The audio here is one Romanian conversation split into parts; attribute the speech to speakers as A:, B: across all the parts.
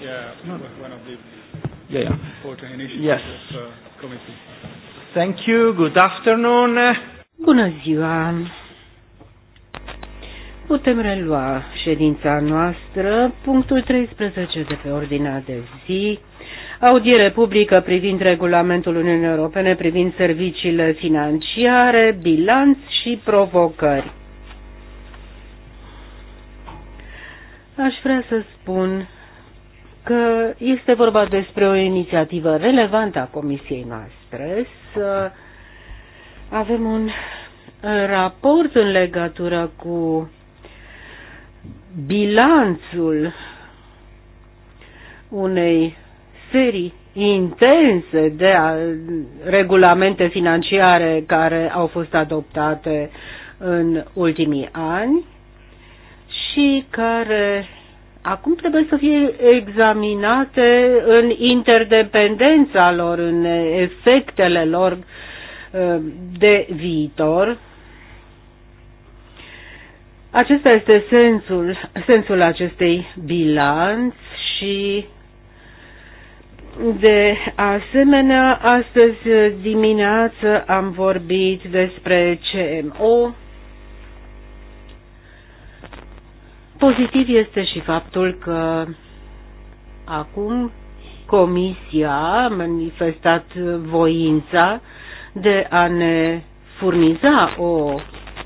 A: yeah, yeah, yeah. important initiatives yes. of the uh, committee?
B: Thank you. Good afternoon. Bună ziua. Putem relua ședința noastră, punctul 13 de pe ordinea de zi, audiere publică privind regulamentul Uniunii Europene privind serviciile financiare, bilanț și provocări. Aș vrea să spun că este vorba despre o inițiativă relevantă a Comisiei noastre să avem un raport în legătură cu bilanțul unei serii intense de regulamente financiare care au fost adoptate în ultimii ani și care acum trebuie să fie examinate în interdependența lor, în efectele lor uh, de viitor. Acesta este sensul, sensul acestei bilanț și de asemenea, astăzi dimineață am vorbit despre CMO, Pozitiv este și faptul că acum Comisia a manifestat voința de a ne furniza o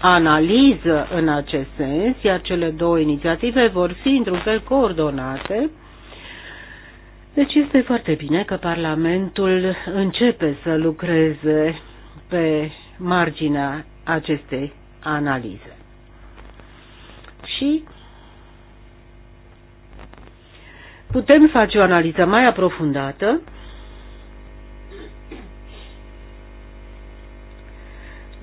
B: analiză în acest sens, iar cele două inițiative vor fi într-un fel coordonate. Deci este foarte bine că Parlamentul începe să lucreze pe marginea acestei analize. Și putem face o analiză mai aprofundată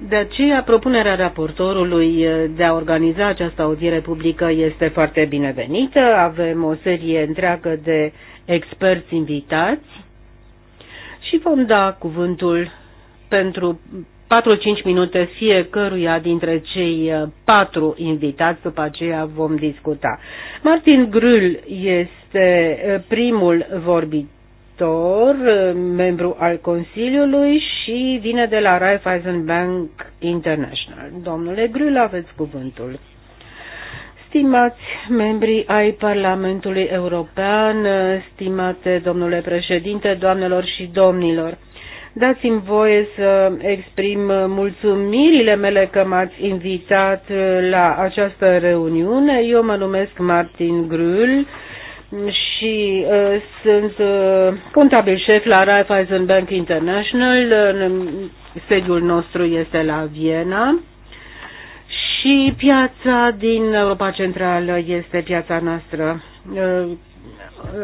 B: De aceea, propunerea raportorului de a organiza această audiere publică este foarte binevenită. Avem o serie întreagă de experți invitați și vom da cuvântul pentru 4-5 minute fiecăruia dintre cei patru invitați, după aceea vom discuta. Martin Grül este este eh, primul vorbitor, eh, membru al Consiliului și vine de la Raiffeisen Bank International. Domnule Grül, aveți cuvântul. Stimați membri ai Parlamentului European, eh, stimate domnule președinte, doamnelor și domnilor, Dați-mi voie să exprim mulțumirile mele că m-ați invitat la această reuniune. Eu mă numesc Martin Grül, și uh, sunt uh, contabil șef la Raiffeisen Bank International. Uh, sediul nostru este la Viena și piața din Europa Centrală este piața noastră. Uh,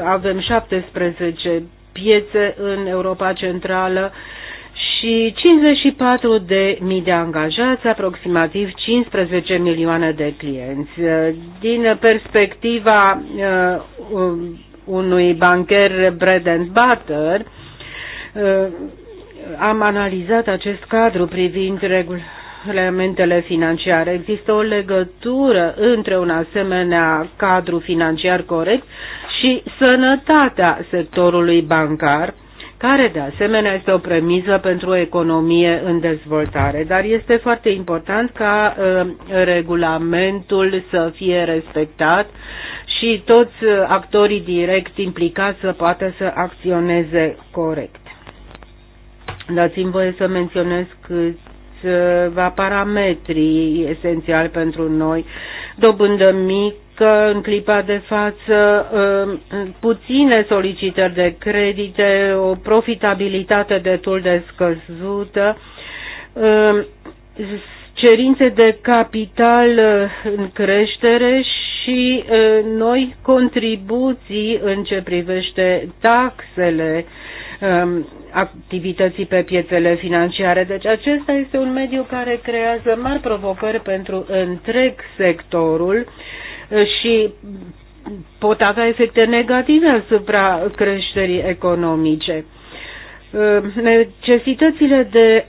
B: avem 17 piețe în Europa Centrală. Uh, și 54 de mii de angajați, aproximativ 15 milioane de clienți. Din perspectiva uh, um, unui bancher bread and butter, uh, am analizat acest cadru privind regulamentele financiare. Există o legătură între un asemenea cadru financiar corect și sănătatea sectorului bancar care de asemenea este o premisă pentru o economie în dezvoltare. Dar este foarte important ca ă, regulamentul să fie respectat și toți ă, actorii direct implicați să poată să acționeze corect. Dați-mi voie să menționez câțiva parametri esențiali pentru noi. Dobândă mic că în clipa de față um, puține solicitări de credite, o profitabilitate destul de scăzută, um, cerințe de capital uh, în creștere și uh, noi contribuții în ce privește taxele um, activității pe piețele financiare. Deci acesta este un mediu care creează mari provocări pentru întreg sectorul și pot avea efecte negative asupra creșterii economice. Necesitățile de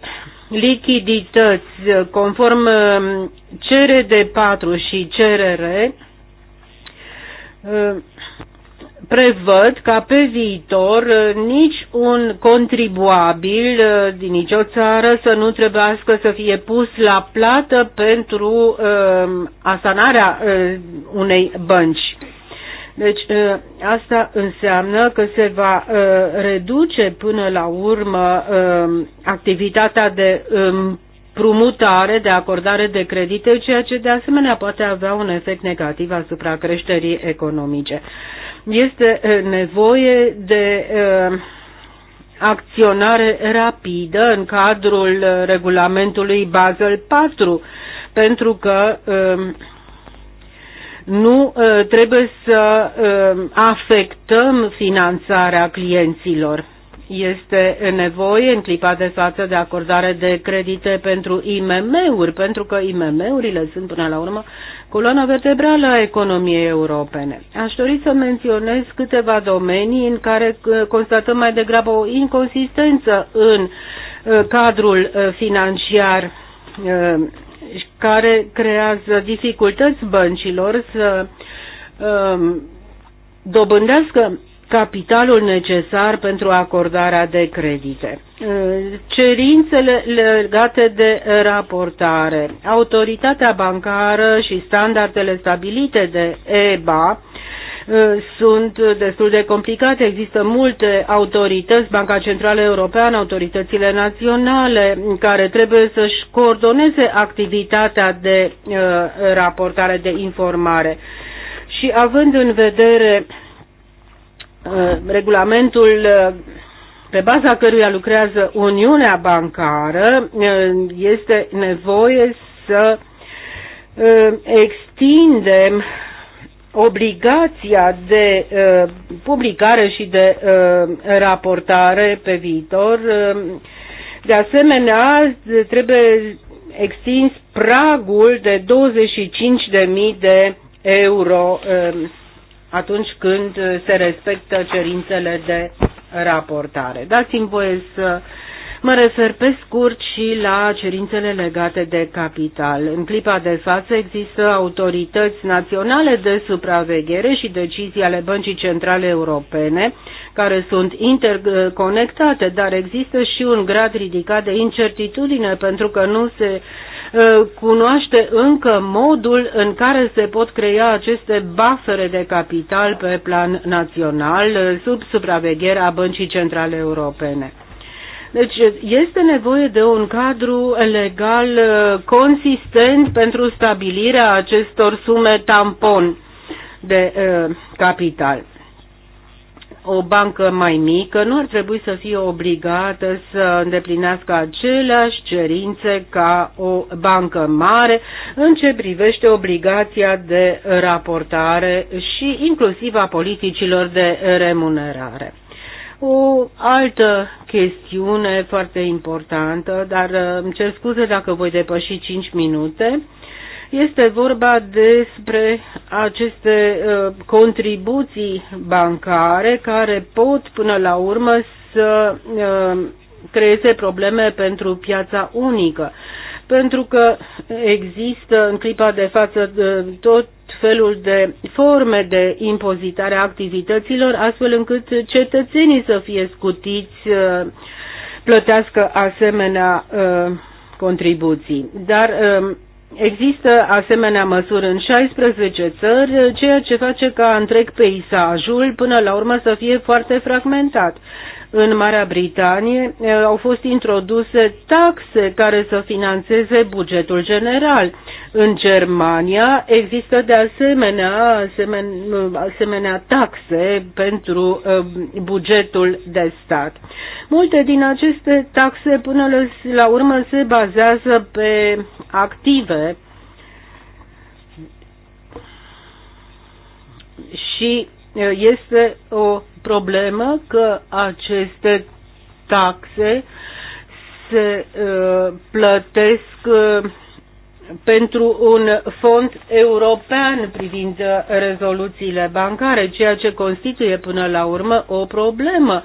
B: lichidități conform CRD4 și CRR prevăd ca pe viitor uh, nici un contribuabil uh, din nicio țară să nu trebuiască să fie pus la plată pentru uh, asanarea uh, unei bănci. Deci uh, asta înseamnă că se va uh, reduce până la urmă uh, activitatea de um, prumutare, de acordare de credite, ceea ce de asemenea poate avea un efect negativ asupra creșterii economice. Este nevoie de acționare rapidă în cadrul regulamentului Basel IV, pentru că nu trebuie să afectăm finanțarea clienților. Este nevoie în clipa de față de acordare de credite pentru IMM-uri, pentru că IMM-urile sunt până la urmă coloana vertebrală a economiei europene. Aș dori să menționez câteva domenii în care uh, constatăm mai degrabă o inconsistență în uh, cadrul uh, financiar care creează dificultăți băncilor să um, dobândească capitalul necesar pentru acordarea de credite. Uh, cerințele legate de raportare. Autoritatea bancară și standardele stabilite de EBA uh, sunt destul de complicate. Există multe autorități, Banca Centrală Europeană, autoritățile naționale, care trebuie să-și coordoneze activitatea de uh, raportare, de informare. Și având în vedere Uh, regulamentul uh, pe baza căruia lucrează Uniunea Bancară, uh, este nevoie să extindem obligația de publicare și de raportare pe viitor. De asemenea, trebuie extins pragul de 25.000 de euro atunci când uh, se respectă cerințele de raportare. Dați-mi voie să mă refer pe scurt și la cerințele legate de capital. În clipa de față există autorități naționale de supraveghere și decizii ale Băncii Centrale Europene care sunt interconectate, dar există și un grad ridicat de incertitudine pentru că nu se uh, Uh, cunoaște încă modul în care se pot crea aceste bafere de capital pe plan național uh, sub supravegherea Băncii Centrale Europene. Deci este nevoie de un cadru legal uh, consistent pentru stabilirea acestor sume tampon de uh, capital o bancă mai mică nu ar trebui să fie obligată să îndeplinească aceleași cerințe ca o bancă mare în ce privește obligația de raportare și inclusiv a politicilor de remunerare. O altă chestiune foarte importantă, dar îmi cer scuze dacă voi depăși 5 minute, este vorba despre aceste uh, contribuții bancare care pot până la urmă să uh, creeze probleme pentru piața unică, pentru că există în clipa de față uh, tot felul de forme de impozitare a activităților, astfel încât cetățenii să fie scutiți, plătească asemenea contribuții. Dar um, Există asemenea măsuri în 16 țări, ceea ce face ca întreg peisajul până la urmă să fie foarte fragmentat în Marea Britanie eh, au fost introduse taxe care să financeze bugetul general. În Germania există de asemenea, asemen, eh, asemenea taxe pentru eh, bugetul de stat. Multe din aceste taxe până la urmă se bazează pe active și este o problemă că aceste taxe se uh, plătesc uh, pentru un fond european privind rezoluțiile bancare, ceea ce constituie până la urmă o problemă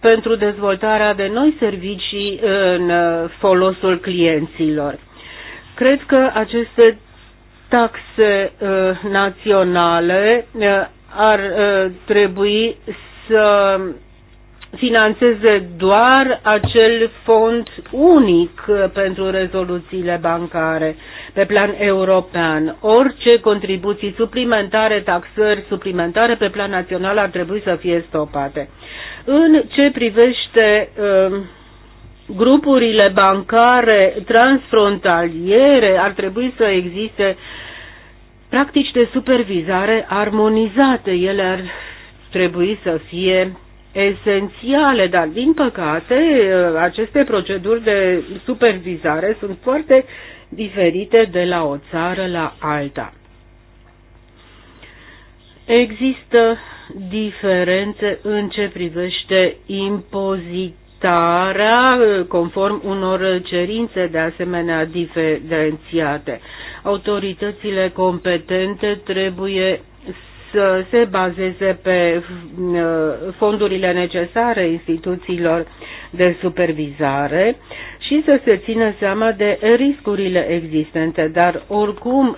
B: pentru dezvoltarea de noi servicii în folosul clienților. Cred că aceste taxe uh, naționale uh, ar uh, trebui să financeze doar acel fond unic pentru rezoluțiile bancare pe plan european. Orice contribuții suplimentare, taxări suplimentare pe plan național ar trebui să fie stopate. În ce privește um, grupurile bancare transfrontaliere, ar trebui să existe practici de supervizare armonizate. Ele ar trebui să fie esențiale, dar din păcate ă, aceste proceduri de supervizare sunt foarte diferite de la o țară la alta. Există diferențe în ce privește impozitarea ă, conform unor cerințe de asemenea diferențiate. Autoritățile competente trebuie să se bazeze pe fondurile necesare instituțiilor de supervizare și să se țină seama de riscurile existente, dar oricum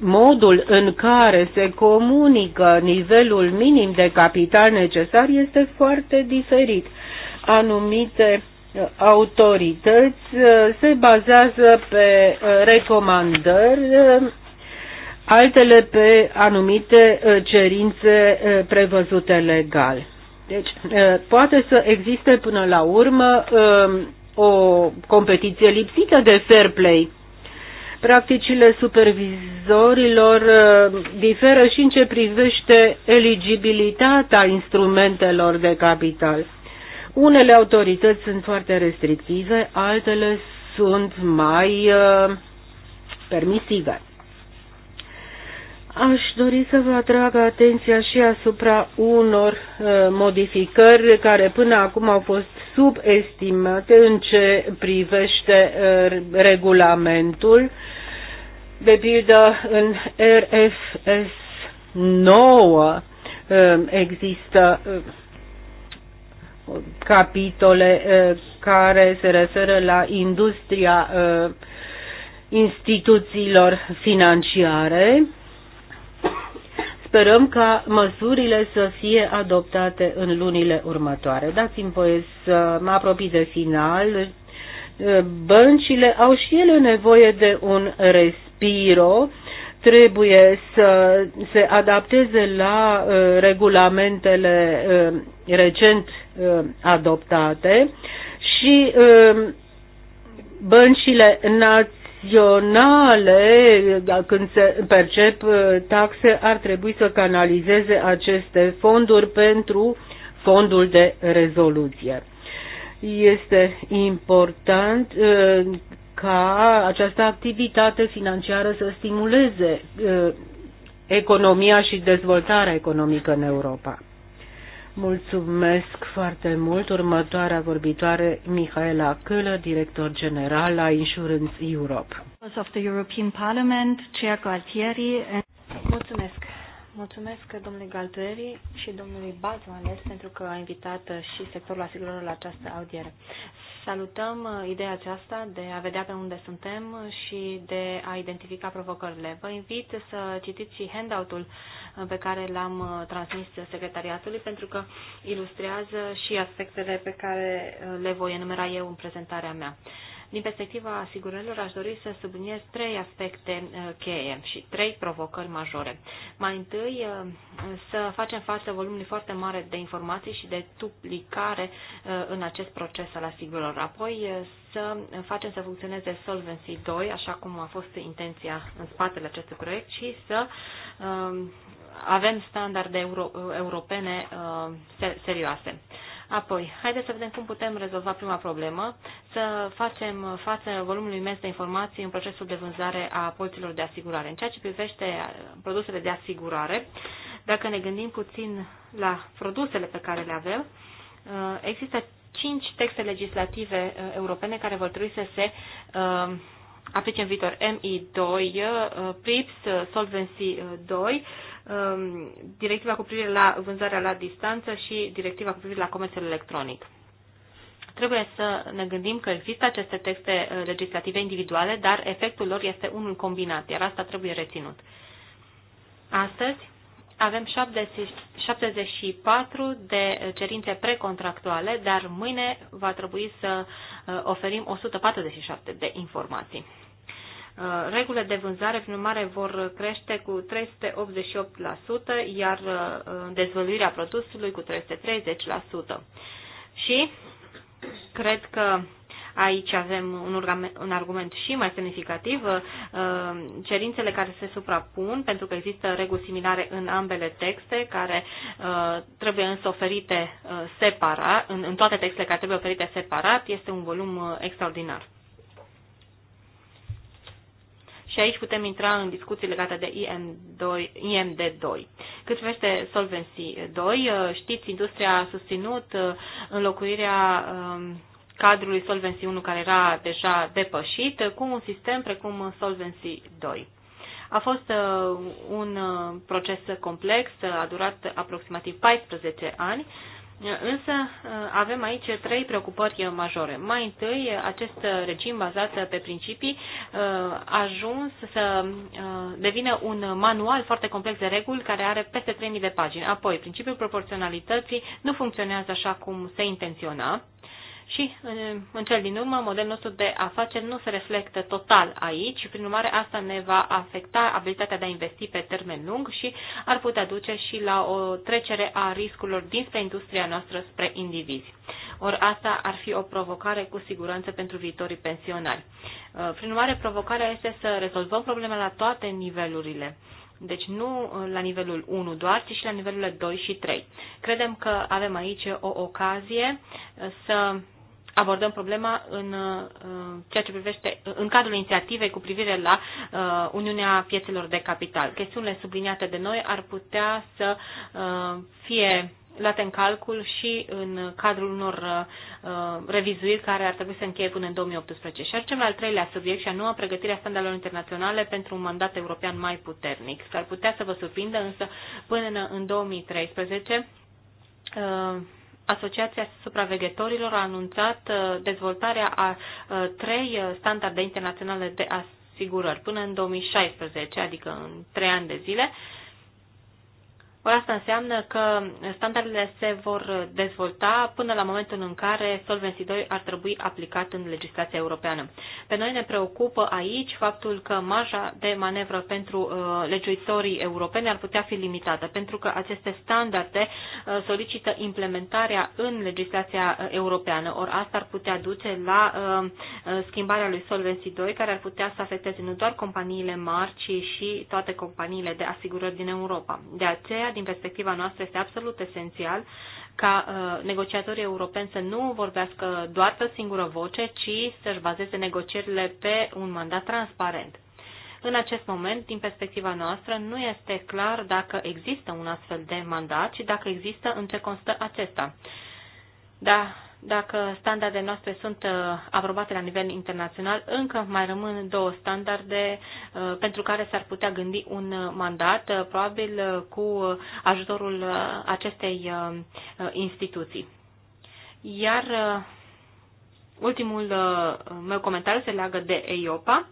B: modul în care se comunică nivelul minim de capital necesar este foarte diferit. Anumite uh, autorități uh, se bazează pe uh, recomandări altele pe anumite uh, cerințe uh, prevăzute legal. Deci, uh, poate să existe până la urmă um, o competiție lipsită de fair play. Practicile supervizorilor diferă și în ce privește eligibilitatea instrumentelor de capital. Unele autorități sunt foarte restrictive, altele sunt mai permisive. Aș dori să vă atrag atenția și asupra unor uh, modificări care până acum au fost subestimate în ce privește uh, regulamentul. De pildă, în RFS 9 uh, există capitole care se referă la industria instituțiilor financiare Sperăm ca măsurile să fie adoptate în lunile următoare. Dați-mi voie să mă apropii de final. Băncile au și ele nevoie de un respiro trebuie să se adapteze la uh, regulamentele uh, recent uh, adoptate și băncile naționale naționale, când se percep uh, taxe, ar trebui să canalizeze aceste fonduri pentru fondul de rezoluție. Este important uh, ca această activitate financiară să stimuleze uh, economia și dezvoltarea economică în Europa. Mulțumesc foarte mult. Următoarea vorbitoare, Mihaela Câlă, director general la Insurance Europe.
C: Of the European Parliament, Chair Galtieri. And... Mulțumesc. Mulțumesc domnului Galtieri și domnului Balț, ales pentru că a invitat și sectorul asigurărilor la această audiere. Salutăm uh, ideea aceasta de a vedea pe unde suntem și de a identifica provocările. Vă invit să citiți și handout-ul uh, pe care l-am uh, transmis secretariatului pentru că ilustrează și aspectele pe care uh, le voi enumera eu în prezentarea mea. Din perspectiva asigurărilor, aș dori să subliniez trei aspecte uh, cheie și trei provocări majore. Mai întâi, să facem față volumului foarte mare de informații și de duplicare în acest proces al asigurărilor. Apoi, să facem să funcționeze Solvency 2, așa cum a fost intenția în spatele acestui proiect, și să avem standarde euro, europene uh, serioase. Apoi, haideți să vedem cum putem rezolva prima problemă, să facem față volumului imens de informații în procesul de vânzare a polților de asigurare. În ceea ce privește uh, produsele de asigurare, dacă ne gândim puțin la produsele pe care le avem, uh, există cinci texte legislative europene care vor trebui să se aplice în viitor. MI2, PRIPS, Solvency 2, Um, directiva cu privire la vânzarea la distanță și directiva cu privire la comerțul electronic. Trebuie să ne gândim că există aceste texte uh, legislative individuale, dar efectul lor este unul combinat, iar asta trebuie reținut. Astăzi avem 74 de cerințe precontractuale, dar mâine va trebui să uh, oferim 147 de informații. Uh, regulile de vânzare, prin urmare, vor crește cu 388%, iar uh, dezvăluirea produsului cu 330%. Și cred că aici avem un, un argument și mai semnificativ, uh, cerințele care se suprapun, pentru că există reguli similare în ambele texte, care trebuie însă oferite separat, în, în toate textele care trebuie oferite separat, este un volum extraordinar. Și aici putem intra în discuții legate de IM2, IMD2. Cât privește Solvency 2, uh, știți, industria a susținut uh, înlocuirea um, cadrului Solvency 1 care era deja depășit uh, cu un sistem precum Solvency 2. A fost un proces complex, a durat aproximativ 14 ani Însă uh, avem aici trei preocupări majore. Mai întâi, acest regim bazat pe principii a uh, ajuns să uh, devină un manual foarte complex de reguli care are peste 3000 de pagini. Apoi, principiul proporționalității nu funcționează așa cum se intenționa și, în, cel din urmă, modelul nostru de afaceri nu se reflectă total aici și, prin urmare, asta ne va afecta abilitatea de a investi pe termen lung și ar putea duce și la o trecere a riscurilor dinspre industria noastră spre indivizi. Ori asta ar fi o provocare cu siguranță pentru viitorii pensionari. Uh, prin urmare, provocarea este să rezolvăm problema la toate nivelurile. Deci nu uh, la nivelul 1 doar, ci și la nivelurile 2 și 3. Credem că avem aici o ocazie uh, să abordăm problema în uh, ceea ce privește în cadrul inițiativei cu privire la uh, Uniunea Piețelor de Capital. Chestiunile subliniate de noi ar putea să uh, fie luate în calcul și în cadrul unor revizuiri care ar trebui să încheie până în 2018. Și ajungem la al treilea subiect și anume pregătirea standardelor internaționale pentru un mandat european mai puternic. S-ar putea să vă surprindă, însă până în 2013 Asociația Supraveghetorilor a anunțat uh, dezvoltarea a uh, trei uh, standarde internaționale de asigurări până în 2016, adică în trei ani de zile, ori asta înseamnă că standardele se vor dezvolta până la momentul în care Solvency 2 ar trebui aplicat în legislația europeană. Pe noi ne preocupă aici faptul că marja de manevră pentru uh, legiuitorii europeni ar putea fi limitată, pentru că aceste standarde uh, solicită implementarea în legislația uh, europeană. Ori asta ar putea duce la uh, uh schimbarea lui Solvency 2, care ar putea să afecteze nu doar companiile mari, ci și toate companiile de asigurări din Europa. De aceea, aceea, din perspectiva noastră, este absolut esențial ca uh, negociatorii europeni să nu vorbească doar pe o singură voce, ci să-și bazeze negocierile pe un mandat transparent. În acest moment, din perspectiva noastră, nu este clar dacă există un astfel de mandat și dacă există în ce constă acesta. Da, dacă standardele noastre sunt uh, aprobate la nivel internațional, încă mai rămân două standarde uh, pentru care s-ar putea gândi un uh, mandat, probabil cu ajutorul acestei instituții. Iar ultimul meu comentariu se leagă de EIOPA.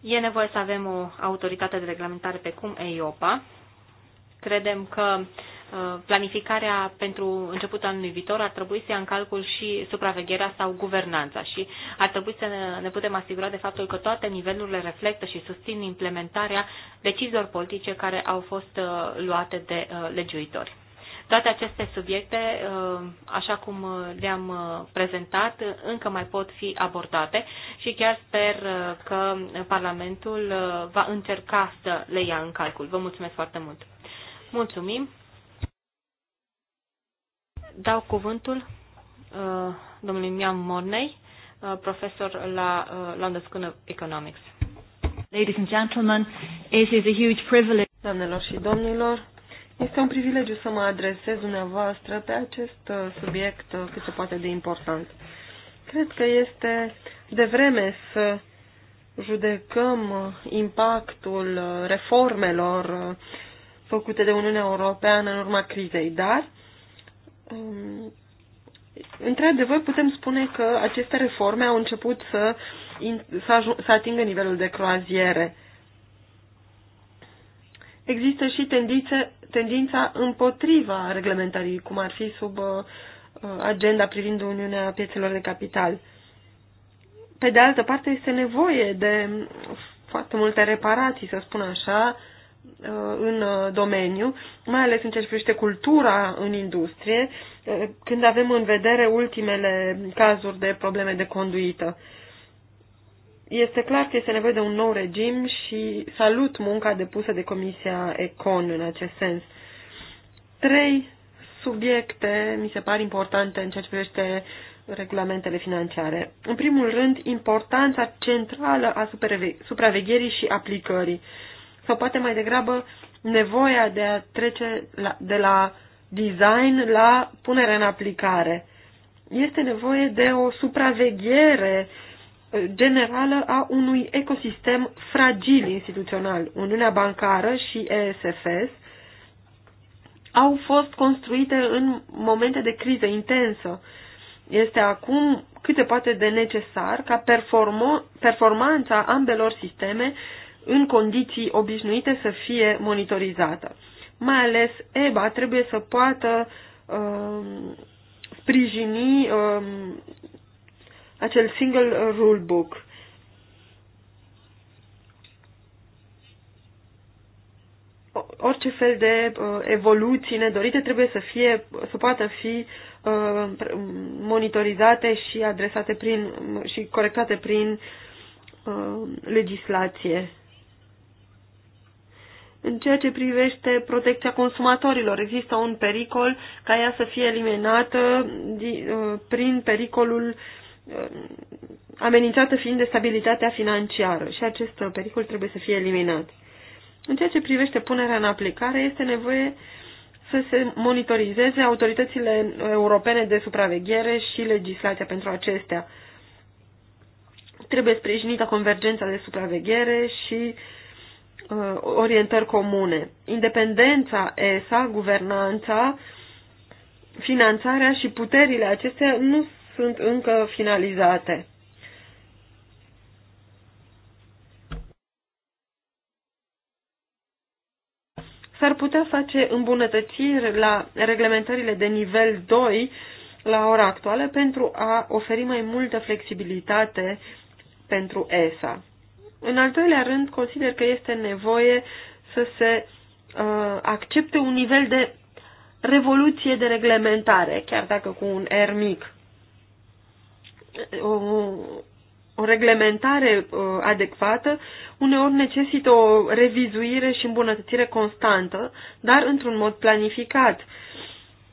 C: E nevoie să avem o autoritate de reglementare pe cum EIOPA. Credem că Uh, planificarea pentru începutul anului viitor ar trebui să ia în calcul și supravegherea sau guvernanța și ar trebui să ne putem asigura de faptul că toate nivelurile reflectă și susțin implementarea deciziilor politice care au fost uh, luate de uh, legiuitori. Toate aceste subiecte, așa cum le-am prezentat, încă mai pot fi abordate și chiar sper că Parlamentul va încerca să le ia în calcul. Vă mulțumesc foarte mult! Mulțumim! dau cuvântul uh, domnului Miam Mornei, uh, profesor la uh, London School of Economics. Ladies
D: and gentlemen, it is a huge privilege. Doamnelor și domnilor, este un privilegiu să mă adresez dumneavoastră pe acest uh, subiect uh, cât se poate de important. Cred că este de vreme să judecăm uh, impactul reformelor făcute de Uniunea Europeană în urma crizei, dar
A: Um,
D: într-adevăr, putem spune că aceste reforme au început să, să, să atingă nivelul de croaziere. Există și tendințe, tendința împotriva reglementării, cum ar fi sub uh, agenda privind Uniunea Piețelor de Capital. Pe de altă parte, este nevoie de foarte multe reparații, să spun așa, uh, Uh, în uh, domeniu, mai ales în ceea ce privește cultura în industrie, uh, când avem în vedere ultimele cazuri de probleme de conduită. Este clar că este nevoie de un nou regim și salut munca depusă de Comisia Econ în acest sens. Trei subiecte mi se par importante în ceea ce privește regulamentele financiare. În primul rând, importanța centrală a supravegherii și aplicării. Uh, sau poate mai degrabă nevoia de a trece la, de la design la punere în aplicare. Este nevoie de o supraveghere uh, generală a unui ecosistem fragil instituțional. Uniunea bancară și ESFS au fost construite în momente de criză intensă. Este acum cât se poate de necesar ca performanța ambelor sisteme în condiții obișnuite să fie monitorizată. Mai ales EBA trebuie să poată uh, sprijini uh, acel single rule book. Orice fel de uh, evoluții nedorite trebuie să fie, să poată fi uh, monitorizate și adresate prin și corectate prin uh, legislație. În ceea ce privește protecția consumatorilor, există un pericol ca ea să fie eliminată uh, prin pericolul uh, amenințată fiind de stabilitatea financiară și acest pericol trebuie să fie eliminat. În ceea ce privește punerea în aplicare, este nevoie să se monitorizeze autoritățile uh, europene de supraveghere și legislația pentru acestea. Trebuie sprijinită convergența de supraveghere și uh, Uh, orientări comune. Independența ESA, guvernanța, finanțarea și puterile acestea nu sunt încă finalizate. S-ar putea face îmbunătățiri la reglementările de nivel 2 la ora actuală pentru a oferi mai multă flexibilitate pentru ESA. În al doilea rând, consider că este nevoie să se uh, accepte un nivel de revoluție de reglementare, chiar dacă cu un R mic. O, o reglementare uh, adecvată uneori necesită o revizuire și îmbunătățire constantă, dar într-un mod planificat.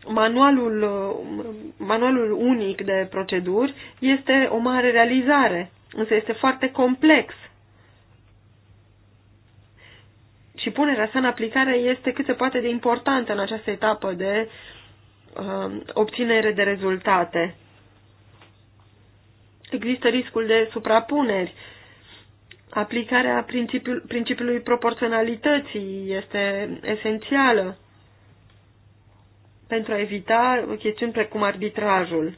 D: Manualul, uh, manualul unic de proceduri este o mare realizare, însă este foarte complex și punerea sa în aplicare este cât se poate de importantă în această etapă de uh, obținere de rezultate. Există riscul de suprapuneri. Aplicarea principiul, principiului proporționalității este esențială pentru a evita chestiuni precum arbitrajul.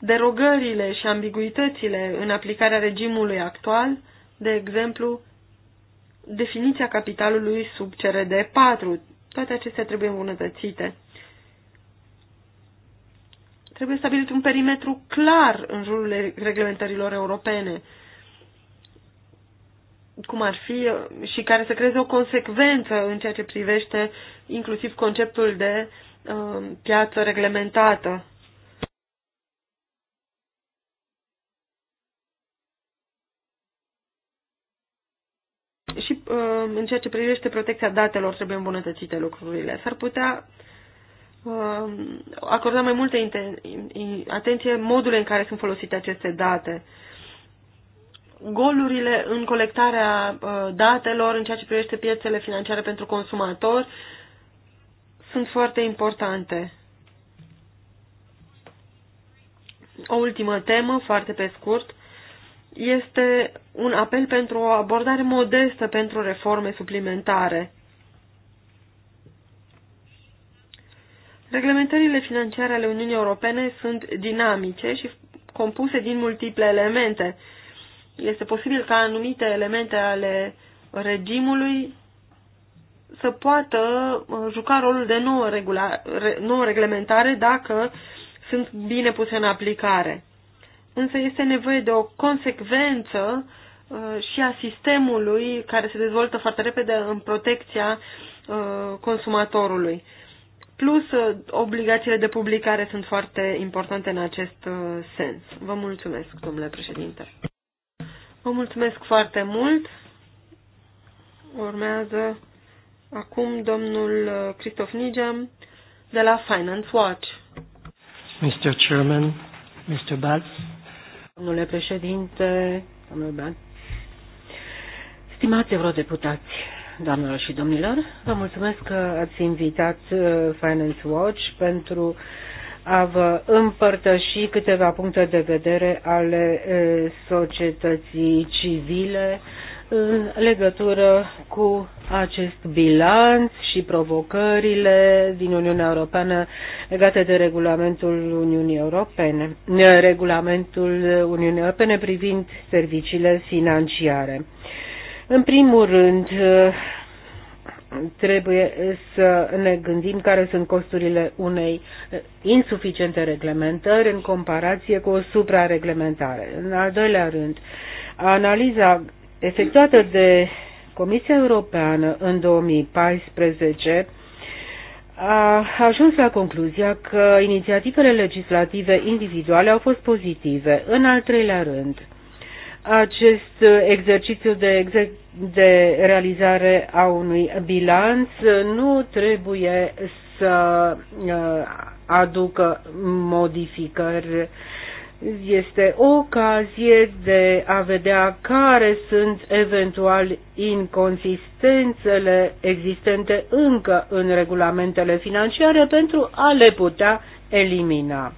D: Derogările și ambiguitățile în aplicarea regimului actual, de exemplu, definiția capitalului sub CRD 4. Toate acestea trebuie îmbunătățite. Trebuie stabilit un perimetru clar în jurul reglementărilor europene, cum ar fi uh, și care să creeze o consecvență în ceea ce privește inclusiv conceptul de uh, piață reglementată. Uh, în ceea ce privește protecția datelor trebuie îmbunătățite lucrurile. S-ar putea uh, acorda mai multă atenție modul în care sunt folosite aceste date. Golurile în colectarea uh, datelor în ceea ce privește piețele financiare pentru consumatori sunt foarte importante. O ultimă temă, foarte pe scurt, este un apel pentru o abordare modestă pentru reforme suplimentare. Reglementările financiare ale Uniunii Europene sunt dinamice și compuse din multiple elemente. Este posibil ca anumite elemente ale regimului să poată uh, juca rolul de nouă, regula, nouă reglementare dacă sunt bine puse în aplicare însă este nevoie de o consecvență uh, și a sistemului care se dezvoltă foarte repede în protecția uh, consumatorului. Plus, uh, obligațiile de publicare sunt foarte importante în acest sens. Vă mulțumesc, domnule președinte. Vă mulțumesc foarte mult. Urmează acum domnul Christoph Nijam de la Finance Watch.
A: Mr. Chairman, Mr. Balz,
D: Domnule președinte, domnule Ban,
B: stimați eurodeputați, doamnelor și domnilor, vă mulțumesc că ați invitat uh, Finance Watch pentru a vă împărtăși câteva puncte de vedere ale uh, societății civile în legătură cu acest bilanț și provocările din Uniunea Europeană legate de regulamentul Uniunii Europene, regulamentul Uniunii Europene privind serviciile financiare. În primul rând, trebuie să ne gândim care sunt costurile unei insuficiente reglementări în comparație cu o suprareglementare. În al doilea rând, analiza efectuată de Comisia Europeană în 2014 a ajuns la concluzia că inițiativele legislative individuale au fost pozitive. În al treilea rând, acest exercițiu de, de realizare a unui bilanț nu trebuie să uh, aducă modificări este o ocazie de a vedea care sunt eventual inconsistențele existente încă în regulamentele financiare pentru a le putea elimina.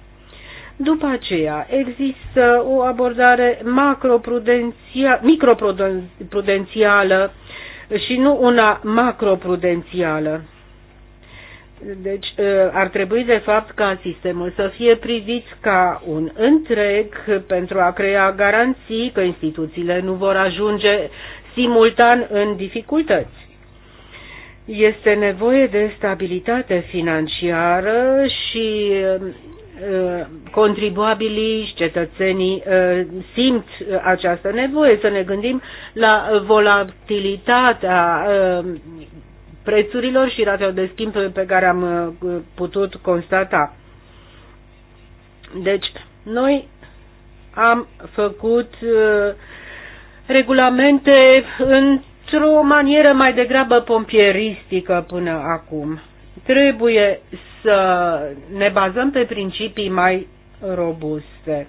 B: După aceea, există o abordare microprudențială și nu una macroprudențială. Deci ă, ar trebui de fapt ca sistemul să fie privit ca un întreg pentru a crea garanții că instituțiile nu vor ajunge simultan în dificultăți. Este nevoie de stabilitate financiară și ă, contribuabilii și cetățenii ă, simt această nevoie. Să ne gândim la volatilitatea prețurilor și ratelor de schimb pe care am uh, putut constata. Deci, noi am făcut uh, regulamente într-o manieră mai degrabă pompieristică până acum. Trebuie să ne bazăm pe principii mai robuste.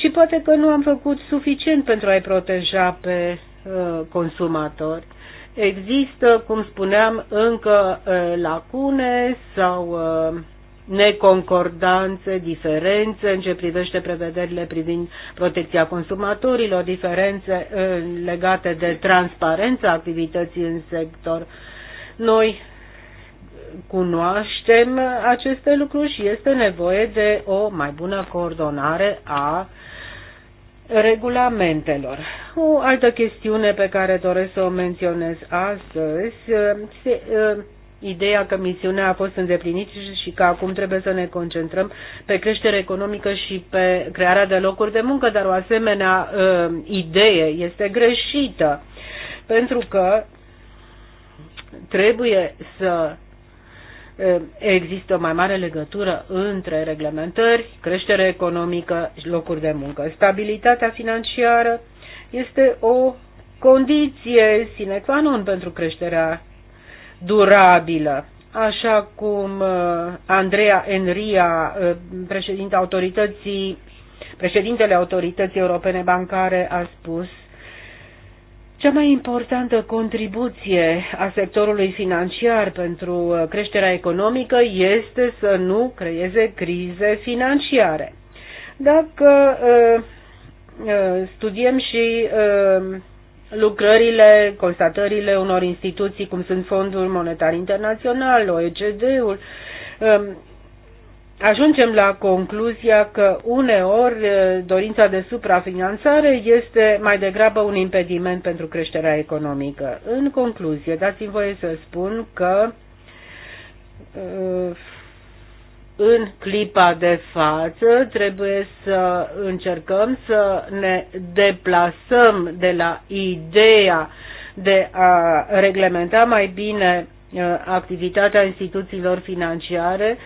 B: Și poate că nu am făcut suficient pentru a-i proteja pe uh, consumatori. Există, cum spuneam, încă lacune sau neconcordanțe, diferențe în ce privește prevederile privind protecția consumatorilor, diferențe legate de transparența activității în sector. Noi cunoaștem aceste lucruri și este nevoie de o mai bună coordonare a regulamentelor. O altă chestiune pe care doresc să o menționez astăzi este uh, uh, ideea că misiunea a fost îndeplinită și că acum trebuie să ne concentrăm pe creștere economică și pe crearea de locuri de muncă, dar o asemenea uh, idee este greșită, pentru că trebuie să Eh, există o mai mare legătură între reglementări, creștere economică și locuri de muncă. Stabilitatea financiară este o condiție sine qua non pentru creșterea durabilă. Așa cum eh, Andrea Enria, eh, președinte autorității, președintele Autorității Europene Bancare, a spus, cea mai importantă contribuție a sectorului financiar pentru uh, creșterea economică este să nu creeze crize financiare. Dacă uh, uh, studiem și lucrările, constatările unor instituții cum sunt Fondul Monetar Internațional, OECD-ul, ajungem la concluzia că uneori dorința de suprafinanțare este mai degrabă un impediment pentru creșterea economică. În concluzie, dați-mi voie să spun că în clipa de față trebuie să încercăm să ne deplasăm de la ideea de a reglementa mai bine activitatea instituțiilor financiare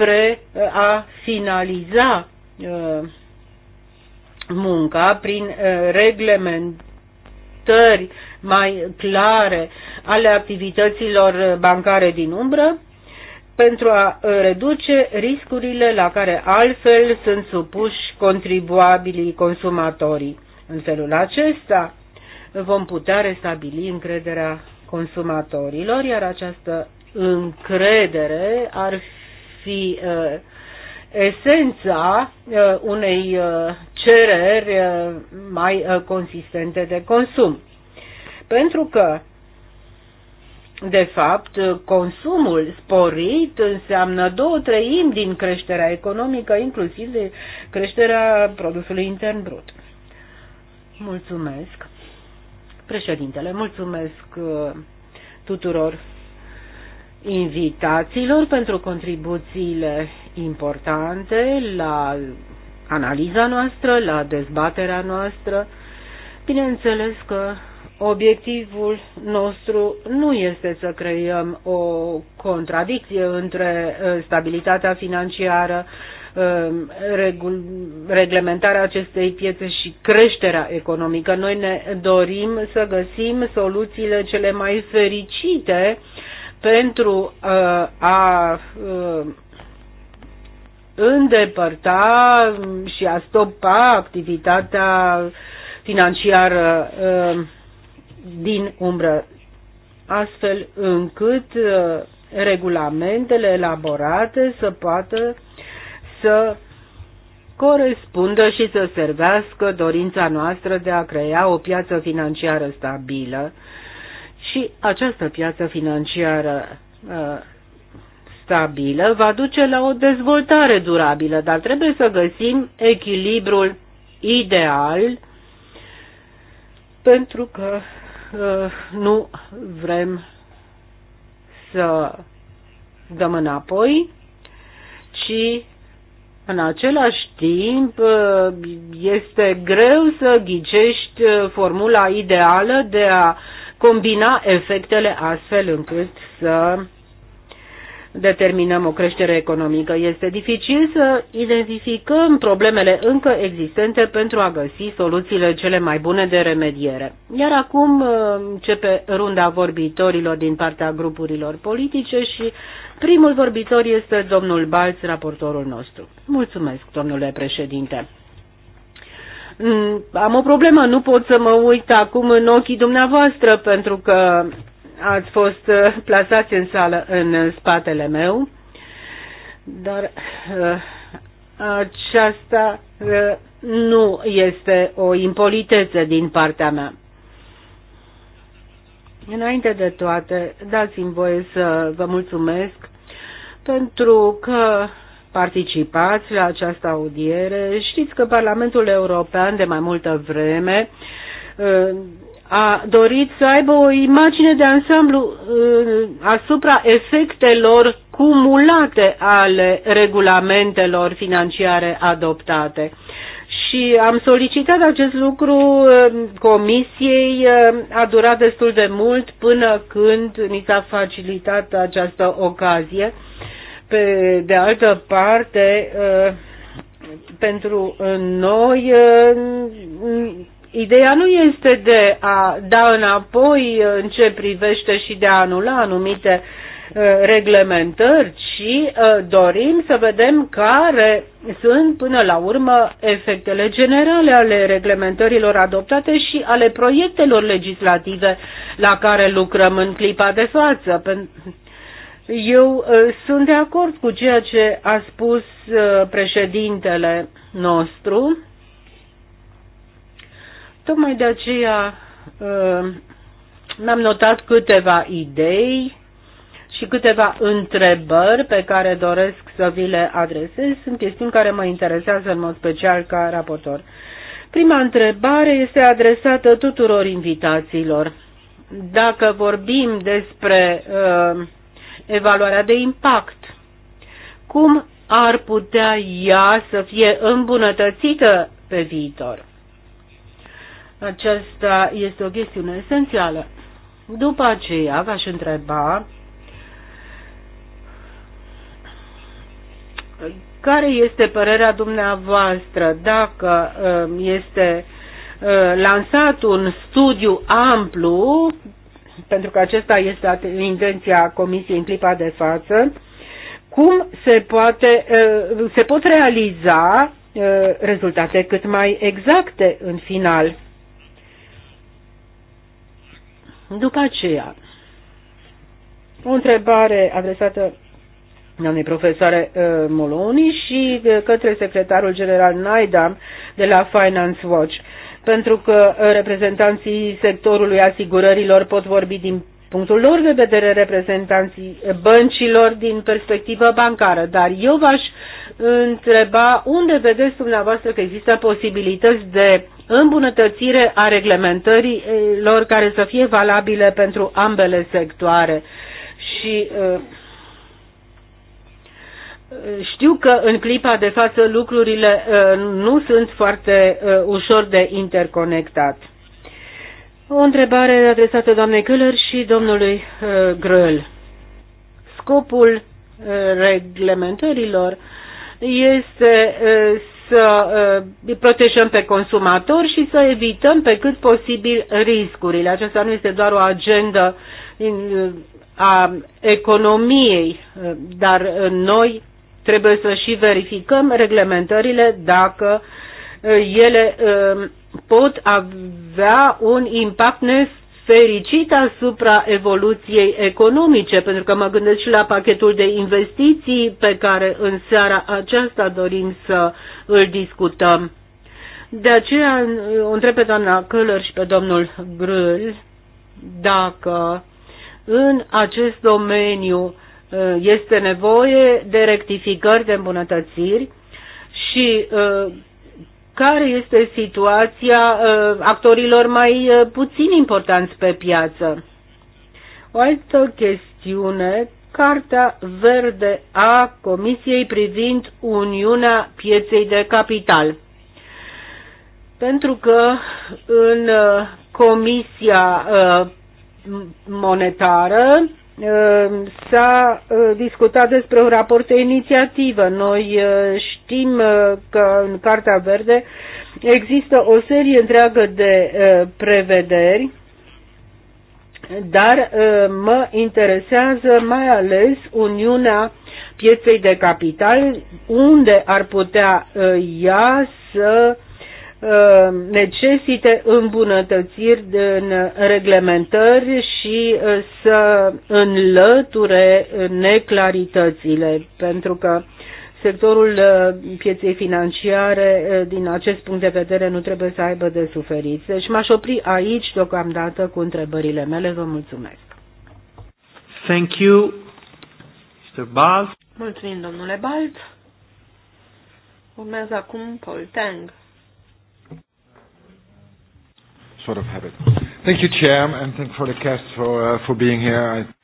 B: spre eh, a finaliza eh, munca prin eh, reglementări mai clare ale activităților bancare din umbră pentru a reduce riscurile la care altfel sunt supuși contribuabilii consumatorii. În felul acesta vom putea restabili încrederea consumatorilor, iar această încredere ar fi uh, esența uh, unei uh, cereri mai consistente de consum. Pentru că de fapt, consumul sporit înseamnă două treimi din creșterea economică, inclusiv de creșterea produsului intern brut. Mulțumesc. Președintele, mulțumesc tuturor invitațiilor pentru contribuțiile importante la analiza noastră, la dezbaterea noastră. Bineînțeles că obiectivul nostru nu este să creăm o contradicție între uh, stabilitatea financiară, um, reglementarea acestei piețe și creșterea economică. Noi ne dorim să găsim soluțiile cele mai fericite uh, pentru uh, a uh, îndepărta și a stopa activitatea financiară uh, din umbră, astfel încât regulamentele elaborate să poată să corespundă și să servească dorința noastră de a crea o piață financiară stabilă și această piață financiară uh, stabilă va duce la o dezvoltare durabilă, dar trebuie să găsim echilibrul ideal pentru că uh, nu vrem să dăm înapoi, ci în același timp uh, este greu să ghicești formula ideală de a uh, combina efectele astfel încât să determinăm o creștere economică. Este dificil să identificăm problemele încă existente pentru a găsi soluțiile cele mai bune de remediere. Iar acum uh, începe runda vorbitorilor din partea grupurilor politice și primul vorbitor este domnul Balț, raportorul nostru. Mulțumesc, domnule președinte. Mm, am o problemă, nu pot să mă uit acum în ochii dumneavoastră pentru că ați fost uh, plasați în sală în spatele meu, dar uh, aceasta uh, nu este o impolitețe din partea mea. Înainte de toate, dați-mi voie să vă mulțumesc pentru că participați la această audiere. Știți că Parlamentul European de mai multă vreme uh, a dorit să aibă o imagine de ansamblu uh, asupra efectelor cumulate ale regulamentelor financiare adoptate. Și am solicitat acest lucru uh, comisiei, a durat destul de mult până când ni s-a facilitat această ocazie pe de altă parte, uh, pentru noi, uh, ideea nu este de a da înapoi în ce privește și de a anula anumite uh, reglementări, ci dorim să vedem care sunt până la urmă efectele generale ale reglementărilor adoptate și ale proiectelor legislative la care lucrăm în clipa de față. Pentru eu uh, sunt de acord cu ceea ce a spus uh, președintele nostru. Tocmai de aceea uh, mi-am notat câteva idei și câteva întrebări pe care doresc să vi le adresez. Sunt chestiuni care mă interesează în mod special ca raportor. Prima întrebare este adresată tuturor invitațiilor. Dacă vorbim despre uh, evaluarea de impact. Cum ar putea ea să fie îmbunătățită pe viitor? Aceasta este o chestiune esențială. După aceea v-aș întreba care este părerea dumneavoastră dacă um, este uh, lansat un studiu amplu pentru că acesta este intenția Comisiei în clipa de față, cum se, poate, uh, se pot realiza uh, rezultate cât mai exacte în final. După aceea, o întrebare adresată doamnei profesoare uh, Moloni și către secretarul general Naidam de la Finance Watch pentru că reprezentanții sectorului asigurărilor pot vorbi din punctul lor de vedere reprezentanții băncilor din perspectivă bancară, dar eu v-aș întreba unde vedeți dumneavoastră că există posibilități de îmbunătățire a reglementărilor care să fie valabile pentru ambele sectoare. Și uh, știu că în clipa de față lucrurile uh, nu sunt foarte uh, ușor de interconectat. O întrebare adresată doamnei Căler și domnului uh, Grăl. Scopul reglementărilor este să protejăm pe consumator și să evităm pe cât posibil riscurile. Aceasta nu este doar o agendă a economiei, dar noi trebuie să și verificăm reglementările dacă ele pot avea un impact nefericit asupra evoluției economice, pentru că mă gândesc și la pachetul de investiții pe care în seara aceasta dorim să îl discutăm. De aceea o întreb pe doamna Căller și pe domnul Grâl dacă în acest domeniu Eh, este nevoie de rectificări, de îmbunătățiri și eh, care este situația eh, actorilor mai puțin importanți pe piață. O altă chestiune, Cartea Verde a Comisiei privind Uniunea Pieței de Capital. Pentru că în Comisia Monetară Ehm, s-a eh, discutat despre un raport de inițiativă. Noi eh, știm eh, că în Cartea Verde există o serie întreagă de prevederi, dar mă interesează mai ales Uniunea pieței de capital, unde ar putea ea să uh, Uh, necesite îmbunătățiri în reglementări și uh, să înlăture neclaritățile, pentru că sectorul uh, pieței financiare din acest punct de vedere nu trebuie să aibă de suferit. Deci m-aș opri aici deocamdată cu întrebările mele. Vă mulțumesc.
A: Thank you, Mr.
D: Balt. Mulțumim, domnule Balt. Urmează acum Paul Tang
A: sort of habit. Thank you, Chair, and thank for the cast for, uh, for being here. I...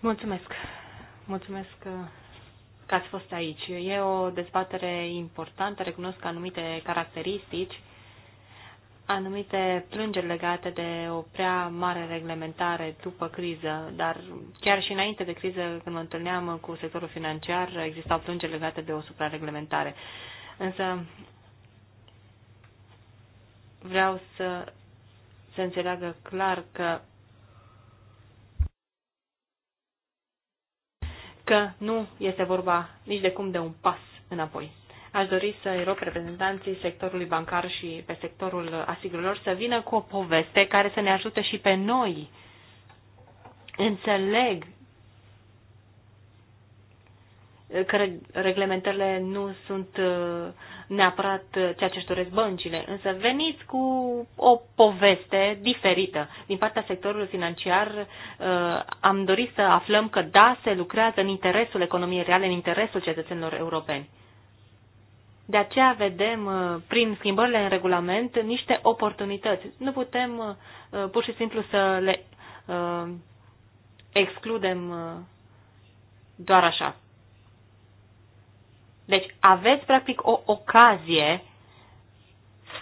C: Mulțumesc. Mulțumesc uh, că ați fost aici. E o dezbatere importantă, recunosc anumite caracteristici, anumite plângeri legate de o prea mare reglementare după criză, dar chiar și înainte de criză, când mă întâlneam cu sectorul financiar, existau plângeri legate de o suprareglementare. Însă vreau să se înțeleagă clar că că nu este vorba nici de cum de un pas înapoi. Aș dori să îi rog reprezentanții sectorului bancar și pe sectorul asigurilor să vină cu o poveste care să ne ajute și pe noi. Înțeleg că reglementările nu sunt uh, neapărat ceea ce își doresc băncile, însă veniți cu o poveste diferită. Din partea sectorului financiar uh, am dorit să aflăm că da, se lucrează în interesul economiei reale, în interesul cetățenilor europeni. De aceea vedem uh, prin schimbările în regulament niște oportunități. Nu putem uh, pur și simplu să le excludem doar așa. Deci aveți practic o ocazie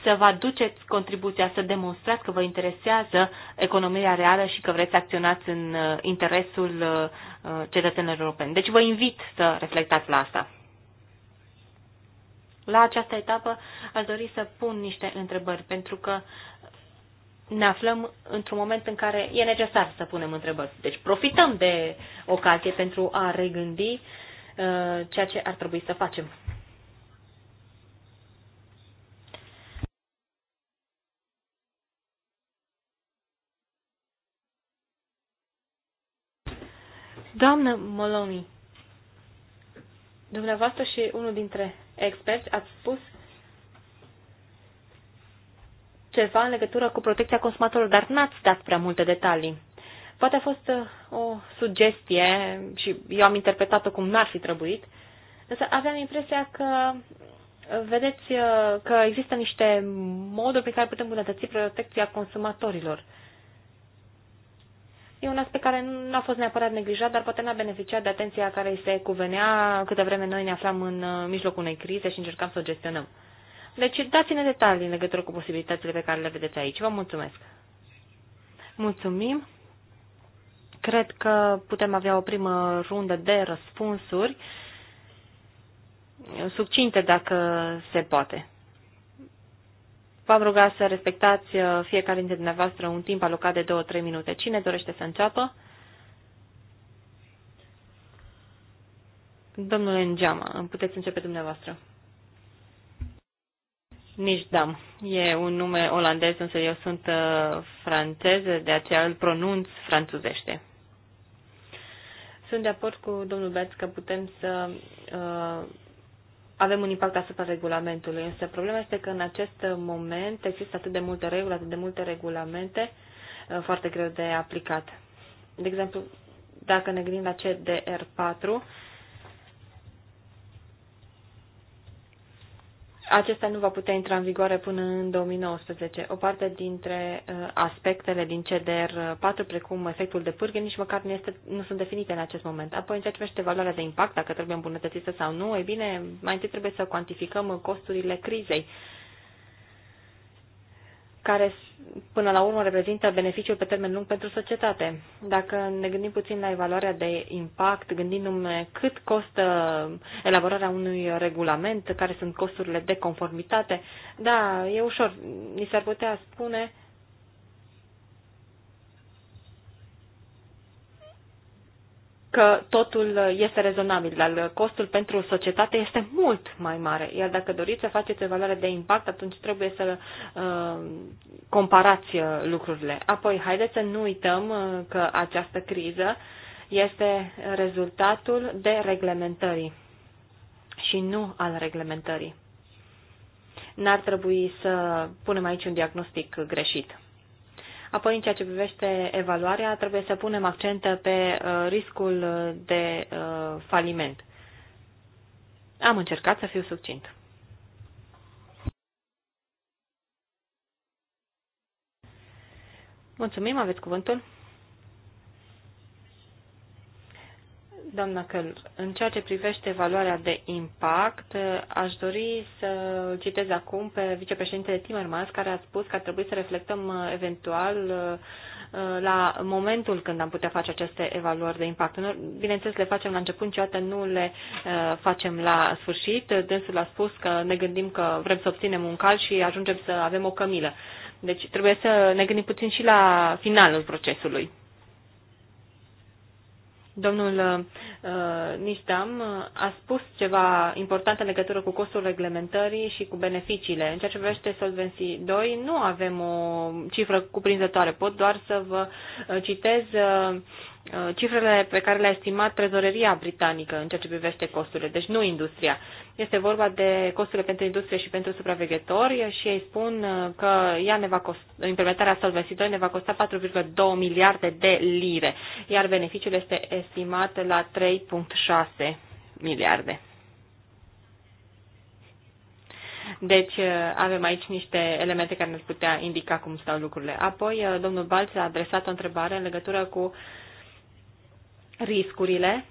C: să vă aduceți contribuția, să demonstrați că vă interesează economia reală și că vreți să acționați în uh, interesul uh, uh, cetățenilor europeni. Deci vă invit să reflectați la asta. La această etapă aș dori să pun niște întrebări, pentru că ne aflăm într-un moment în care e necesar să punem întrebări. Deci profităm de ocazie pentru a regândi uh, Uh, ceea ce ar trebui să facem. Doamnă Moloni, dumneavoastră și unul dintre experți ați spus ceva în legătură cu protecția consumatorilor, dar n-ați dat prea multe detalii. Poate a fost uh, o sugestie și eu am interpretat-o cum n-ar fi trebuit, însă aveam impresia că uh, vedeți uh, că există niște moduri pe care putem îmbunătăți protecția consumatorilor. E un aspect care nu a fost neapărat neglijat, dar poate n-a beneficiat de atenția care îi se cuvenea câtă vreme noi ne aflam în mijlocul unei crize și încercam să o gestionăm. Deci dați-ne detalii în legătură cu posibilitățile pe care le vedeți aici. Vă mulțumesc! Mulțumim! Cred că putem avea o primă rundă de răspunsuri, succinte dacă se poate. V-am rugat să respectați uh, fiecare dintre dumneavoastră un timp alocat de 2-3 minute. Cine dorește să înceapă? Domnule Ngeama, puteți începe dumneavoastră. Nici dam. E un nume olandez, însă eu sunt uh, franceză, de aceea îl pronunț franțuzește. Sunt de acord cu domnul Beț că putem să uh, avem un impact asupra regulamentului, însă problema este că în acest moment există atât de multe reguli, atât de multe regulamente uh, foarte greu de aplicat. De exemplu, dacă ne gândim la CDR4, acesta nu va putea intra în vigoare până în 2019. O parte dintre uh, aspectele din CDR 4, precum efectul de pârghie, nici măcar nu, este, nu sunt definite în acest moment. Apoi, în ceea ce privește valoarea de impact, dacă trebuie îmbunătățită sau nu, e bine, mai întâi trebuie să cuantificăm costurile crizei. Uh, care până la urmă reprezintă beneficiul pe termen lung pentru societate. Dacă ne gândim puțin la evaluarea de impact, gândindu-ne cât costă elaborarea unui regulament, care sunt costurile de conformitate, da, e ușor. Ni s-ar putea spune că totul este rezonabil, dar costul pentru societate este mult mai mare. Iar dacă doriți să faceți evaluare de impact, atunci trebuie să uh, comparați uh, lucrurile. Apoi, haideți să nu uităm uh, că această criză este rezultatul de reglementării și nu al reglementării. N-ar trebui să punem aici un diagnostic greșit. Apoi, în ceea ce privește evaluarea, trebuie să punem accent pe uh, riscul de uh, faliment. Am încercat să fiu succint. Mulțumim, aveți cuvântul. doamna Căl, în ceea ce privește valoarea de impact, aș dori să citez acum pe vicepreședintele Timmermans, care a spus că ar trebui să reflectăm uh, eventual uh, uh, la momentul când am putea face aceste evaluări de impact. Bineînțeles, le facem la început, niciodată nu le facem la sfârșit. Dânsul a spus că ne gândim că vrem să obținem un cal și ajungem să avem o cămilă. Deci trebuie să ne gândim puțin și la finalul procesului. Domnul uh, uh Nistam uh, a spus ceva important în legătură cu costul reglementării și cu beneficiile. În ceea ce privește Solvency 2, nu avem o cifră cuprinzătoare. Pot doar să vă uh, citez uh, cifrele pe care le-a estimat trezoreria britanică în ceea ce privește costurile, deci nu industria. Uh, este vorba de costurile pentru industrie și pentru supraveghetori și ei spun uh, că ea ne va costa, implementarea Solvency 2 ne va costa 4,2 miliarde de lire, iar beneficiul este estimat la 3,6 miliarde. Deci uh, avem aici niște elemente care ne putea indica cum stau lucrurile. Apoi, uh, domnul Balț a adresat o întrebare în legătură cu riscurile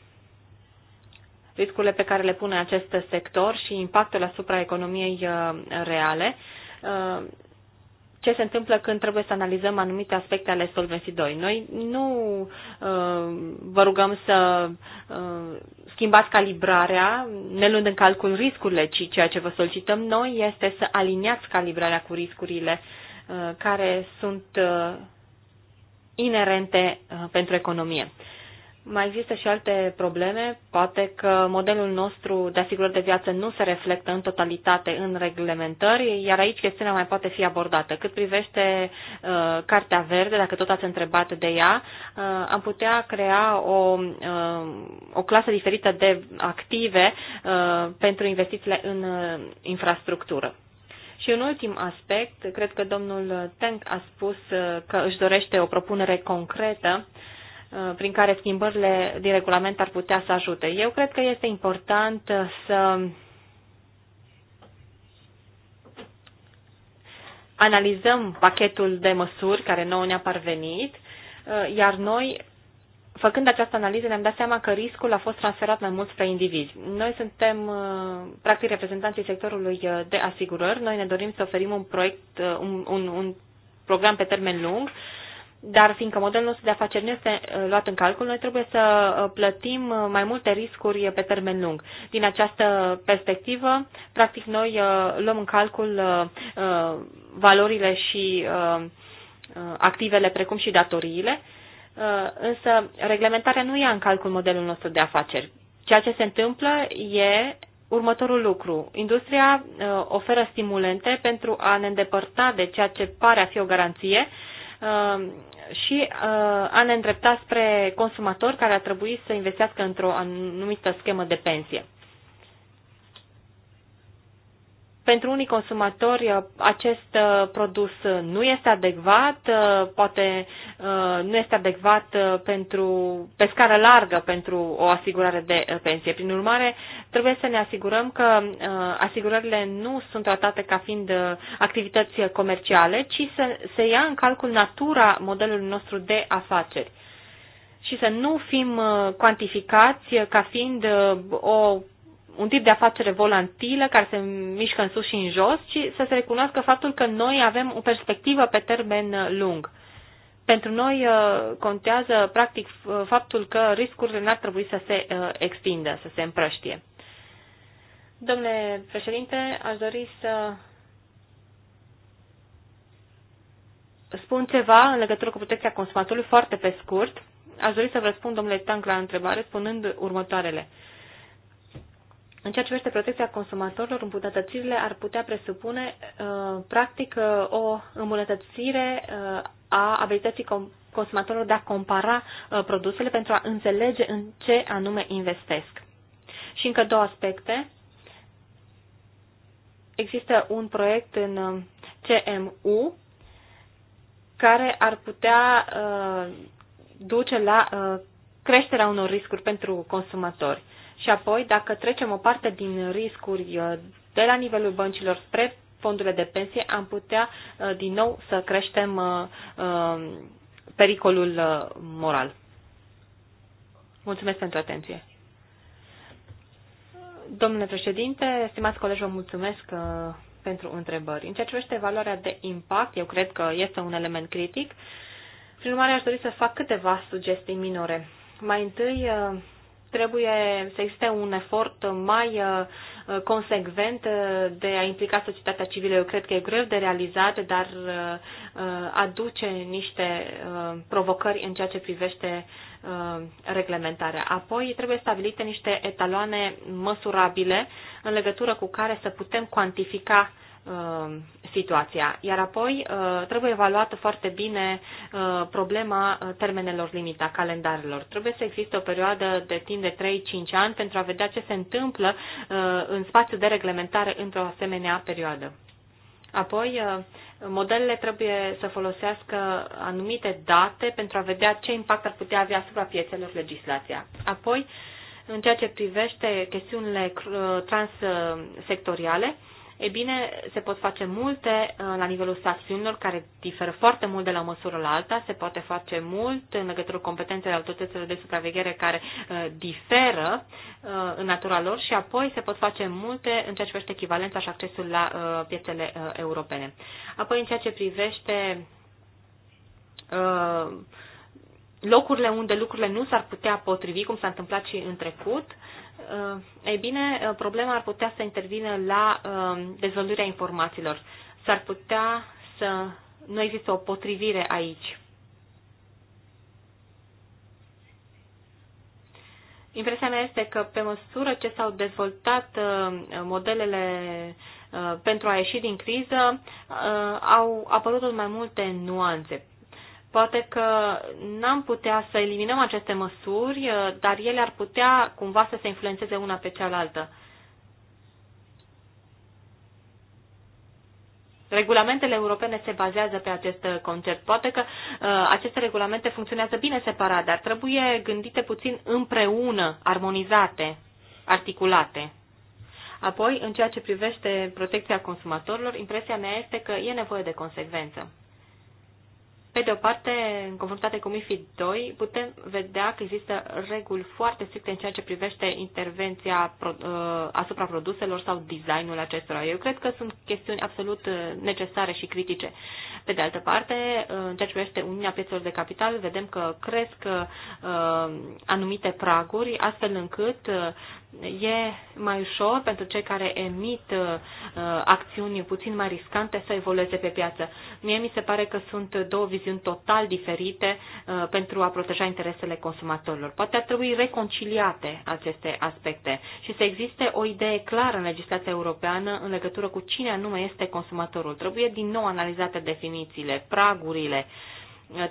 C: riscurile pe care le pune acest sector și impactul asupra economiei uh, reale. Uh, ce se întâmplă când trebuie să analizăm anumite aspecte ale Solvency 2? Noi nu uh, vă rugăm să schimbați calibrarea, ne luând în calcul riscurile, ci ceea ce vă solicităm noi este să aliniați calibrarea cu riscurile care sunt inerente pentru economie. Mai există și alte probleme. Poate că modelul nostru de asigurări de viață nu se reflectă în totalitate în reglementări, iar aici chestiunea mai poate fi abordată. Cât privește uh, Cartea Verde, dacă tot ați întrebat de ea, uh, am putea crea o, uh, o clasă diferită de active uh, pentru investițiile în uh, infrastructură. Și un ultim aspect, cred că domnul Tank a spus uh, că își dorește o propunere concretă uh, Uh, prin care schimbările din regulament ar putea să ajute. Eu cred că este important să analizăm pachetul de măsuri care nou ne-a parvenit, uh, iar noi, făcând această analiză, ne-am dat seama că riscul a fost transferat mai mult spre indivizi. Noi suntem, uh, practic, reprezentanții sectorului de asigurări. Noi ne dorim să oferim un proiect, un, un, un program pe termen lung, uh, dar fiindcă modelul nostru de afaceri nu este uh, luat în calcul, noi trebuie să uh, plătim uh, mai multe riscuri pe termen lung. Din această perspectivă, practic noi luăm în calcul valorile și activele precum și datoriile, însă reglementarea nu ia în calcul modelul nostru de afaceri. Ceea ce se întâmplă e următorul lucru. Industria oferă stimulente pentru a ne îndepărta de ceea ce pare a fi o garanție Um, și uh, a ne îndrepta spre consumatori care ar trebui să investească într-o anumită schemă de pensie. Pentru unii consumatori uh, acest uh, produs uh, nu este adecvat, poate nu este adecvat pentru, pe scară largă pentru o asigurare de pensie. Prin urmare, trebuie să ne asigurăm că asigurările nu sunt tratate ca fiind activități comerciale, ci să se ia în calcul natura modelului nostru de afaceri și să nu fim cuantificați ca fiind o un tip de afacere volantilă care se mișcă în sus și în jos, ci să se recunoască faptul că noi avem o perspectivă pe termen lung. Pentru noi uh, contează practic uh, faptul că riscurile n-ar trebui să se uh, extindă, să se împrăștie. Domnule președinte, aș dori să spun ceva în legătură cu protecția consumatorului foarte pe scurt. Aș dori să vă răspund, domnule Tank, la întrebare, spunând următoarele. Uh, în ceea ce privește protecția consumatorilor, îmbunătățirile ar putea presupune, uh, practic, uh, o îmbunătățire uh, a abilității consumatorilor de a compara produsele pentru a înțelege în ce anume investesc. Și încă două aspecte. Există un proiect în CMU care ar putea duce la creșterea unor riscuri pentru consumatori. Și apoi, dacă trecem o parte din riscuri uh, de la nivelul băncilor spre fondurile de pensie, am putea uh, din nou să creștem uh, pericolul moral. Mulțumesc pentru atenție. Domnule președinte, stimați colegi, vă mulțumesc pentru întrebări. În ceea ce privește valoarea de impact, eu cred că este un element critic. Prin urmare, aș dori să fac câteva sugestii minore. Mai întâi, trebuie să existe un efort mai uh, consecvent uh, de a implica societatea civilă. Eu cred că e greu de realizat, dar uh, aduce niște provocări în ceea ce privește reglementarea. Apoi trebuie stabilite niște etaloane măsurabile în legătură cu care să putem cuantifica uh, Um, situația. Iar apoi uh, trebuie evaluată foarte bine uh, problema uh, termenelor limita, calendarelor. Trebuie să existe o perioadă de timp de 3-5 ani pentru a vedea ce se întâmplă în spațiul de reglementare într-o asemenea perioadă. Apoi, modelele trebuie să folosească anumite date pentru a vedea ce impact ar putea avea asupra piețelor legislația. Apoi, în ceea ce privește chestiunile transsectoriale, E bine, se pot face multe uh, la nivelul stațiunilor care diferă foarte mult de la o măsură la alta. Se poate face mult în legătură cu competențele autorităților de supraveghere care uh, diferă uh, în natura lor și apoi se pot face multe în ceea ce privește echivalența și accesul la piețele europene. Apoi, în ceea ce privește locurile unde lucrurile nu s-ar putea potrivi, cum s-a întâmplat și în trecut, Uh, ei bine, uh, problema ar putea să intervină la uh, dezvăluirea informațiilor. S-ar putea să nu există o potrivire aici. Impresia mea este că pe măsură ce s-au dezvoltat modelele pentru a ieși din criză, au apărut mai multe nuanțe. Poate că n-am putea să eliminăm aceste măsuri, uh, dar ele ar putea cumva să se influențeze una pe cealaltă. Regulamentele europene se bazează pe acest concept. Poate că uh, aceste regulamente funcționează bine separat, dar trebuie gândite puțin împreună, armonizate, articulate. Apoi, în ceea ce privește protecția consumatorilor, impresia mea este că e nevoie de consecvență. Pe de o parte, în conformitate cu MIFID 2, putem vedea că există reguli foarte stricte în ceea ce privește intervenția uh, asupra produselor sau designul acestora. Eu cred că sunt chestiuni absolut uh, necesare și critice. Pe de altă parte, uh, în ceea ce privește Uniunea Piețelor de Capital, vedem că cresc anumite praguri, astfel încât e mai ușor pentru cei care emit uh, acțiuni puțin mai riscante să evolueze pe piață. Mie mi se pare că sunt două viziuni total diferite uh, pentru a proteja interesele consumatorilor. Poate ar trebui reconciliate aceste aspecte și să existe o idee clară în legislația europeană în legătură cu cine anume este consumatorul. Trebuie din nou analizate definițiile, pragurile,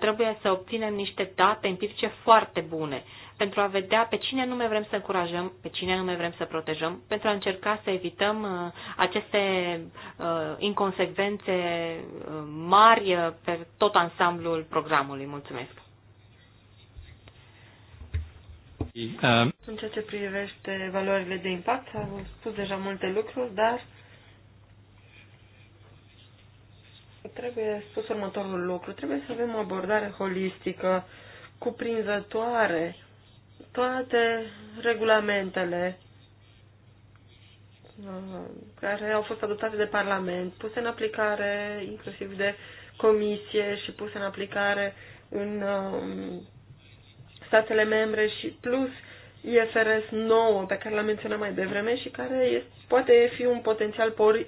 C: trebuie să obținem niște date empirice foarte bune pentru a vedea pe cine nu mai vrem să încurajăm, pe cine nu mai vrem să protejăm, pentru a încerca să evităm uh, aceste uh, inconsecvențe uh, mari pe tot ansamblul programului. Mulțumesc!
D: În ceea ce privește valorile de impact, am spus deja multe lucruri, dar trebuie spus următorul lucru. Trebuie să avem o abordare holistică, cuprinzătoare toate regulamentele uh, care au fost adoptate de Parlament, puse în aplicare inclusiv de Comisie și puse în aplicare în um, statele membre și plus IFRS 9 pe care l-am menționat mai devreme și care este, poate fi un potențial por,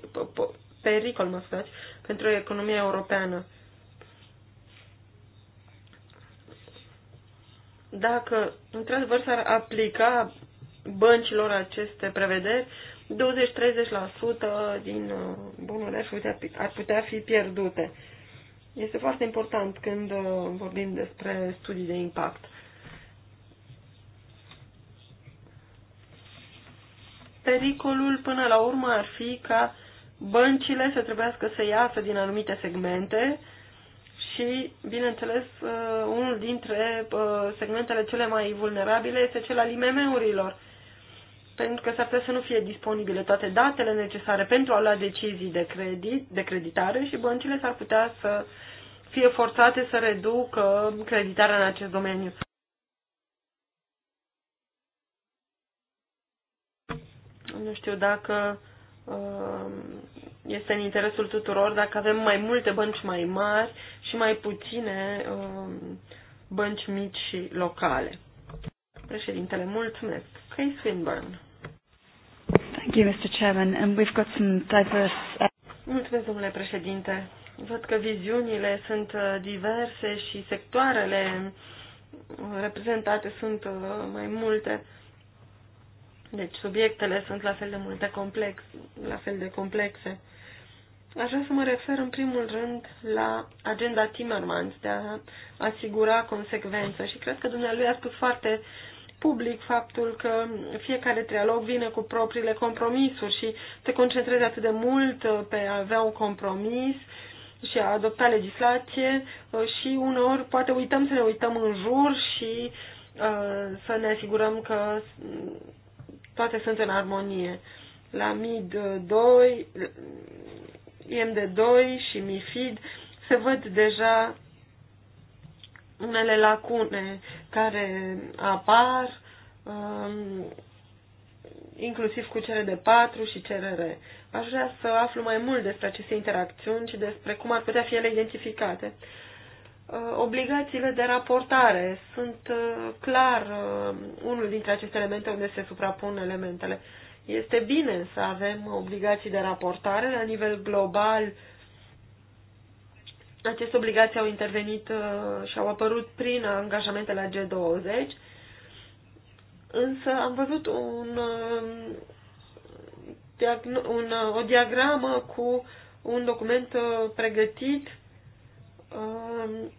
D: pericol, mă scuzați, pentru economia europeană. dacă într-adevăr s-ar aplica băncilor aceste prevederi, 20-30% din uh, bunurile ar putea, ar putea fi pierdute. Este foarte important când uh, vorbim despre studii de impact. Pericolul până la urmă ar fi ca băncile să trebuiască să iasă din anumite segmente și, bineînțeles, uh, unul dintre uh, segmentele cele mai vulnerabile este cel al IMM-urilor, pentru că s-ar putea să nu fie disponibile toate datele necesare pentru a lua decizii de, credit, de creditare și băncile s-ar putea să fie forțate să reducă creditarea în acest domeniu. Nu știu dacă uh, este în interesul tuturor dacă avem mai multe bănci mai mari și mai puține um, bănci mici și locale. Președintele, mulțumesc. Chris Swinburne.
A: Thank you, Mr. Chairman. And um, we've got some diverse... Uh,
D: mulțumesc, domnule președinte. Văd că viziunile sunt uh, diverse și sectoarele uh, reprezentate sunt mai multe. Deci subiectele sunt la fel de multe complex, la fel de complexe. Aș vrea să mă refer în primul rând la agenda Timmermans de a asigura consecvență și cred că dumnealui a spus foarte public faptul că fiecare trialog vine cu propriile compromisuri și te concentrezi atât de mult uh, pe a avea un compromis și a adopta legislație uh, și uneori poate uităm să ne uităm în jur și uh, să ne asigurăm că mm, toate sunt în armonie. La MID 2, IMD2 și MIFID, se văd deja unele lacune care apar, um, inclusiv cu cele de 4 și CRR. Aș vrea să aflu mai mult despre aceste interacțiuni și despre cum ar putea fi ele identificate. Uh, obligațiile de raportare sunt uh, clar uh, unul dintre aceste elemente unde se suprapun elementele. Este bine să avem obligații de raportare la nivel global. Aceste obligații au intervenit uh, și au apărut prin angajamente la G20, însă am văzut un, um, un, uh, o diagramă cu un document uh, pregătit um,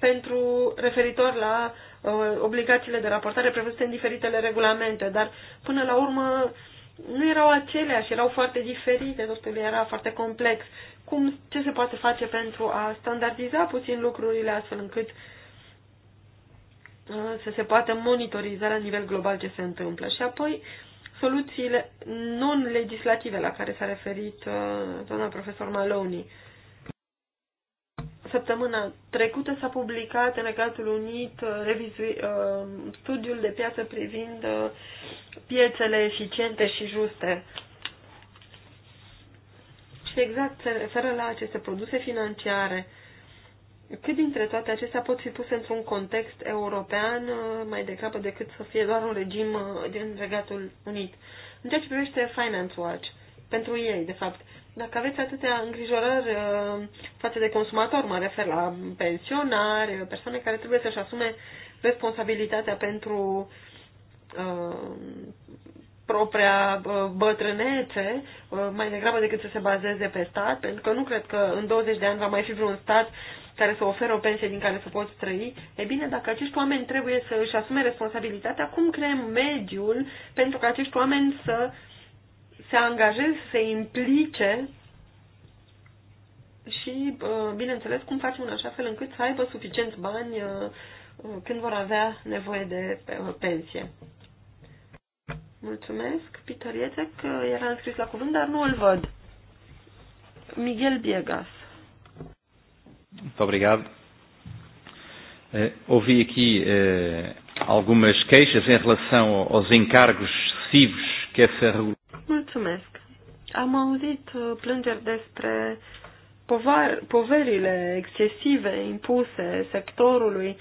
D: pentru referitor la Uh, obligațiile de raportare prevăzute în diferitele regulamente, dar până la urmă nu erau aceleași, erau foarte diferite, totul era foarte complex. Cum, ce se poate face pentru a standardiza puțin lucrurile astfel încât uh, să se poată monitoriza la nivel global ce se întâmplă. Și apoi soluțiile non-legislative la care s-a referit uh, doamna profesor Maloney Săptămâna trecută s-a publicat în Regatul Unit uh, revizui, uh, studiul de piață privind uh, piețele eficiente și juste. Și exact se referă la aceste produse financiare. Cât dintre toate acestea pot fi puse într-un context european mai degrabă decât să fie doar un regim din Regatul Unit? În ceea ce privește Finance Watch, pentru ei, de fapt, dacă aveți atâtea îngrijorări uh, față de consumator, mă refer la pensionari, persoane care trebuie să-și asume responsabilitatea pentru uh, propria uh, bătrânețe, mai degrabă decât să se bazeze pe stat, pentru că nu cred că în 20 de ani va mai fi vreun stat care să oferă o pensie din care să poți trăi, e bine, dacă acești oameni trebuie să își asume responsabilitatea, cum creăm mediul pentru că acești oameni să uh, se angajeze, se implice și, uh, bineînțeles, cum facem în așa fel încât să aibă suficient bani uh, uh, când vor avea nevoie de pensie. Mulțumesc. Peter Iețec era înscris la cuvânt, dar nu îl văd. Miguel Biegas.
E: Obrigado.
A: Uh, ouvi aqui uh, algumas queixas em relação aos encargos excessivos que essa
D: Mulțumesc. Am auzit uh, plângeri despre povar, poverile excesive impuse sectorului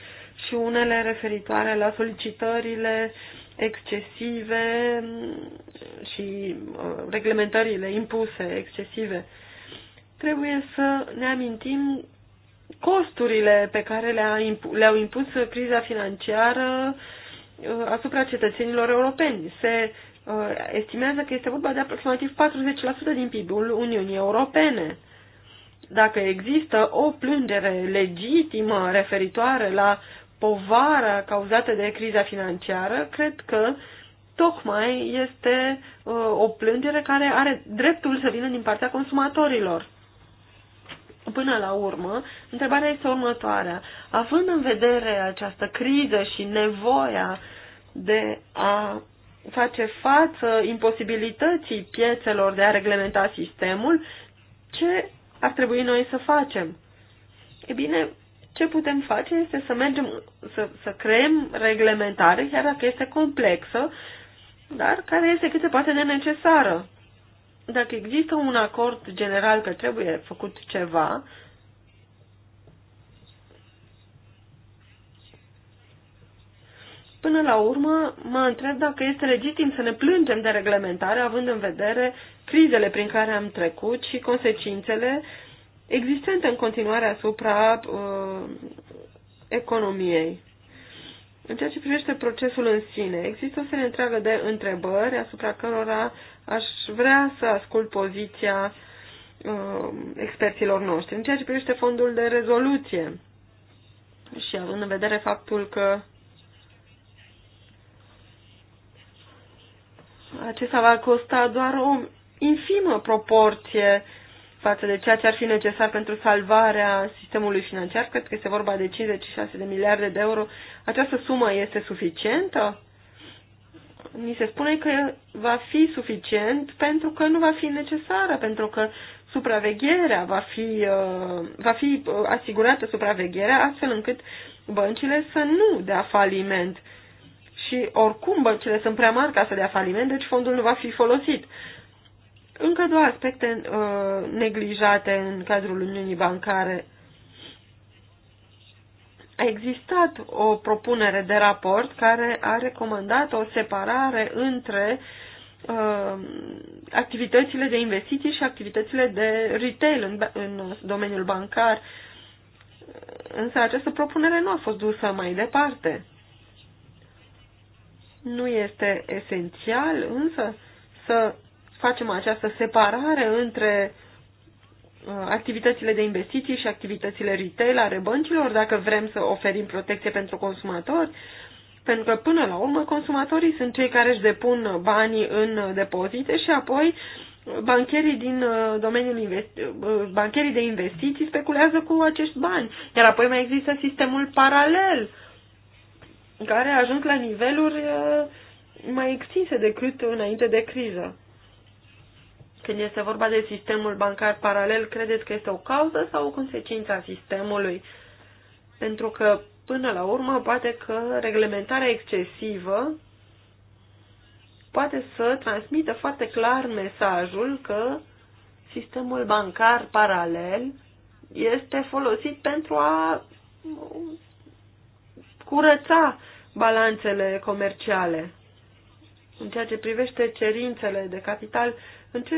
D: și unele referitoare la solicitările excesive mm, și uh, reglementările impuse excesive. Trebuie să ne amintim costurile pe care le-a impu- le-au impus criza financiară uh, asupra cetățenilor europeni. Se Uh, estimează că este vorba de aproximativ 40% din PIB-ul Uniunii Europene. Dacă există o plângere legitimă referitoare la povara cauzată de criza financiară, cred că tocmai este uh, o plângere care are dreptul să vină din partea consumatorilor. Până la urmă, întrebarea este următoarea. Având în vedere această criză și nevoia de a face față imposibilității piețelor de a reglementa sistemul, ce ar trebui noi să facem? E bine, ce putem face este să mergem, să, să creăm reglementare, chiar dacă este complexă, dar care este cât se poate de necesară. Dacă există un acord general că trebuie făcut ceva, Până la urmă, mă întreb dacă este legitim să ne plângem de reglementare, având în vedere crizele prin care am trecut și consecințele existente în continuare asupra uh, economiei. În ceea ce privește procesul în sine, există o serie întreagă de întrebări asupra cărora aș vrea să ascult poziția uh, experților noștri. În ceea ce privește fondul de rezoluție și având în vedere faptul că acesta va costa doar o infimă proporție față de ceea ce ar fi necesar pentru salvarea sistemului financiar. Cred că este vorba de 56 de miliarde de euro. Această sumă este suficientă? Ni se spune că va fi suficient pentru că nu va fi necesară, pentru că supravegherea va fi, uh, va fi uh, asigurată supravegherea astfel încât băncile să nu dea faliment și oricum băncile sunt prea mari ca să dea faliment, deci fondul nu va fi folosit. Încă două aspecte uh, neglijate în cadrul Uniunii Bancare. A existat o propunere de raport care a recomandat o separare între uh, activitățile de investiții și activitățile de retail în, în domeniul bancar, însă această propunere nu a fost dusă mai departe. Nu este esențial, însă, să facem această separare între uh, activitățile de investiții și activitățile retail ale băncilor, dacă vrem să oferim protecție pentru consumatori, pentru că până la urmă consumatorii sunt cei care își depun banii în depozite și apoi bancherii din uh, domeniul investi- uh, bancherii de investiții speculează cu acești bani. Iar apoi mai există sistemul paralel care a ajuns la niveluri uh, mai extinse decât înainte de criză. Când este vorba de sistemul bancar paralel, credeți că este o cauză sau o consecință a sistemului? Pentru că, până la urmă, poate că reglementarea excesivă poate să transmită foarte clar mesajul că sistemul bancar paralel este folosit pentru a curăța balanțele comerciale. În ceea ce privește cerințele de capital, în ce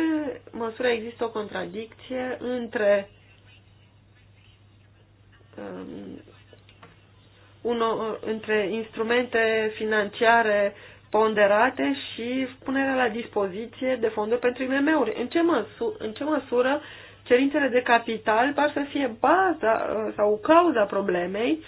D: măsură există o contradicție între um, uno, între instrumente financiare ponderate și punerea la dispoziție de fonduri pentru IMM-uri. În ce, măsu- în ce măsură cerințele de capital par să fie baza uh, sau cauza problemei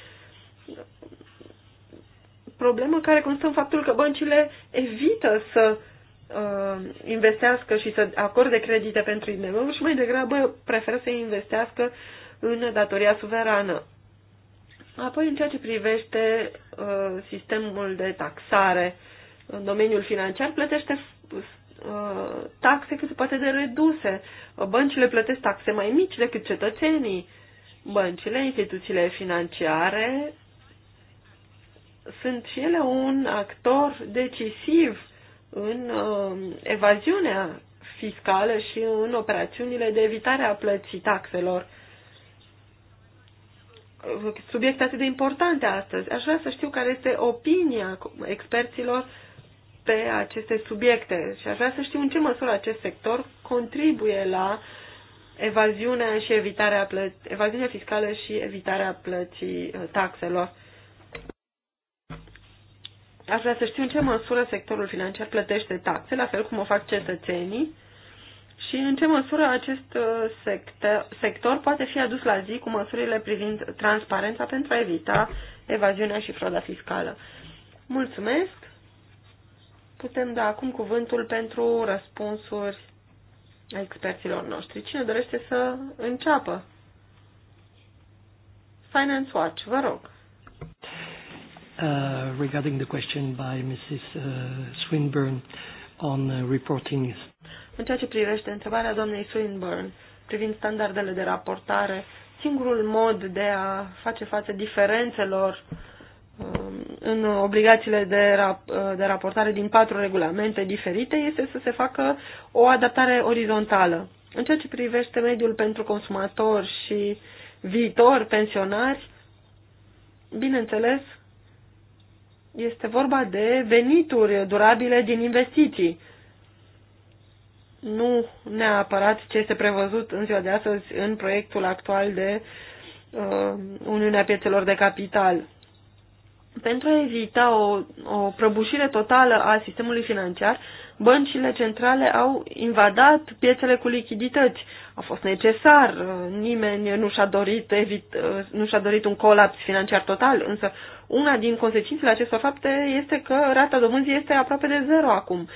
D: problemă care constă în faptul că băncile evită să uh, investească și să acorde credite pentru IMM-uri și mai degrabă preferă să investească în datoria suverană. Apoi, în ceea ce privește uh, sistemul de taxare în domeniul financiar, plătește uh, taxe cât se poate de reduse. Băncile plătesc taxe mai mici decât cetățenii. Băncile, instituțiile financiare sunt și ele un actor decisiv în uh, evaziunea fiscală și în operațiunile de evitare a plății taxelor. Subiecte atât de importante astăzi. Aș vrea să știu care este opinia experților pe aceste subiecte și aș vrea să știu în ce măsură acest sector contribuie la evaziunea, și evitarea plă- evaziunea fiscală și evitarea plății uh, taxelor Aș vrea să știu în ce măsură sectorul financiar plătește taxe, la fel cum o fac cetățenii, și în ce măsură acest uh, sector, poate fi adus la zi cu măsurile privind transparența pentru a evita evaziunea și frauda fiscală. Mulțumesc! Putem da acum cuvântul pentru răspunsuri a experților noștri. Cine dorește să înceapă? Finance Watch, vă rog.
A: Uh, regarding the question by Mrs. Uh, Swinburne on uh, reporting.
D: În ceea ce privește întrebarea doamnei Swinburne privind standardele de raportare, singurul mod de a face față diferențelor um, în obligațiile de, rap- uh, de raportare din patru regulamente diferite este să se facă o adaptare orizontală. În ceea ce privește mediul pentru consumatori și viitor pensionari, bineînțeles este vorba de venituri durabile din investiții. Nu neapărat ce este prevăzut în ziua de astăzi în proiectul actual de uh, Uniunea Piețelor de Capital. Pentru a evita o, o prăbușire totală a sistemului financiar, băncile centrale au invadat piețele cu lichidități. A fost necesar, uh, nimeni nu și-a dorit, evit, uh, nu și-a dorit un colaps financiar total, însă una din consecințele acestor fapte este că rata dobânzii este aproape de zero acum.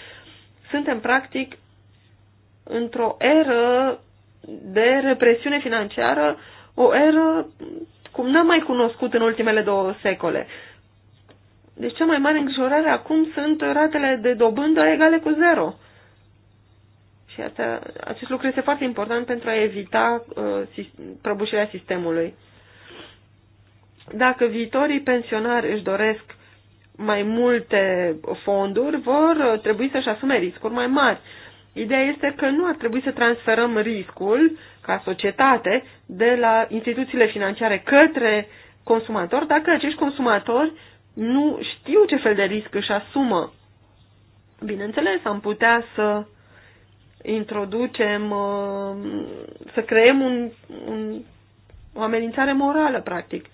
D: Suntem practic într-o eră de represiune financiară, o eră cum n-am mai cunoscut în ultimele două secole. Deci cea mai mare îngrijorare acum sunt ratele de dobândă egale cu zero. Și asta, acest lucru este foarte important pentru a evita uh, prăbușirea sistemului. Dacă viitorii pensionari își doresc mai multe fonduri, vor trebui să-și asume riscuri mai mari. Ideea este că nu ar trebui să transferăm riscul ca societate de la instituțiile financiare către consumatori dacă acești consumatori nu știu ce fel de risc își asumă. Bineînțeles, am putea să introducem, uh, să creăm un, un, o amenințare morală, practic.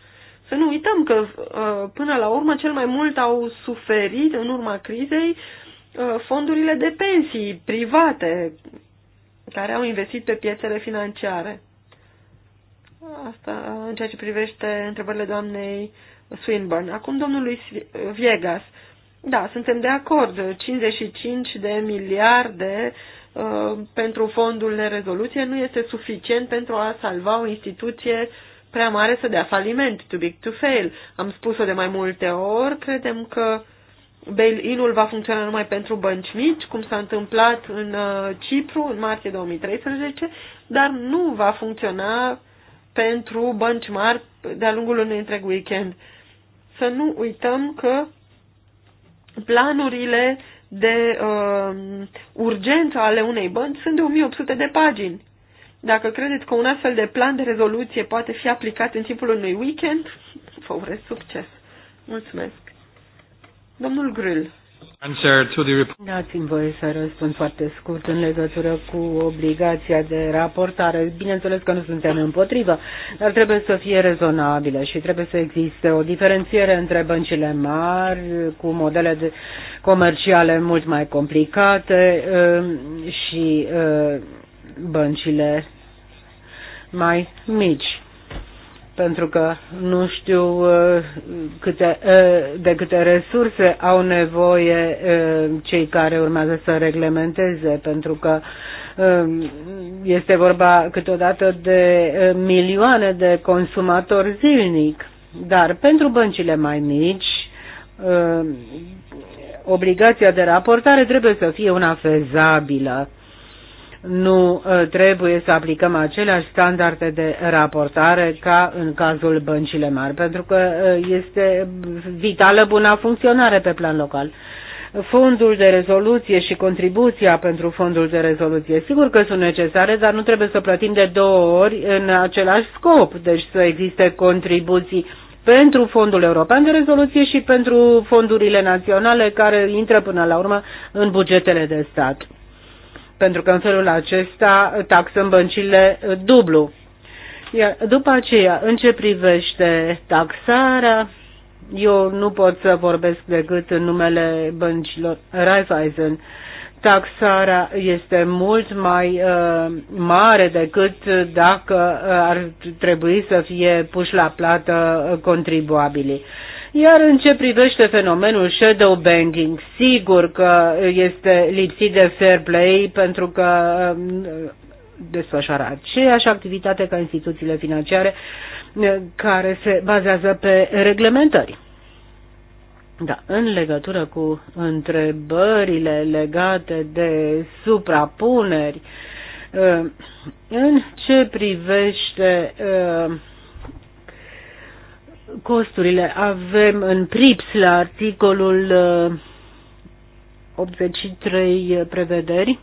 D: Să nu uităm că uh, până la urmă cel mai mult au suferit în urma crizei uh, fondurile de pensii private care au investit pe piețele financiare. Asta în ceea ce privește întrebările doamnei Swinburne. Acum domnului Viegas. Da, suntem de acord. 55 de miliarde uh, pentru fondul de rezoluție nu este suficient pentru a salva o instituție uh, prea mare să dea faliment, too big to fail. Am spus-o de mai multe ori, credem că bail-in-ul va funcționa numai pentru bănci mici, cum s-a întâmplat în uh, Cipru în martie 2013, dar nu va funcționa pentru bănci mari de-a lungul unui întreg weekend. Să nu uităm că planurile de uh, urgență ale unei bănci sunt de 1800 de pagini. Dacă credeți că un astfel de plan de rezoluție poate fi aplicat în timpul unui weekend, vă urez succes.
A: Mulțumesc. Domnul Grill. Dați-mi
B: voie să răspund foarte scurt în legătură cu obligația de raportare. Bineînțeles că nu suntem împotrivă, dar trebuie să fie rezonabilă și trebuie să existe o diferențiere între băncile mari cu modele de comerciale mult mai complicate uh, și uh, băncile mai mici pentru că nu știu uh, câte, uh, de câte resurse au nevoie uh, cei care urmează să reglementeze, pentru că um, este vorba câteodată de milioane de consumatori zilnic. Dar pentru băncile mai mici, obligația de raportare trebuie să fie una fezabilă nu ă, trebuie să aplicăm aceleași standarde de raportare ca în cazul băncile mari, pentru că ă, este vitală buna funcționare pe plan local. Fondul de rezoluție și contribuția pentru fondul de rezoluție, sigur că sunt necesare, dar nu trebuie să plătim de două ori în același scop, deci să existe contribuții pentru Fondul European de Rezoluție și pentru fondurile naționale care intră până la urmă în bugetele de stat pentru că în felul acesta taxăm băncile dublu. Iar după aceea, în ce privește taxarea, eu nu pot să vorbesc decât în numele băncilor Raiffeisen. Taxarea este mult mai uh, mare decât dacă uh, ar trebui să fie puși la plată contribuabilii. Iar în ce privește fenomenul shadow banking, sigur că este lipsit de fair play pentru că um, desfășoară aceeași activitate ca instituțiile financiare uh, care se bazează pe reglementări. Da, în legătură cu întrebările legate de suprapuneri, uh, în ce privește uh, costurile. Avem în PRIPS la articolul 83 uh, uh, prevederi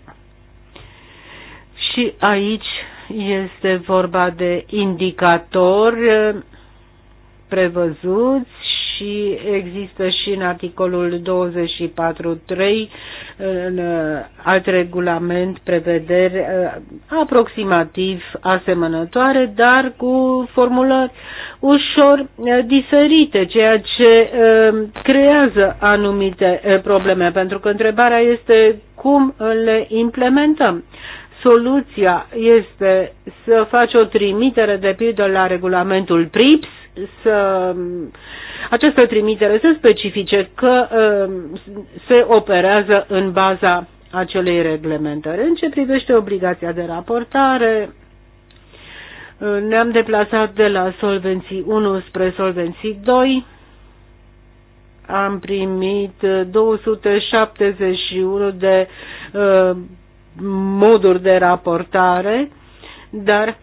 B: și aici este vorba de indicatori uh, prevăzuți și există și în articolul 24.3 în uh, alt regulament prevederi uh, aproximativ asemănătoare, dar cu formulări ușor uh, diferite, ceea ce creează anumite probleme, pentru că întrebarea este cum le implementăm soluția este să faci o trimitere de pildă la regulamentul PRIPS, să, această trimitere să specifice că um, se operează în baza acelei reglementări. În ce privește obligația de raportare, ne-am deplasat de la solvenții 1 spre solvenții 2. Am primit 271 de uh, moduri de raportare, dar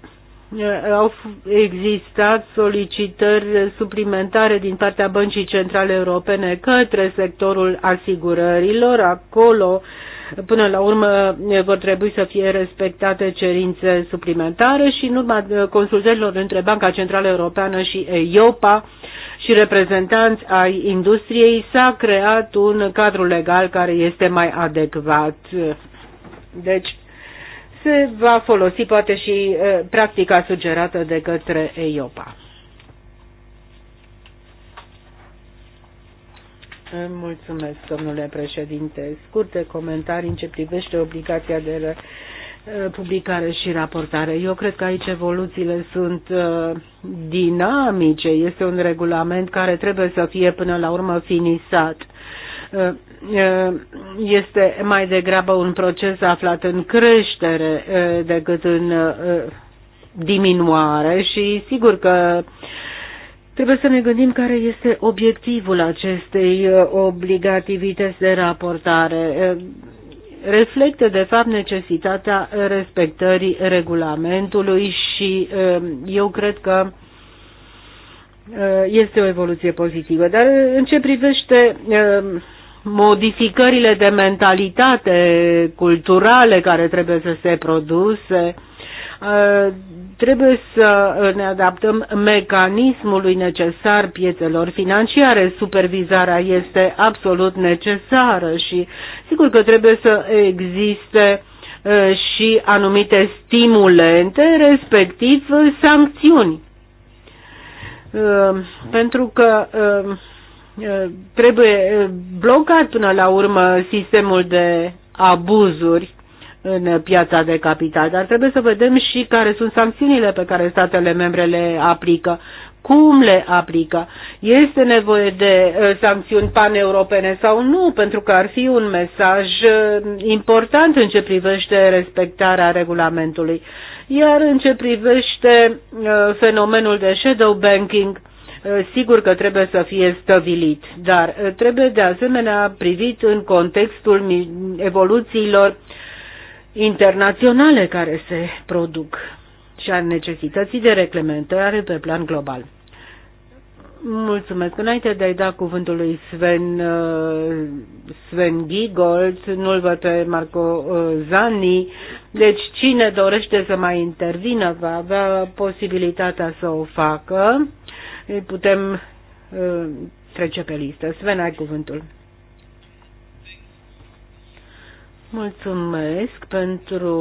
B: au existat solicitări suplimentare din partea Băncii Centrale Europene către sectorul asigurărilor. Acolo, până la urmă, vor trebui să fie respectate cerințe suplimentare și în urma consultărilor între Banca Centrală Europeană și EIOPA și reprezentanți ai industriei s-a creat un cadru legal care este mai adecvat deci, se va folosi poate și practica sugerată de către EIOPA. Mulțumesc, domnule președinte. Scurte comentarii în ce privește obligația de publicare și raportare. Eu cred că aici evoluțiile sunt dinamice. Este un regulament care trebuie să fie până la urmă finisat Eh, eh, este mai degrabă un proces aflat în creștere eh, decât în diminuare și sigur că Trebuie să ne gândim care este obiectivul acestei obligativități de raportare. Reflectă, de fapt, necesitatea respectării regulamentului și eu cred că este o evoluție pozitivă. Dar în ce privește modificările de mentalitate culturale care trebuie să se produse, uh, trebuie să ne adaptăm mecanismului necesar piețelor financiare. Supervizarea este absolut necesară și sigur că trebuie să existe uh, și anumite stimulente, respectiv uh, sancțiuni. Pentru că Eh, trebuie eh, blocat până la urmă sistemul de abuzuri în piața de capital, dar trebuie să vedem și care sunt sancțiunile pe care statele membre le aplică, cum le aplică. Este nevoie de eh, sancțiuni paneuropene sau nu, pentru că ar fi un mesaj important în ce privește respectarea regulamentului. Iar în ce privește fenomenul de shadow banking, Eh, sigur că trebuie să fie stabilit, dar eh, trebuie de asemenea privit în contextul evoluțiilor internaționale care se produc și a necesității de reglementare pe plan global. Mulțumesc. Înainte de a-i da cuvântul lui Sven, eh, Sven Gigold, nu-l văd pe Marco Zani, deci cine dorește să mai intervină va avea posibilitatea să o facă. Îi putem uh, trece pe listă. Sven, ai cuvântul. Mulțumesc pentru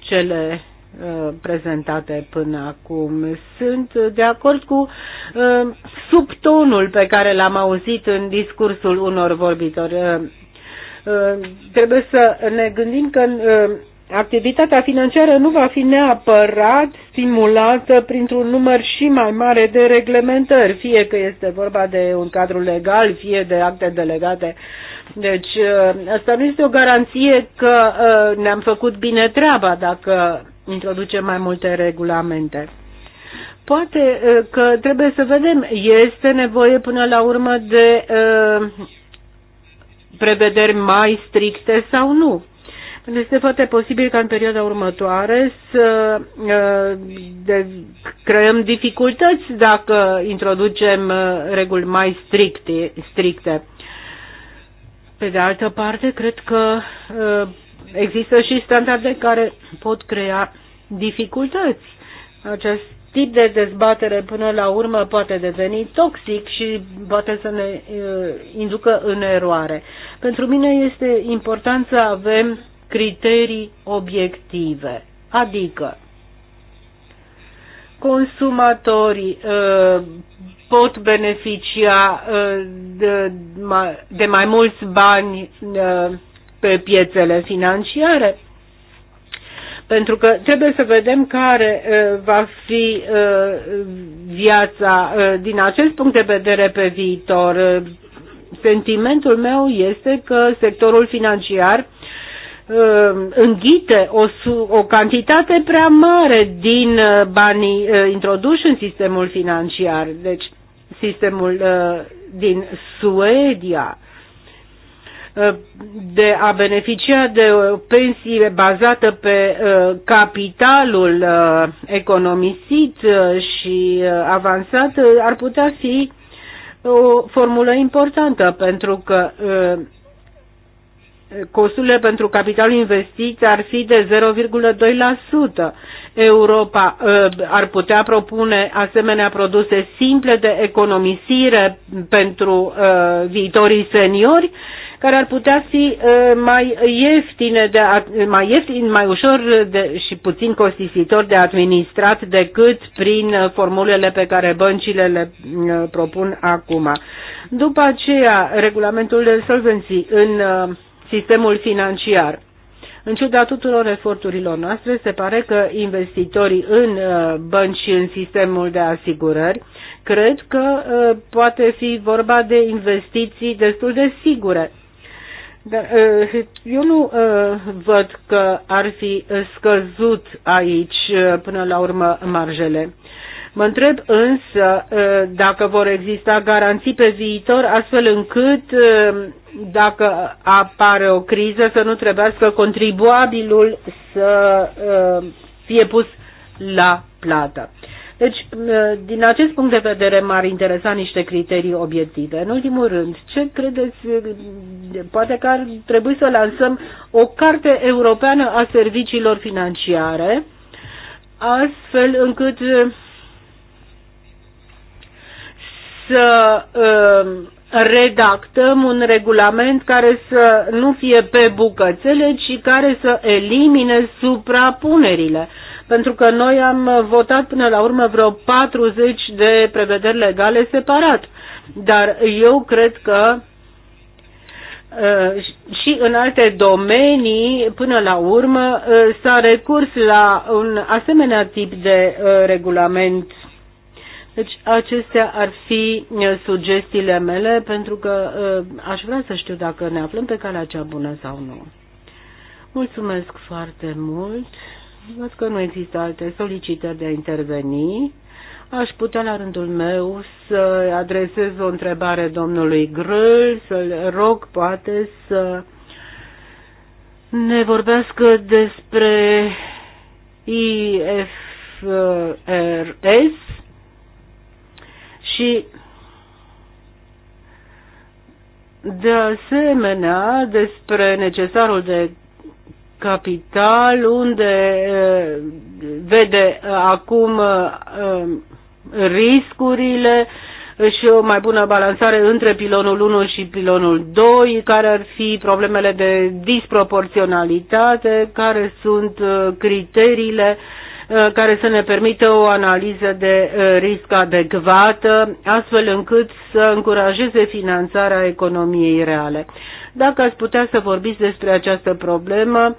B: cele uh, prezentate până acum. Sunt de acord cu uh, subtonul pe care l-am auzit în discursul unor vorbitori. Uh, uh, trebuie să ne gândim că uh, activitatea financiară nu va fi neapărat stimulată printr-un număr și mai mare de reglementări, fie că este vorba de un cadru legal, fie de acte delegate. Deci ă, asta nu este o garanție că ă, ne-am făcut bine treaba dacă introducem mai multe regulamente. Poate ă, că trebuie să vedem, este nevoie până la urmă de prevederi mai stricte sau nu deci este foarte posibil ca în perioada următoare să uh, de, creăm dificultăți dacă introducem uh, reguli mai stricte. stricte. Pe de altă parte, cred că uh, există și standarde care pot crea dificultăți. Acest tip de dezbatere până la urmă poate deveni toxic și poate să ne inducă în eroare. Pentru mine este important să avem criterii obiective, adică consumatorii uh, pot beneficia uh, de, de mai mulți bani uh, pe piețele financiare, pentru că trebuie să vedem care uh, va fi uh, viața uh, din acest punct de vedere pe viitor. Sentimentul meu este că sectorul financiar Uh, înghite o, o cantitate prea mare din uh, banii uh, introduși în sistemul financiar, deci sistemul din Suedia de a beneficia de o pensie bazată pe capitalul economisit și avansat ar putea fi o formulă importantă pentru că costurile pentru capital investit ar fi de 0,2%. Europa uh, ar putea propune asemenea produse simple de economisire pentru uh, viitorii seniori care ar putea fi uh, mai ieftine, de, mai, ieftin, mai ușor de, și puțin costisitor de administrat decât prin formulele pe care băncile le propun acum. După aceea, regulamentul de solvency în uh, sistemul financiar. În ciuda tuturor eforturilor noastre, se pare că investitorii în uh, bănci și în sistemul de asigurări cred că uh, poate fi vorba de investiții destul de sigure. Dar uh, eu nu văd că ar fi scăzut aici până la urmă marjele. Mă întreb însă dacă vor exista garanții pe viitor, astfel încât dacă apare o criză să nu trebuiască contribuabilul să fie pus la plată. Deci, din acest punct de vedere, m-ar interesa niște criterii obiective. În ultimul rând, ce credeți? Poate că ar trebui să lansăm o carte europeană a serviciilor financiare, astfel încât să um, redactăm un regulament care să nu fie pe bucățele, ci care să elimine suprapunerile. Pentru că noi am votat până la urmă vreo 40 de prevederi legale separat. Dar eu cred că uh, și în alte domenii, până la urmă, uh, s-a recurs la un asemenea tip de uh, regulament deci acestea ar fi uh, sugestiile mele pentru că uh, aș vrea să știu dacă ne aflăm pe calea cea bună sau nu. Mulțumesc foarte mult. Văd că nu există alte solicitări de a interveni. Aș putea la rândul meu să adresez o întrebare domnului Grâl, să-l rog poate să ne vorbească despre IFRS și de asemenea despre necesarul de capital unde vede acum riscurile și o mai bună balansare între pilonul 1 și pilonul 2, care ar fi problemele de disproporționalitate, care sunt criteriile uh, Uh, care să ne permită o analiză de uh, risc adecvată, astfel încât să încurajeze finanțarea economiei reale. Dacă ați putea să vorbiți despre această problemă,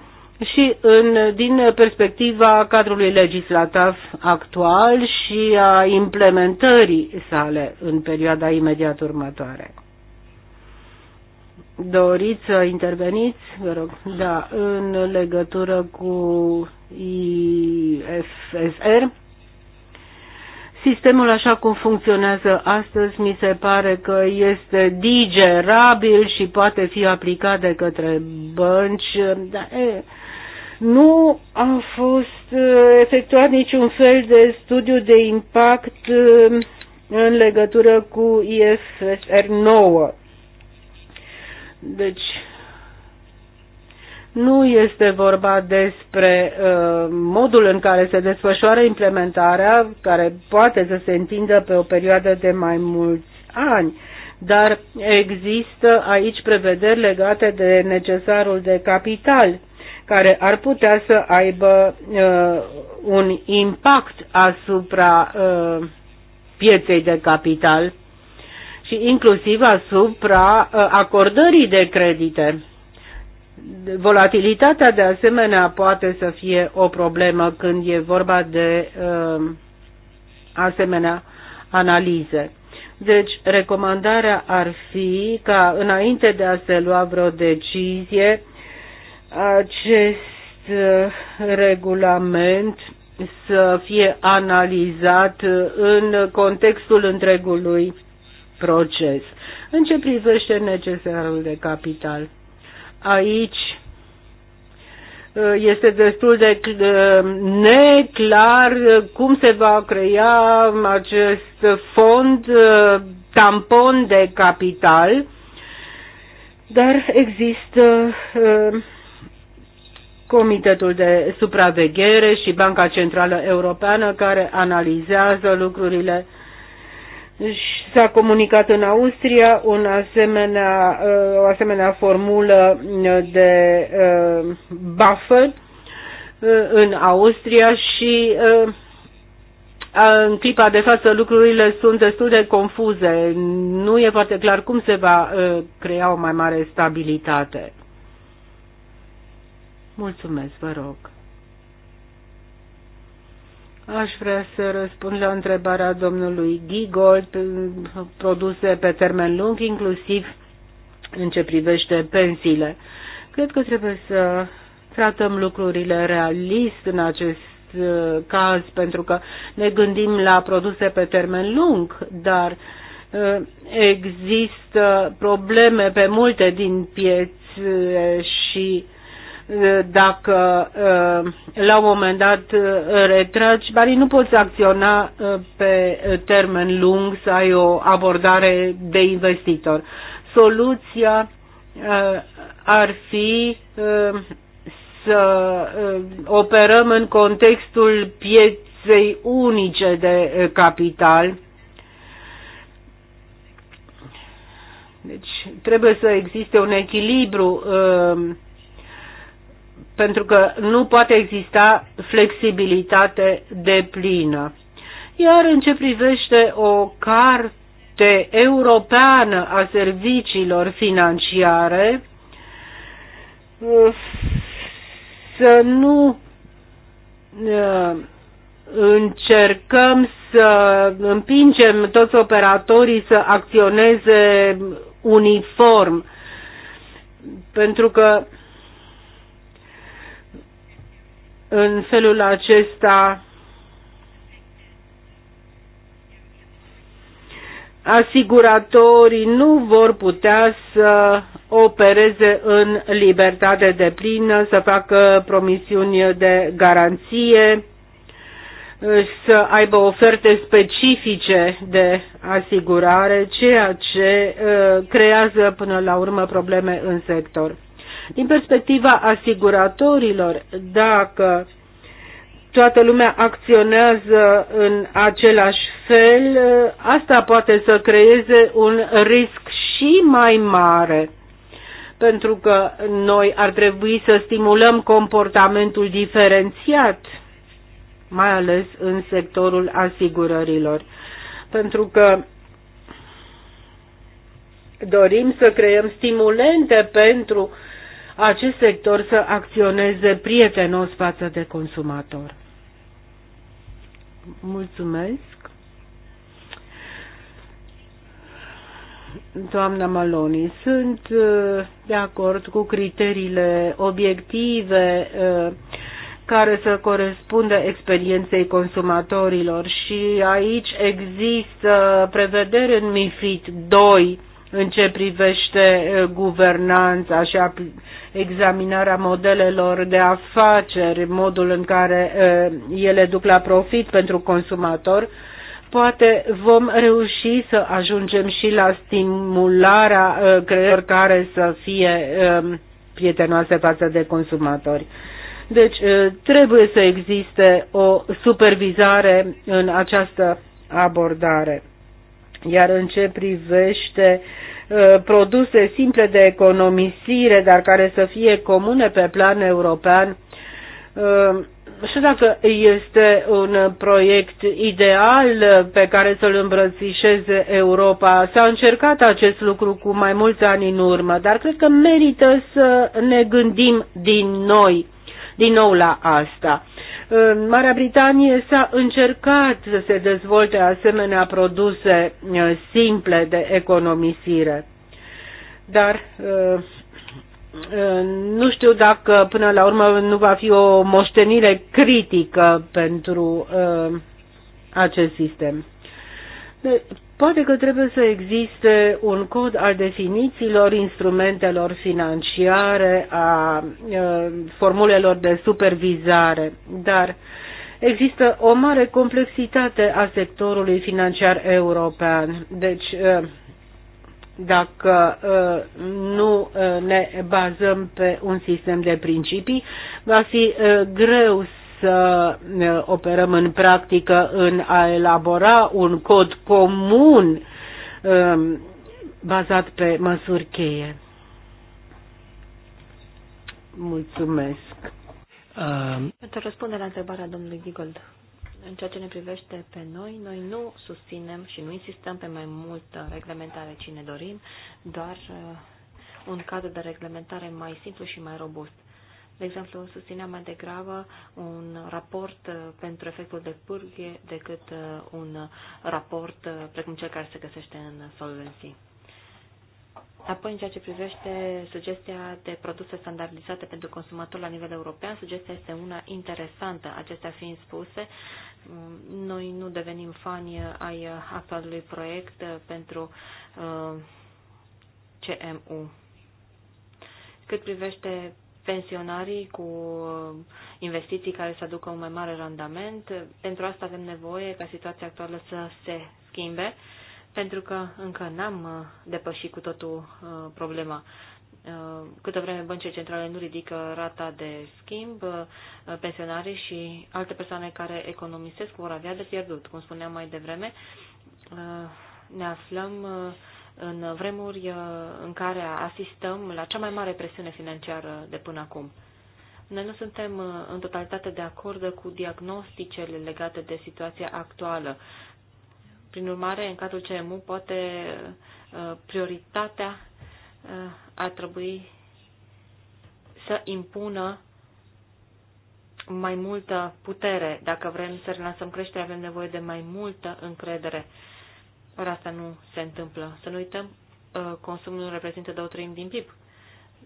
B: și în, din perspectiva cadrului legislativ actual și a implementării sale în perioada imediat următoare doriți să interveniți, vă rog, da, în legătură cu IFSR. Sistemul așa cum funcționează astăzi mi se pare că este digerabil și poate fi aplicat de către bănci. Da, e, nu a fost efectuat niciun fel de studiu de impact în legătură cu IFSR 9 deci, nu este vorba despre uh, modul în care se desfășoară implementarea, care poate să se întindă pe o perioadă de mai mulți ani, dar există aici prevederi legate de necesarul de capital, care ar putea să aibă uh, un impact asupra uh, pieței de capital și inclusiv asupra uh, acordării de credite. Volatilitatea de asemenea poate să fie o problemă când e vorba de uh, asemenea analize. Deci, recomandarea ar fi ca înainte de a se lua vreo decizie, acest uh, regulament să fie analizat în contextul întregului proces. În ce privește necesarul de capital? Aici uh, este destul de uh, neclar uh, cum se va crea acest fond tampon de capital, dar există Comitetul de Supraveghere și Banca Centrală Europeană care analizează lucrurile S-a comunicat în Austria un asemenea, uh, o asemenea formulă uh, de uh, buffer în Austria și în clipa de față lucrurile sunt destul de confuze. Nu e foarte clar cum se va crea o mai mare stabilitate. Mulțumesc, vă rog. Aș vrea să răspund la întrebarea domnului Gigold, produse pe termen lung, inclusiv în ce privește pensiile. Cred că trebuie să tratăm lucrurile realist în acest uh, caz, pentru că ne gândim la produse pe termen lung, dar uh, există probleme pe multe din pieți și dacă uh, la un moment dat uh, retragi banii, nu poți acționa uh, pe termen lung să ai o abordare de investitor. Soluția ar fi să operăm în contextul pieței unice de capital. Deci trebuie să existe un echilibru uh, pentru că nu poate exista flexibilitate de plină. Iar în ce privește o carte europeană a serviciilor financiare, uh, să nu uh, încercăm să împingem toți operatorii să acționeze uniform, pentru că În felul acesta asiguratorii nu vor putea să opereze în libertate de plină, să facă promisiuni de garanție, să aibă oferte specifice de asigurare, ceea ce uh, creează până la urmă probleme în sector. Din perspectiva asiguratorilor, dacă toată lumea acționează în același fel, asta poate să creeze un risc și mai mare pentru că noi ar trebui să stimulăm comportamentul diferențiat, mai ales în sectorul asigurărilor. Pentru că dorim să creăm stimulente pentru acest sector să acționeze prietenos față de consumator. Mulțumesc. doamna Maloni, sunt uh, de acord cu criteriile obiective uh, care să corespundă experienței consumatorilor și aici există prevederi în MIFID 2 în ce privește guvernanța și examinarea modelelor de afaceri, modul în care ele duc la profit pentru consumator, poate vom reuși să ajungem și la stimularea creierilor care să fie prietenoase față de consumatori. Deci trebuie să existe o supervizare în această abordare. Iar în ce privește ă, produse simple de economisire, dar care să fie comune pe plan european, ă, uh, și dacă este un proiect ideal pe care să-l îmbrățișeze Europa, s-a încercat acest lucru cu mai mulți ani în urmă, dar cred că merită să ne gândim din noi, din nou la asta. În Marea Britanie s-a încercat să se dezvolte asemenea produse uh, simple de economisire. Dar uh, uh, nu știu dacă până la urmă nu va fi o moștenire critică pentru acest sistem. Poate că trebuie să existe un cod al definițiilor instrumentelor financiare, a formulelor de supervizare, dar există o mare complexitate a sectorului financiar european. Deci, dacă nu ne bazăm pe un sistem de principii, va fi greu să operăm în practică în a elabora un cod comun um, bazat pe măsuri cheie. Mulțumesc.
A: Um.
C: Pentru răspunderea la întrebarea domnului Digold, în ceea ce ne privește pe noi, noi nu susținem și nu insistăm pe mai multă reglementare cine dorim, doar uh, un cadru de reglementare mai simplu și mai robust. De exemplu, susținea mai degrabă un raport uh, pentru efectul de pârghie decât uh, un raport uh, precum cel care se găsește în solvenții. Apoi, în ceea ce privește sugestia de produse standardizate pentru consumator la nivel european, sugestia este una interesantă. Acestea fiind spuse, noi nu devenim fani ai actualului proiect pentru CMU. Cât privește pensionarii cu investiții care să aducă un mai mare randament. Pentru asta avem nevoie ca situația actuală să se schimbe, pentru că încă n-am uh, depășit cu totul uh, problema. Uh, Câte vreme băncile centrale nu ridică rata de schimb, pensionarii și alte persoane care economisesc vor avea de pierdut. Cum spuneam mai devreme, ne aflăm uh, în vremuri uh, în care asistăm la cea mai mare presiune financiară de până acum. Noi nu suntem uh, în totalitate de acord cu diagnosticele legate de situația actuală. Prin urmare, în cadrul CMU, poate uh, prioritatea ar trebui să impună mai multă putere. Dacă vrem să relansăm creșterea, avem nevoie de mai multă încredere. Ori asta nu se întâmplă. Să nu uităm, uh, consumul reprezintă două treimi din PIB.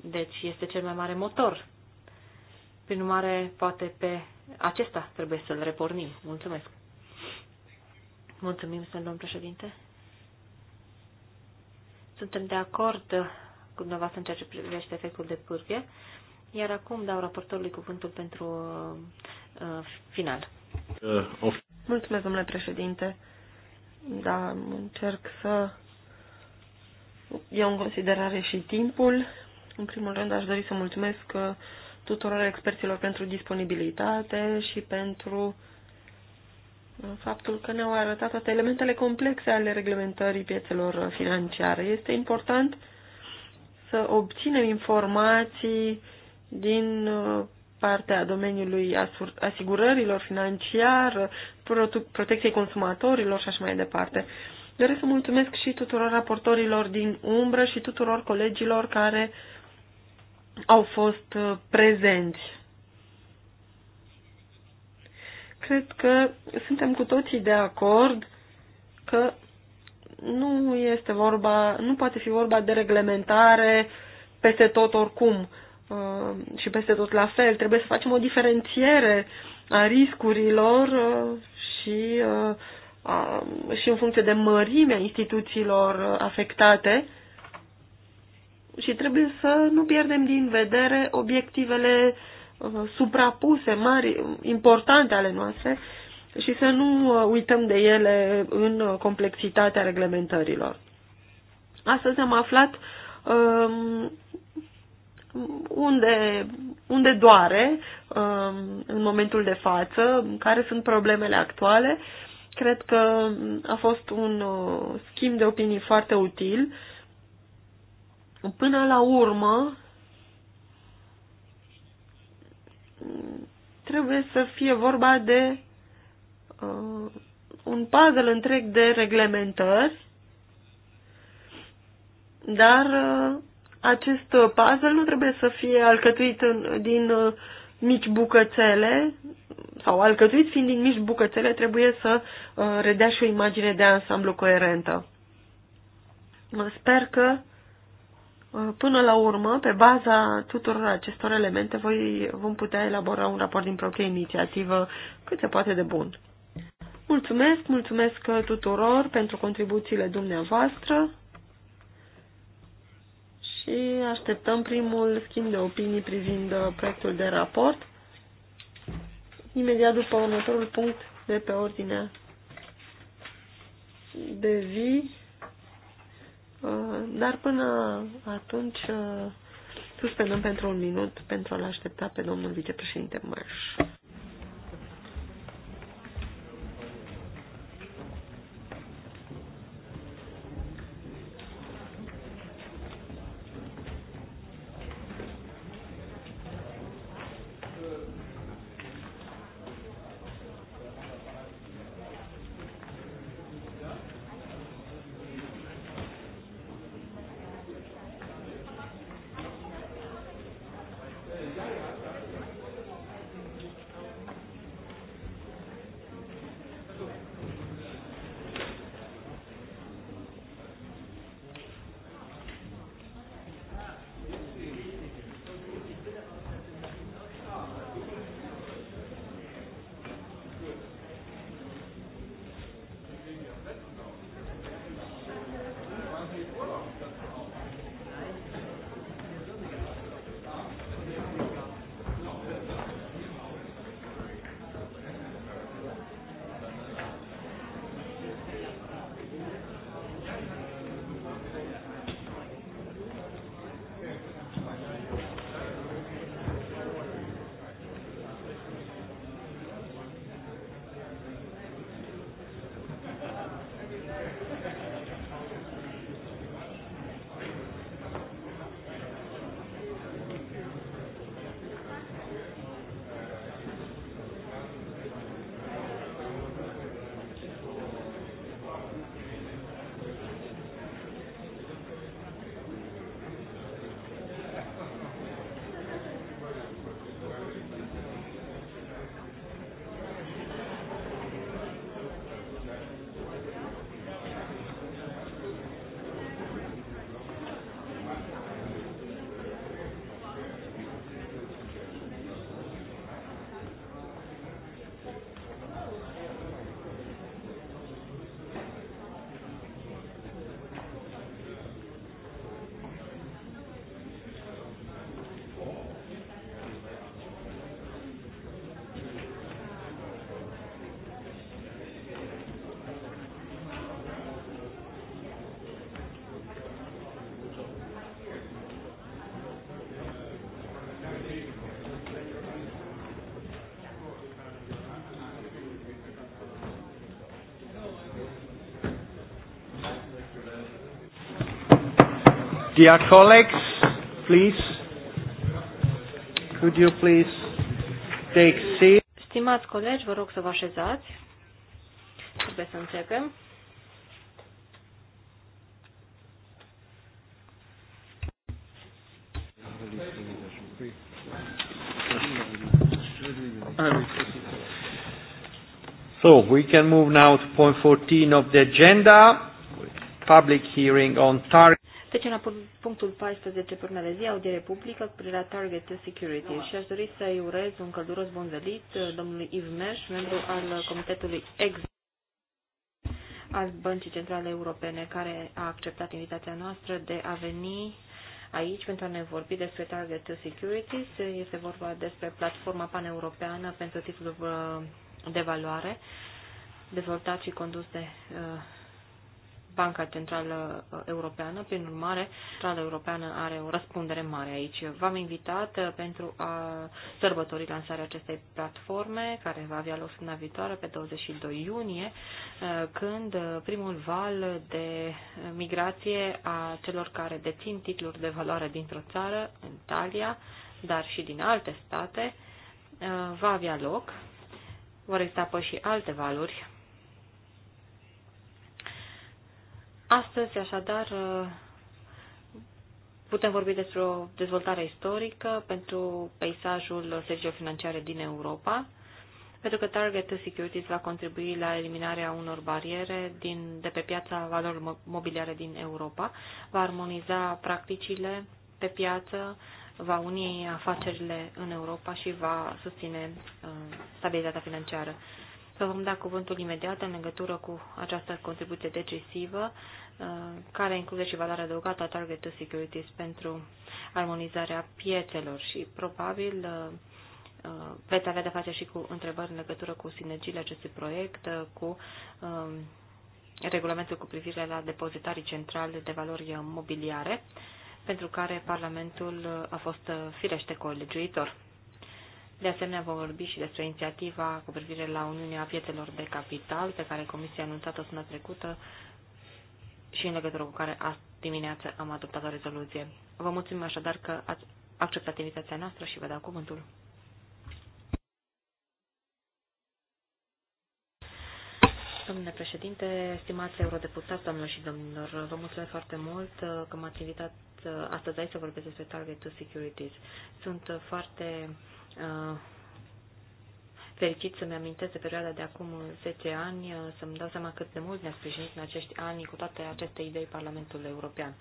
C: Deci este cel mai mare motor. Prin urmare, poate pe acesta trebuie să-l repornim. Mulțumesc. Mulțumim, domnul președinte. Suntem de acord cu dumneavoastră în ceea ce privește efectul de pârghie, iar acum dau raportorului
D: cuvântul pentru uh, uh final. Uh, Mulțumesc, domnule președinte. Da, încerc să iau în considerare și timpul. În primul rând aș dori să mulțumesc uh, tuturor experților pentru disponibilitate și pentru uh, faptul că ne-au arătat toate elementele complexe ale reglementării piețelor financiare. Este important să obținem informații din uh, partea domeniului asigurărilor financiar, protecției consumatorilor și așa mai departe. Doresc să mulțumesc și tuturor raportorilor din umbră și tuturor colegilor care au fost uh, prezenți. Cred că suntem cu toții de acord că nu este vorba, nu poate fi vorba de reglementare peste tot oricum. Uh, și peste tot la fel. Trebuie să facem o diferențiere a riscurilor uh, și, uh, și în funcție de mărimea instituțiilor afectate și trebuie să nu pierdem din vedere obiectivele suprapuse, mari, importante ale noastre și să nu uităm de ele în complexitatea reglementărilor. Astăzi am aflat um, unde, unde doare um, în momentul de față, care sunt problemele actuale. Cred că a fost un uh, schimb de opinii foarte util. Până la urmă, trebuie să fie vorba de uh, un puzzle întreg de reglementări, dar uh, acest uh, puzzle nu trebuie să fie alcătuit în, din uh, mici bucățele sau alcătuit fiind din mici bucățele trebuie să uh, redea și o imagine de ansamblu coerentă. Sper că până la urmă, pe baza tuturor acestor elemente, voi, vom putea elabora un raport din proprie inițiativă cât se poate de bun. Mulțumesc, mulțumesc tuturor pentru contribuțiile dumneavoastră și așteptăm primul schimb de opinii privind uh, proiectul de raport imediat după următorul punct de pe ordinea de zi. Uh, dar până atunci uh, suspendăm pentru un minut pentru a-l aștepta pe domnul vicepreședinte Mărș.
A: Dear colleagues, please, could you please take seat?
C: Stimați colegi, vă rog să vă așezați. Trebuie să începem.
A: So we can move now to point 14 of the agenda, public hearing on target
C: la punctul 14 pe urmele zi, audiere publică cu privire la Targeted Security și aș dori să-i urez un călduros bun venit uh, domnului Yves Mesh, membru al Comitetului Ex al Băncii Centrale Europene, care a acceptat invitația noastră de a veni aici pentru a ne vorbi despre Target Security. Securities. Este vorba despre platforma paneuropeană pentru titlul uh, de valoare, dezvoltat și condus de uh, Banca Centrală uh, Europeană. Prin urmare, Centrala Europeană are o răspundere mare aici. V-am invitat uh, pentru a sărbători lansarea acestei platforme, care va avea loc săptămâna viitoare, pe 22 iunie, uh, când primul val de migrație a celor care dețin titluri de valoare dintr-o țară, în Italia, dar și din alte state, va avea loc. Vor exista apoi și alte valuri Astăzi, așadar, putem vorbi despre o dezvoltare istorică pentru peisajul serviciilor financiare din Europa, pentru că Target Securities va contribui la eliminarea unor bariere din, de pe piața valorilor mobiliare din Europa, va armoniza practicile pe piață, va uni afacerile în Europa și va susține uh, stabilitatea financiară. Vă vom da cuvântul imediat în legătură cu această contribuție decisivă, uh, care include și valoarea adăugată a Target to Securities pentru armonizarea piețelor și probabil uh, uh, veți avea de face și cu întrebări în legătură cu sinergiile acestui proiect, cu um, regulamentul cu privire la depozitarii centrale de valori mobiliare, pentru care Parlamentul a fost firește colegiuitor. De asemenea, vom vorbi și despre inițiativa cu privire la Uniunea Piețelor de Capital, pe care Comisia a anunțat-o săptămâna trecută și în legătură cu care azi dimineață am adoptat o rezoluție. Vă mulțumim așadar că ați acceptat invitația noastră și vă dau cuvântul. Domnule președinte, stimați eurodeputați, doamnelor și domnilor, vă mulțumesc foarte mult uh, că m-ați invitat uh, astăzi aici să vorbesc despre Target to Securities. Sunt foarte Uh, fericit să-mi amintesc de perioada de acum 10 ani, uh, să-mi dau seama cât de mult ne-a sprijinit în acești ani cu toate aceste idei Parlamentul European.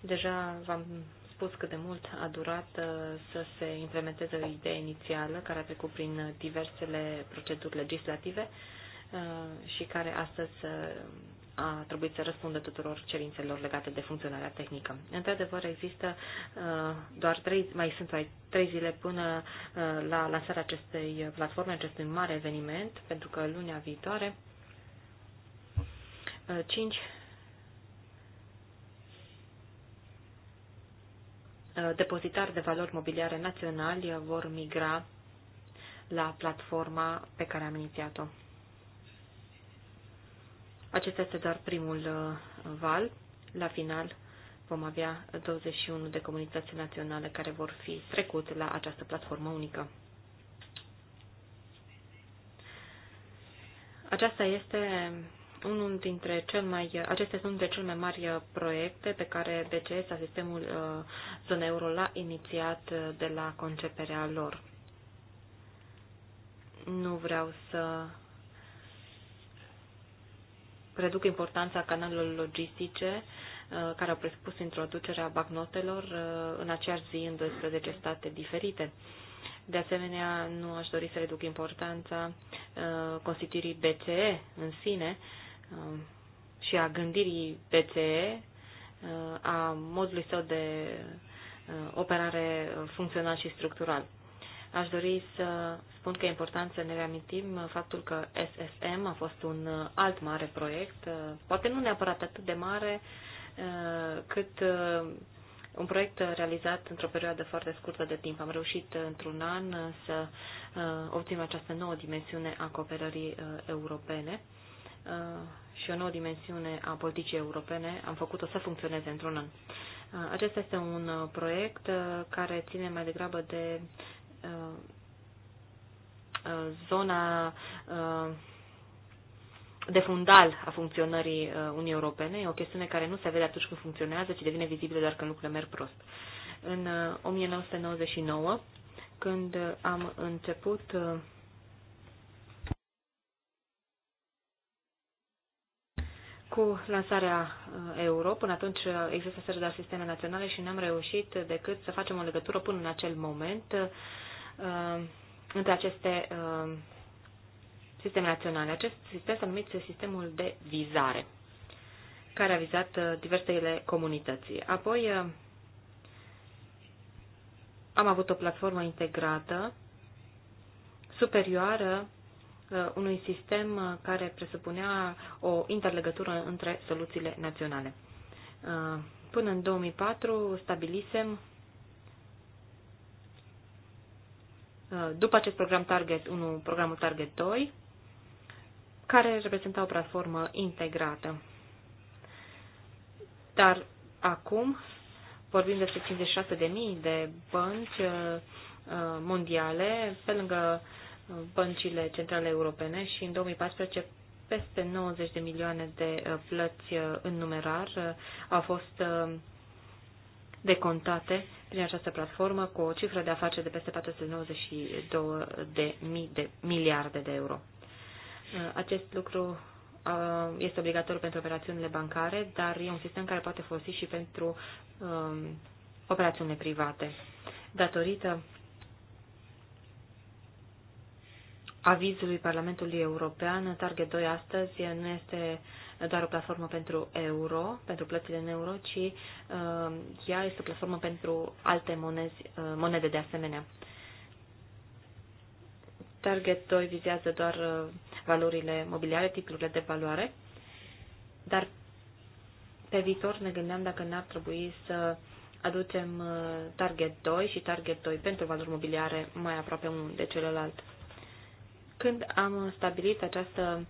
C: Deja v-am spus cât de mult a durat uh, să se implementeze o idee inițială care a trecut prin diversele proceduri legislative și care astăzi a trebuit să răspundă tuturor cerințelor legate de funcționarea tehnică. Într-adevăr, există uh, doar trei, mai sunt mai trei zile până uh, la lansarea acestei platforme, acestui mare eveniment, pentru că lunea viitoare, 5 uh, depozitari de valori mobiliare naționali vor migra la platforma pe care am inițiat-o. Acesta este doar primul uh, val. La final vom avea 21 de comunități naționale care vor fi trecut la această platformă unică. Aceasta este unul dintre cel mai, acestea sunt dintre cele mai mari uh, proiecte pe care BCS, sistemul uh, zonei euro, l-a inițiat de la conceperea lor. Nu vreau să reduc importanța canalelor logistice uh, care au presupus introducerea bagnotelor uh, în aceeași zi în 12 state diferite. De asemenea, nu aș dori să reduc importanța uh, constituirii BCE în sine și a gândirii BCE, a modului său de operare funcțional și structural. Aș dori să spun că e important să ne reamintim faptul că SSM a fost un alt mare proiect, poate nu neapărat atât de mare, uh, cât uh, un proiect realizat într-o perioadă foarte scurtă de timp. Am reușit într-un an să uh, obținem această nouă dimensiune a cooperării europene și o nouă dimensiune a politicii europene. Am făcut-o să funcționeze într-un an. Acesta este un proiect care ține mai degrabă de Uh, uh, zona uh, de fundal a funcționării Uniunii Europene. E o chestiune care nu se vede atunci când funcționează, ci devine vizibilă doar când lucrurile merg prost. În 1999, când am început cu lansarea euro, până atunci există serie de sisteme naționale și n-am reușit decât să facem o legătură până în acel moment Uh, între aceste uh, sisteme naționale. Acest sistem s-a numit sistemul de vizare, care a vizat uh, diversele comunități. Apoi am avut o platformă integrată superioară unui sistem care presupunea o interlegătură între soluțiile naționale. Până în 2004 stabilisem Uh, după acest program Target 1, programul Target 2, care reprezenta o platformă integrată. Dar acum vorbim despre 56.000 de bănci uh, uh, mondiale, pe lângă băncile centrale europene și în 2014 peste 90 de milioane de plăți în numerar au fost decontate prin această platformă cu o cifră de afaceri de peste 492 de, de miliarde de euro. Uh, acest lucru uh, este obligatoriu pentru operațiunile bancare, dar e un sistem care poate folosi și pentru um, operațiunile private. Datorită avizului Parlamentului European, Target 2 astăzi nu este uh, doar o platformă pentru euro, pentru plățile în euro, ci uh, ea este o platformă pentru alte monezi, uh, monede de asemenea. Target 2 vizează doar uh, valorile mobiliare, titlurile de valoare, dar pe viitor ne gândeam dacă n-ar trebui să aducem uh, Target 2 și Target 2 pentru valori mobiliare mai aproape unul de celălalt. Când am stabilit această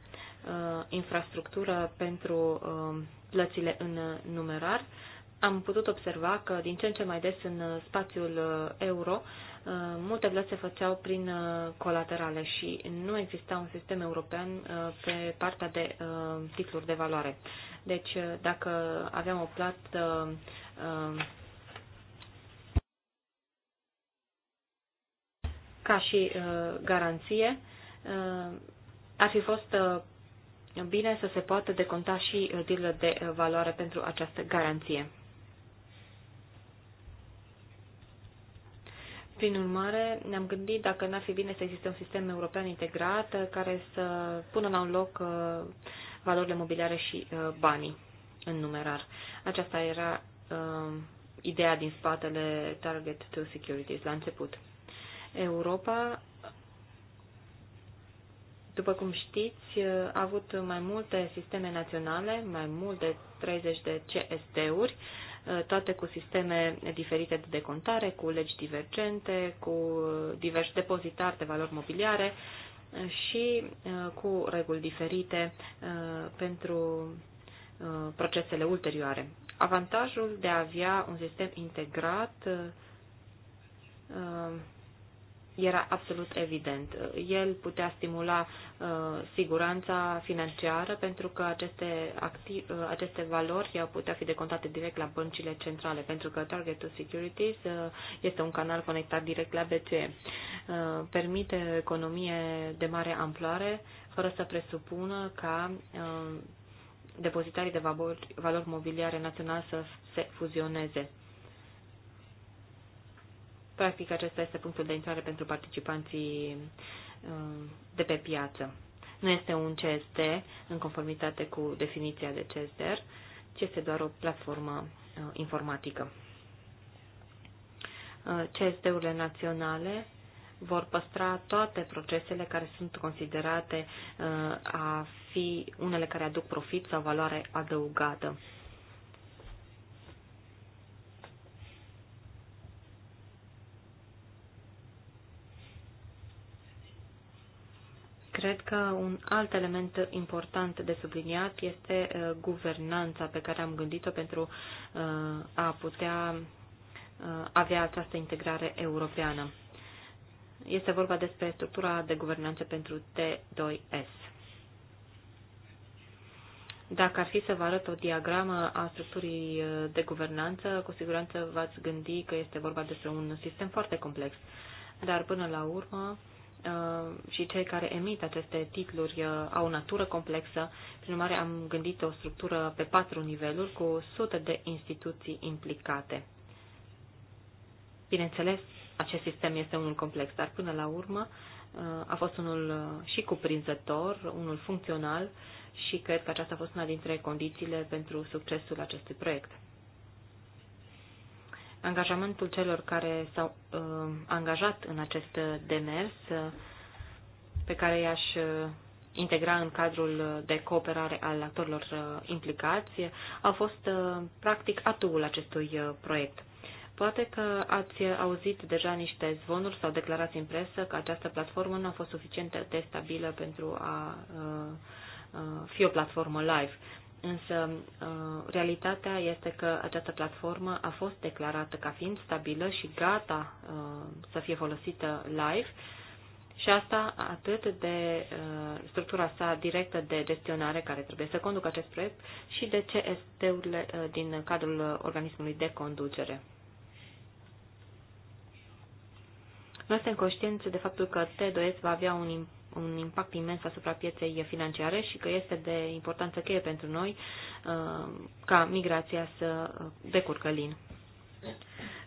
C: Uh, infrastructură pentru uh, plățile în numerar, am putut observa că din ce în ce mai des în uh, spațiul euro multe plăți se făceau prin colaterale și nu exista un sistem european pe partea de titluri de valoare. Deci dacă aveam o plată ca și garanție, ar fi fost bine să se poată deconta și dealurile uh, de uh, valoare pentru această garanție. Prin urmare, ne-am gândit dacă n-ar fi bine să existe un sistem european integrat uh, care să pună la un loc valorile mobiliare și banii în numerar. Aceasta era ideea din spatele Target to Securities la început. Europa după cum știți, a avut mai multe sisteme naționale, mai mult de 30 de CST-uri, toate cu sisteme diferite de decontare, cu legi divergente, cu diversi depozitari de valori mobiliare și uh, cu reguli diferite uh, pentru uh, procesele ulterioare. Avantajul de a avea un sistem integrat era absolut evident. El putea stimula uh, siguranța financiară pentru că aceste, activ, uh, aceste valori au putea fi decontate direct la băncile centrale, pentru că Target to Securities uh, este un canal conectat direct la BCE. Permite economie de mare amploare fără să presupună ca depozitarii de valori, valori mobiliare naționale să se fuzioneze. Practic, acesta este punctul de intrare pentru participanții uh, de pe piață. Nu este un CSD în conformitate cu definiția de CSD, ci este doar o platformă uh, informatică. Uh, CSD-urile naționale vor păstra toate procesele care sunt considerate a fi unele care aduc profit sau valoare adăugată. Cred că un alt element important de subliniat este uh, guvernanța pe care am gândit-o pentru uh, a putea uh, avea această integrare europeană. Este vorba despre structura de guvernanță pentru T2S. Dacă ar fi să vă arăt o diagramă a structurii de guvernanță, cu siguranță v-ați gândi că este vorba despre un sistem foarte complex. Dar până la urmă, Uh, și cei care emit aceste titluri uh, au o natură complexă. Prin urmare, am gândit o structură pe patru niveluri cu sute de instituții implicate. Bineînțeles, acest sistem este unul complex, dar până la urmă uh, a fost unul și cuprinzător, unul funcțional și cred că aceasta a fost una dintre condițiile pentru succesul acestui proiect angajamentul celor care s-au uh, angajat în acest demers uh, pe care i-aș uh, integra în cadrul de cooperare al actorilor uh, implicați a fost uh, practic atul acestui uh, proiect. Poate că ați auzit deja niște zvonuri sau declarații în presă că această platformă nu a fost suficient de stabilă pentru a uh, uh fi o platformă live. Însă, uh, realitatea este că această platformă a fost declarată ca fiind stabilă și gata uh, să fie folosită live și asta atât de uh, structura sa directă de gestionare care trebuie să conducă acest proiect și de CST-urile din cadrul organismului de conducere. Noi suntem conștienți de faptul că T2S va avea un impact un impact imens asupra pieței financiare și că este de importanță cheie pentru noi uh, ca migrația să decurcă lin.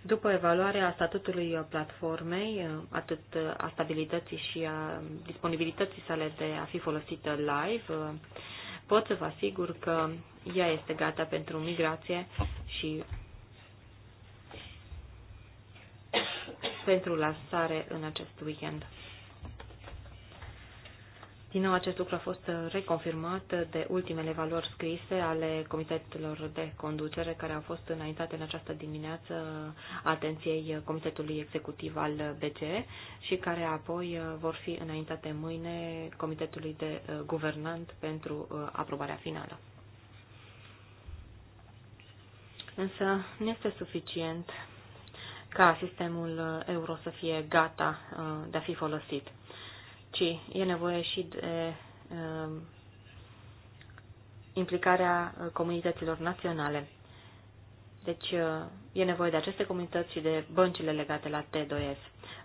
C: După evaluarea statutului platformei, uh, atât a stabilității și a disponibilității sale de a fi folosită live, uh, pot să vă asigur că ea este gata pentru migrație și pentru lansare în acest weekend. Din nou, acest lucru a fost reconfirmat de ultimele valori scrise ale comitetelor de conducere care au fost înaintate în această dimineață atenției Comitetului Executiv al BCE și care apoi vor fi înaintate mâine Comitetului de uh, Guvernant pentru uh, aprobarea finală. Însă nu este suficient ca sistemul uh, euro să fie gata de a fi folosit ci e nevoie și de um, implicarea uh, comunităților naționale. Deci uh, e nevoie de aceste comunități și de băncile legate la T2S.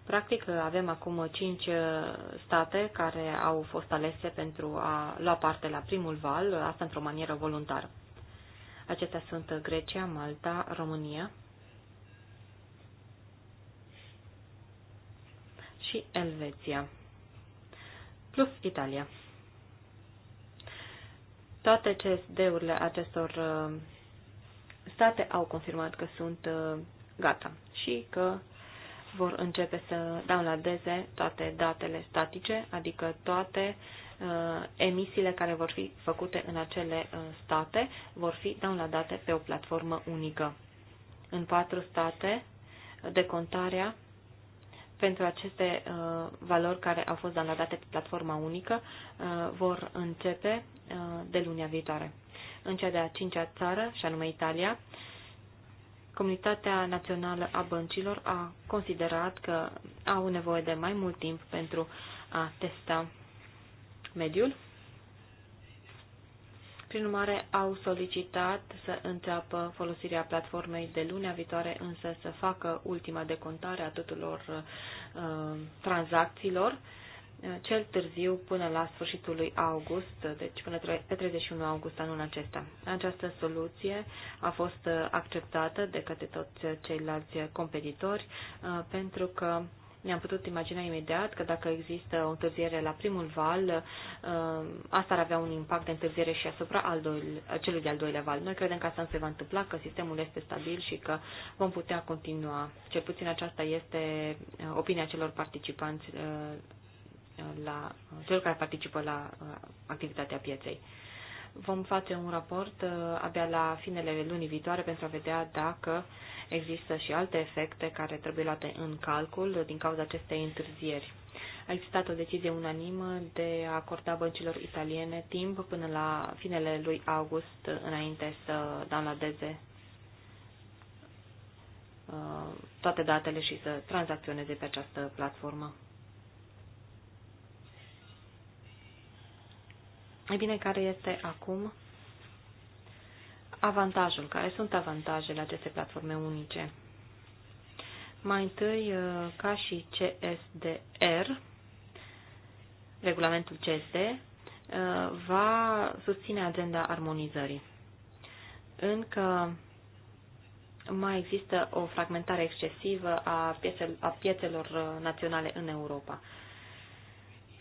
C: Practic uh, avem acum cinci state care au fost alese pentru a lua parte la primul val, asta într-o manieră voluntară. Acestea sunt Grecia, Malta, România și Elveția plus Italia. Toate CSD-urile acestor uh, state au confirmat că sunt uh, gata și că vor începe să downloadeze toate datele statice, adică toate uh, emisiile care vor fi făcute în acele uh, state vor fi downloadate pe o platformă unică. În patru state, decontarea pentru aceste uh, valori care au fost downloadate pe platforma unică uh, vor începe uh, de lunia viitoare. În cea de-a cincea țară, și anume Italia, Comunitatea Națională a Băncilor a considerat că au nevoie de mai mult timp pentru a testa mediul prin urmare, au solicitat să înceapă folosirea platformei de lunea viitoare, însă să facă ultima decontare a tuturor uh, tranzacțiilor, uh, cel târziu până la sfârșitul lui august, uh, deci până pe 31 august anul acesta. Această soluție a fost uh, acceptată de către toți ceilalți competitori pentru că ne-am putut imagina imediat că dacă există o întârziere la primul val, uh, asta ar avea un impact de întârziere și asupra al doilea, celui de-al doilea val. Noi credem că asta nu se va întâmpla, că sistemul este stabil și că vom putea continua. Cel puțin aceasta este uh, opinia celor participanți uh, la celor care participă la activitatea pieței. Vom face un raport uh, abia la finele lunii viitoare pentru a vedea dacă există și alte efecte care trebuie luate în calcul din cauza acestei întârzieri. A existat o decizie unanimă de a acorda băncilor italiene timp până la finele lui august înainte să downloadeze uh, toate datele și să tranzacționeze pe această platformă. E bine, care este acum avantajul? Care sunt avantajele acestei platforme unice? Mai întâi, uh, ca și CSDR, regulamentul CSD, uh, va susține agenda armonizării. Încă mai există o fragmentare excesivă a, a piețelor uh, naționale în Europa.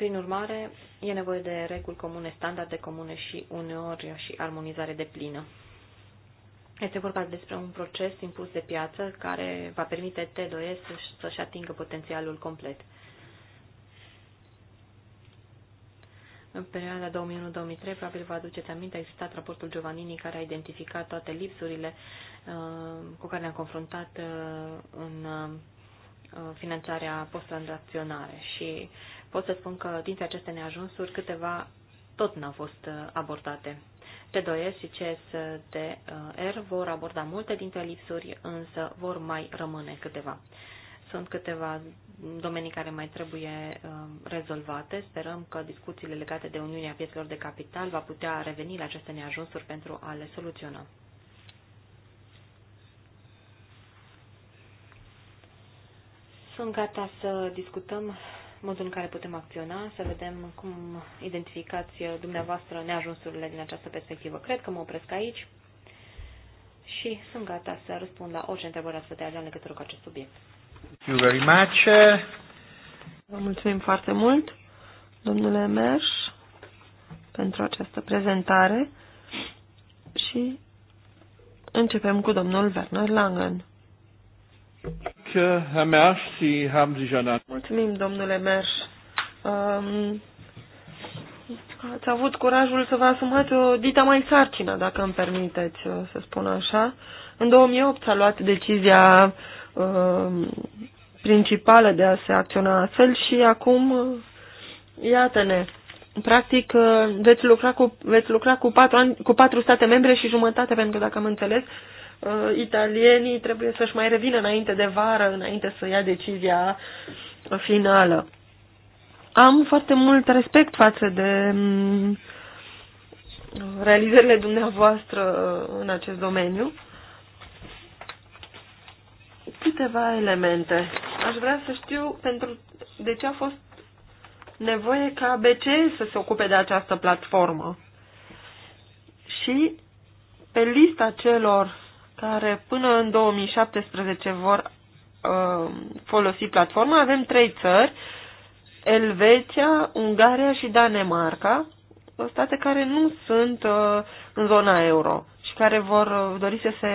C: Prin urmare, e nevoie de reguli comune, standarde comune și uneori și armonizare de plină. Este vorba despre un proces impus de piață care va permite T2S să-și atingă potențialul complet. În perioada 2001-2003, probabil vă aduceți aminte, a existat raportul Giovannini care a identificat toate lipsurile uh, cu care ne-am confruntat uh, în uh, finanțarea post și pot să spun că dintre aceste neajunsuri câteva tot n-au fost uh, abordate. T2S și CSDR vor aborda multe dintre lipsuri, însă vor mai rămâne câteva. Sunt câteva domenii care mai trebuie uh, rezolvate. Sperăm că discuțiile legate de Uniunea Pieților de Capital va putea reveni la aceste neajunsuri pentru a le soluționa. Sunt gata să discutăm modul în care putem acționa, să vedem cum identificați dumneavoastră neajunsurile din această perspectivă. Cred că mă opresc aici și sunt gata să răspund la orice întrebări ați putea avea în
D: legătură cu acest subiect.
A: Thank you very much.
D: Vă mulțumim foarte mult, domnule Merș, pentru această prezentare și începem cu domnul Werner Langen.
A: Herr Mersch. Sie haben sich an... Mulțumim, domnule Mersch.
D: Um, ați avut curajul să vă asumați o dita mai sarcină, dacă îmi permiteți uh, să spun așa. În 2008 s-a luat decizia um, principală de a se acționa astfel și acum, uh, iată-ne, practic uh, veți lucra, cu, veți lucra cu, patru ani, cu patru state membre și jumătate, pentru că dacă am înțeles, uh, italienii trebuie să-și mai revină înainte de vară, înainte să ia decizia finală. Am foarte mult respect față de um, realizările dumneavoastră uh, în acest domeniu. Câteva elemente. Aș vrea să știu pentru de ce a fost nevoie ca ABC să se ocupe de această platformă. Și pe lista celor care până în 2017 vor uh, folosi platforma. Avem trei țări, Elveția, Ungaria și Danemarca, state care nu sunt uh, în zona euro și care vor uh, dori să se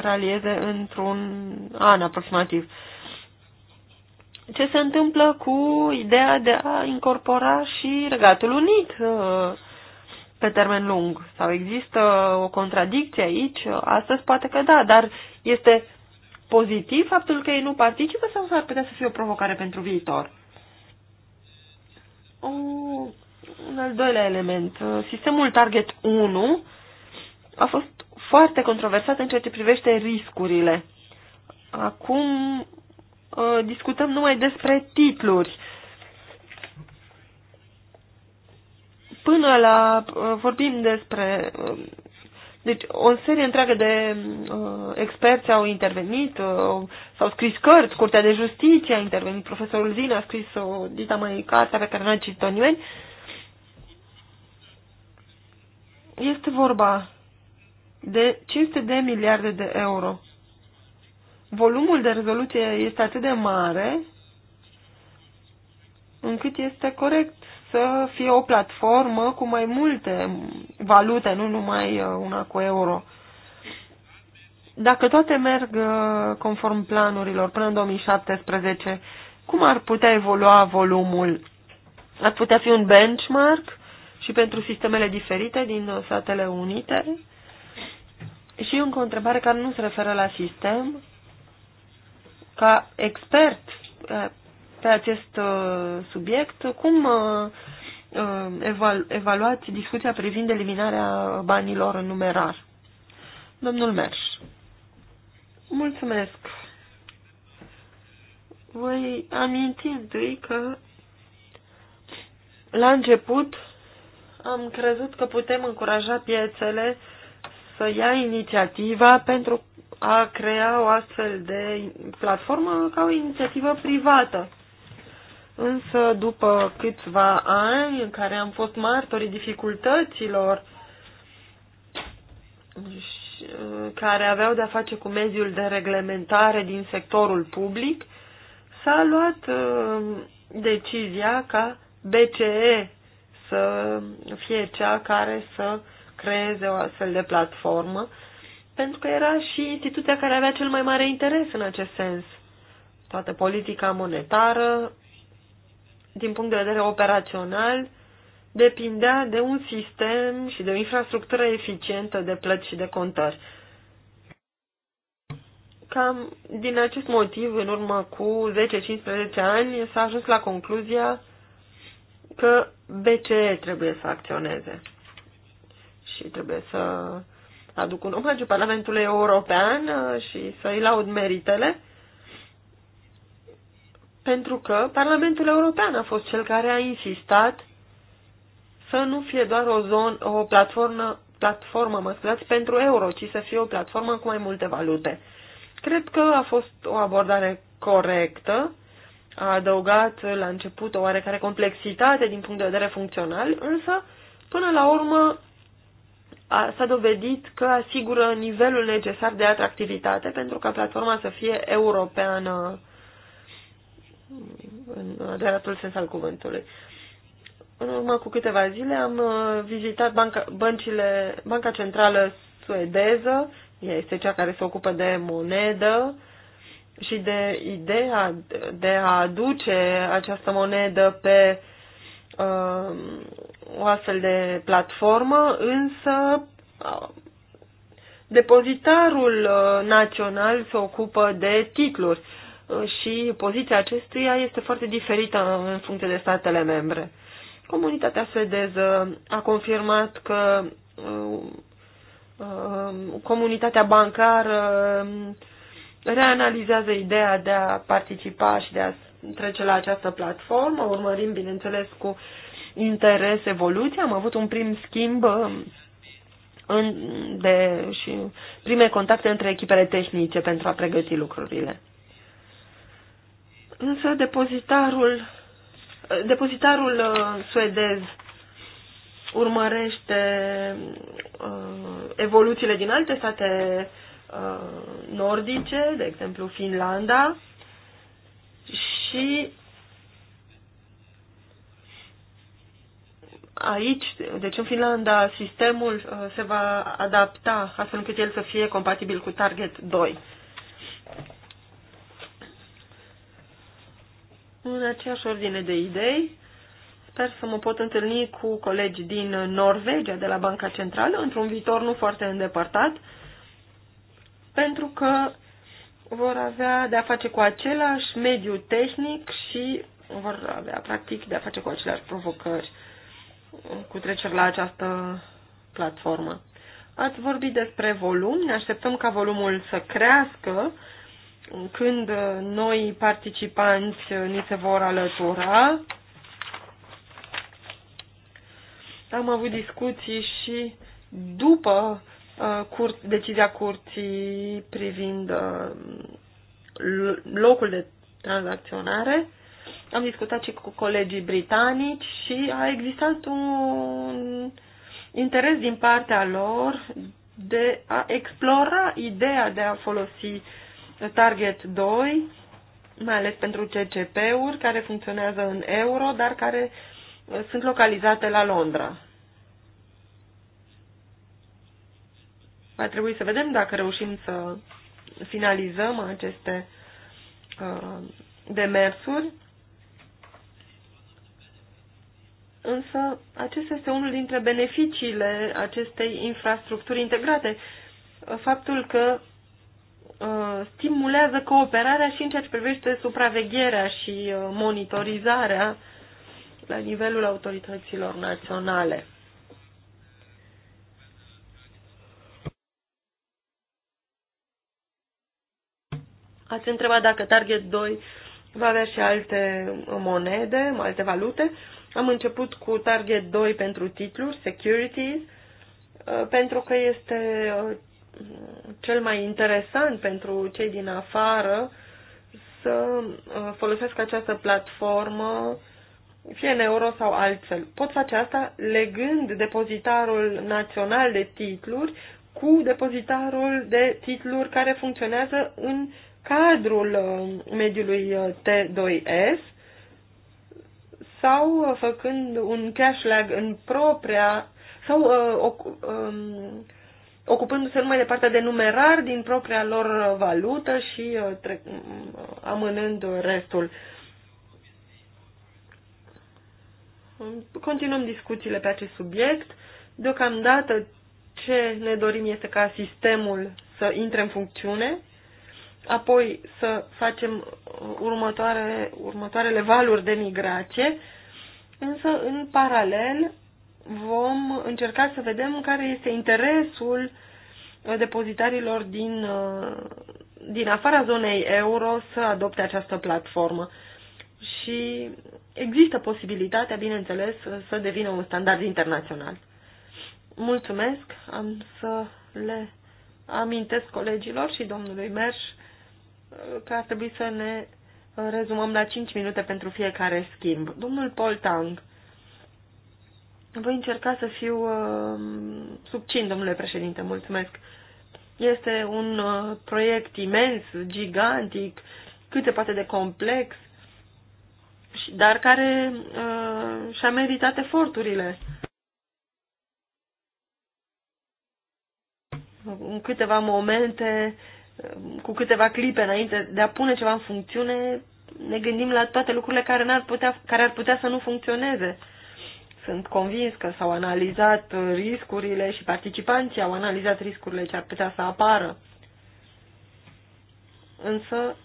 D: ralieze într-un an aproximativ. Ce se întâmplă cu ideea de a incorpora și Regatul Unit uh, pe termen lung. Sau există o contradicție aici? Astăzi poate că da, dar este pozitiv faptul că ei nu participă sau s-ar putea să fie o provocare pentru viitor? un al doilea element. Sistemul Target 1 a fost foarte controversat în ceea ce privește riscurile. Acum uh, discutăm numai despre titluri până la uh, vorbim despre uh, deci o serie întreagă de uh, experți au intervenit, uh, s-au scris cărți, Curtea de Justiție a intervenit, profesorul Zin a scris o dita mai carte pe care n-a citit-o nimeni. Este vorba de 500 de miliarde de euro. Volumul de rezoluție este atât de mare încât este corect să fie o platformă cu mai multe valute, nu numai uh, una cu euro. Dacă toate merg uh, conform planurilor până în 2017, cum ar putea evolua volumul? Ar putea fi un benchmark și pentru sistemele diferite din Statele Unite? Și încă o întrebare care nu se referă la sistem. Ca expert uh, pe acest uh, subiect. Cum uh, uh, evaluați discuția privind eliminarea banilor în numerar? Domnul Merș. Mulțumesc. Voi aminti întâi că la început am crezut că putem încuraja piețele să ia inițiativa pentru a crea o astfel de platformă ca o inițiativă privată. Însă, după câțiva ani în care am fost martorii dificultăților uh, care aveau de-a face cu mediul de reglementare din sectorul public, s-a luat uh, decizia ca BCE să fie cea care să creeze o astfel de platformă, pentru că era și instituția care avea cel mai mare interes în acest sens. Toată politica monetară din punct de vedere operațional, depindea de un sistem și de o infrastructură eficientă de plăți și de contări. Cam din acest motiv, în urmă cu 10-15 ani, s-a ajuns la concluzia că BCE trebuie să acționeze și trebuie să aduc un omagiu Parlamentului European și să-i laud meritele pentru că Parlamentul European a fost cel care a insistat să nu fie doar o, zon, o platformă, platformă mă scuzați, pentru euro, ci să fie o platformă cu mai multe valute. Cred că a fost o abordare corectă, a adăugat la început o oarecare complexitate din punct de vedere funcțional, însă, până la urmă, s-a dovedit că asigură nivelul necesar de atractivitate pentru ca platforma să fie europeană în adevăratul sens al cuvântului. În urmă cu câteva zile am uh, vizitat banca, băncile, Banca Centrală Suedeză, ea este cea care se ocupă de monedă și de ideea de a aduce această monedă pe uh, o astfel de platformă, însă uh, depozitarul uh, național se ocupă de titluri. Uh, și poziția acestuia este foarte diferită în funcție de statele membre. Comunitatea suedeză a confirmat că uh, uh, comunitatea bancară reanalizează ideea de a participa și de a trece la această platformă. Urmărim, bineînțeles, cu interes evoluția. Am avut un prim schimb uh, în, de, și prime contacte între echipele tehnice pentru a pregăti lucrurile. Însă depozitarul, depozitarul uh, suedez urmărește uh, evoluțiile din alte state uh, nordice, de exemplu Finlanda, și aici, deci în Finlanda, sistemul se va adapta astfel încât el să fie compatibil cu Target 2. în aceeași ordine de idei. Sper să mă pot întâlni cu colegi din Norvegia, de la Banca Centrală, într-un viitor nu foarte îndepărtat, pentru că vor avea de a face cu același mediu tehnic și vor avea, practic, de a face cu aceleași provocări cu trecere la această platformă. Ați vorbit despre volum, ne așteptăm ca volumul să crească când uh, noi participanți uh, ni se vor alătura. Am avut discuții și după uh, cur, decizia curții privind locul de tranzacționare. Am discutat și cu colegii britanici și a existat un interes din partea lor de a explora ideea de a folosi Target 2, mai ales pentru CCP-uri care funcționează în euro, dar care uh, sunt localizate la Londra. Va trebui să vedem dacă reușim să finalizăm aceste uh, demersuri. Însă acesta este unul dintre beneficiile acestei infrastructuri integrate. Faptul că Uh, stimulează cooperarea și în ceea ce privește supravegherea și uh, monitorizarea la nivelul autorităților naționale. Ați întrebat dacă Target 2 va avea și alte monede, alte valute. Am început cu Target 2 pentru titluri, Securities, uh, pentru că este cel mai interesant pentru cei din afară să uh, folosesc această platformă fie în euro sau altfel. Pot face asta legând depozitarul național de titluri cu depozitarul de titluri care funcționează în cadrul uh, mediului uh, T2S sau făcând un cash lag în propria sau uh, um, ocupându-se numai de partea de numerar din propria lor valută și uh, mm, amânând restul. Um, continuăm discuțiile pe acest subiect. Deocamdată ce ne dorim este ca sistemul să intre în funcțiune, apoi să facem uh, următoare, următoarele valuri de migrație, însă în paralel vom încerca să vedem care este interesul depozitarilor din, uh, din afara zonei euro să adopte această platformă. Și există posibilitatea, bineînțeles, să devină un standard internațional. Mulțumesc, am să le amintesc colegilor și domnului Merș uh, că ar trebui să ne rezumăm la 5 minute pentru fiecare schimb. Domnul Paul Tang, voi încerca să fiu uh, subțin, domnule președinte, mulțumesc. Este un uh, proiect imens, gigantic, cât se poate de complex, dar care uh, și-a meritat eforturile. În câteva momente, cu câteva clipe înainte de a pune ceva în funcțiune, ne gândim la toate lucrurile care, -ar putea, care ar putea să nu funcționeze. Sunt convins că s-au analizat riscurile și participanții au analizat riscurile ce ar putea să apară. Însă,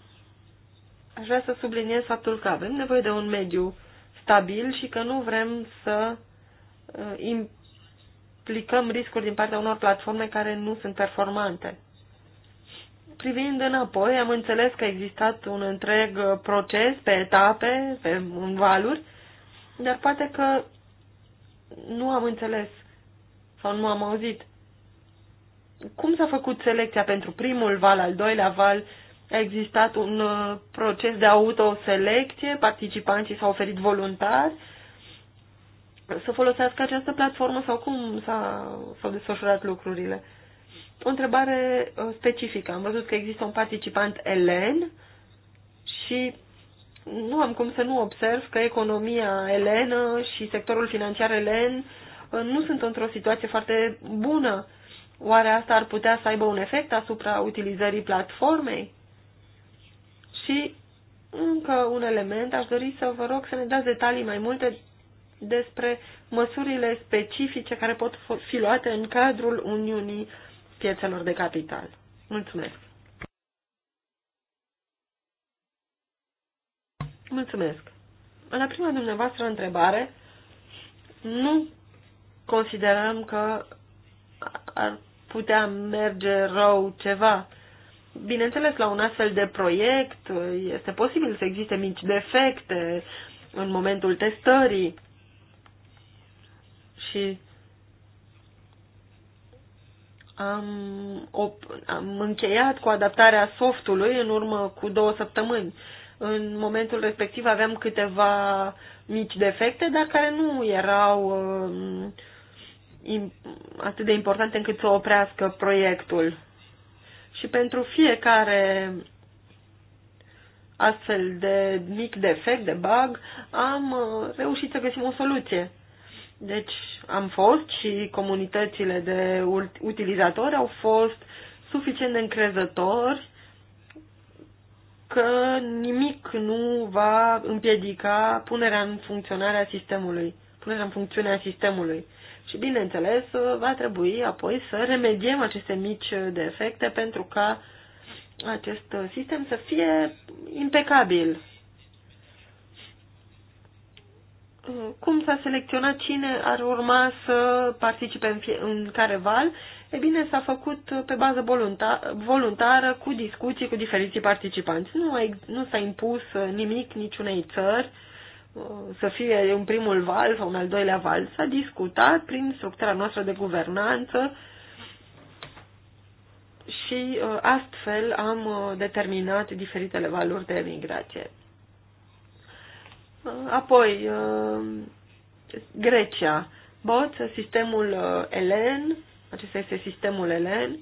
D: aș vrea să subliniez faptul că avem nevoie de un mediu stabil și că nu vrem să uh, implicăm riscuri din partea unor platforme care nu sunt performante. Privind înapoi, am înțeles că a existat un întreg uh, proces pe etape, pe valuri, dar poate că nu am înțeles sau nu am auzit. Cum s-a făcut selecția pentru primul val, al doilea val? A existat un uh, proces de autoselecție? Participanții s-au oferit voluntari? Să folosească această platformă sau cum s-au desfășurat lucrurile? O întrebare uh, specifică. Am văzut că există un participant elen și nu am cum să nu observ că economia elenă și sectorul financiar elen uh, nu sunt într-o situație foarte bună. Oare asta ar putea să aibă un efect asupra utilizării platformei? Și încă un element, aș dori să vă rog să ne dați detalii mai multe despre măsurile specifice care pot fi luate în cadrul Uniunii Piețelor de Capital. Mulțumesc! Mulțumesc. La prima dumneavoastră întrebare, nu considerăm că ar putea merge rău ceva. Bineînțeles, la un astfel de proiect este posibil să existe mici defecte în momentul testării și am, op, am încheiat cu adaptarea softului în urmă cu două săptămâni în momentul respectiv aveam câteva mici defecte, dar care nu erau uh, atât de importante încât să oprească proiectul. Și pentru fiecare astfel de mic defect, de bug, am uh, reușit să găsim o soluție. Deci am fost și comunitățile de utilizatori au fost suficient de încrezători că nimic nu va împiedica punerea în funcționare a sistemului, punerea în funcțiunea a sistemului. Și bineînțeles, va trebui apoi să remediem aceste mici defecte pentru ca acest sistem să fie impecabil cum s-a selecționat cine ar urma să participe în, fie, în care val, e bine, s-a făcut pe bază voluntar, voluntară, cu discuții cu diferiții participanți. Nu, a, nu s-a impus nimic niciunei țări uh, să fie un primul val sau un al doilea val. S-a discutat prin structura noastră de guvernanță și uh, astfel am uh, determinat diferitele valuri de emigrație. Apoi, uh, Grecia, BOT, sistemul uh, ELEN, acesta este sistemul ELEN.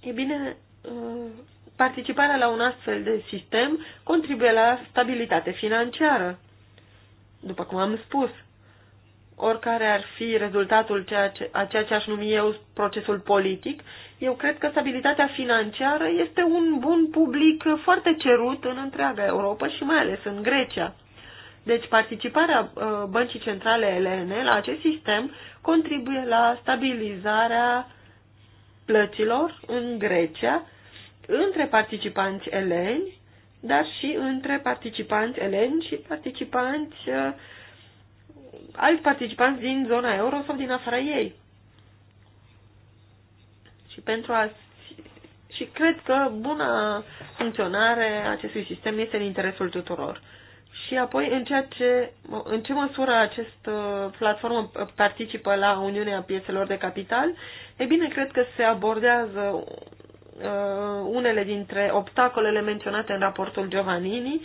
D: E bine, uh, participarea la un astfel de sistem contribuie la stabilitate financiară, după cum am spus oricare ar fi rezultatul ceea ce, a ceea ce aș numi eu procesul politic, eu cred că stabilitatea financiară este un bun public foarte cerut în întreaga Europa și mai ales în Grecia. Deci participarea uh, băncii centrale elene la acest sistem contribuie la stabilizarea plăților în Grecia între participanți eleni, dar și între participanți eleni și participanți uh, alți participanți din zona euro sau din afara ei. Și pentru a și cred că buna funcționare a acestui sistem este în interesul tuturor. Și apoi, în, ceea ce, în ce măsură această uh, platformă participă la Uniunea Piețelor de Capital? E bine, cred că se abordează uh, unele dintre obstacolele menționate în raportul Giovannini.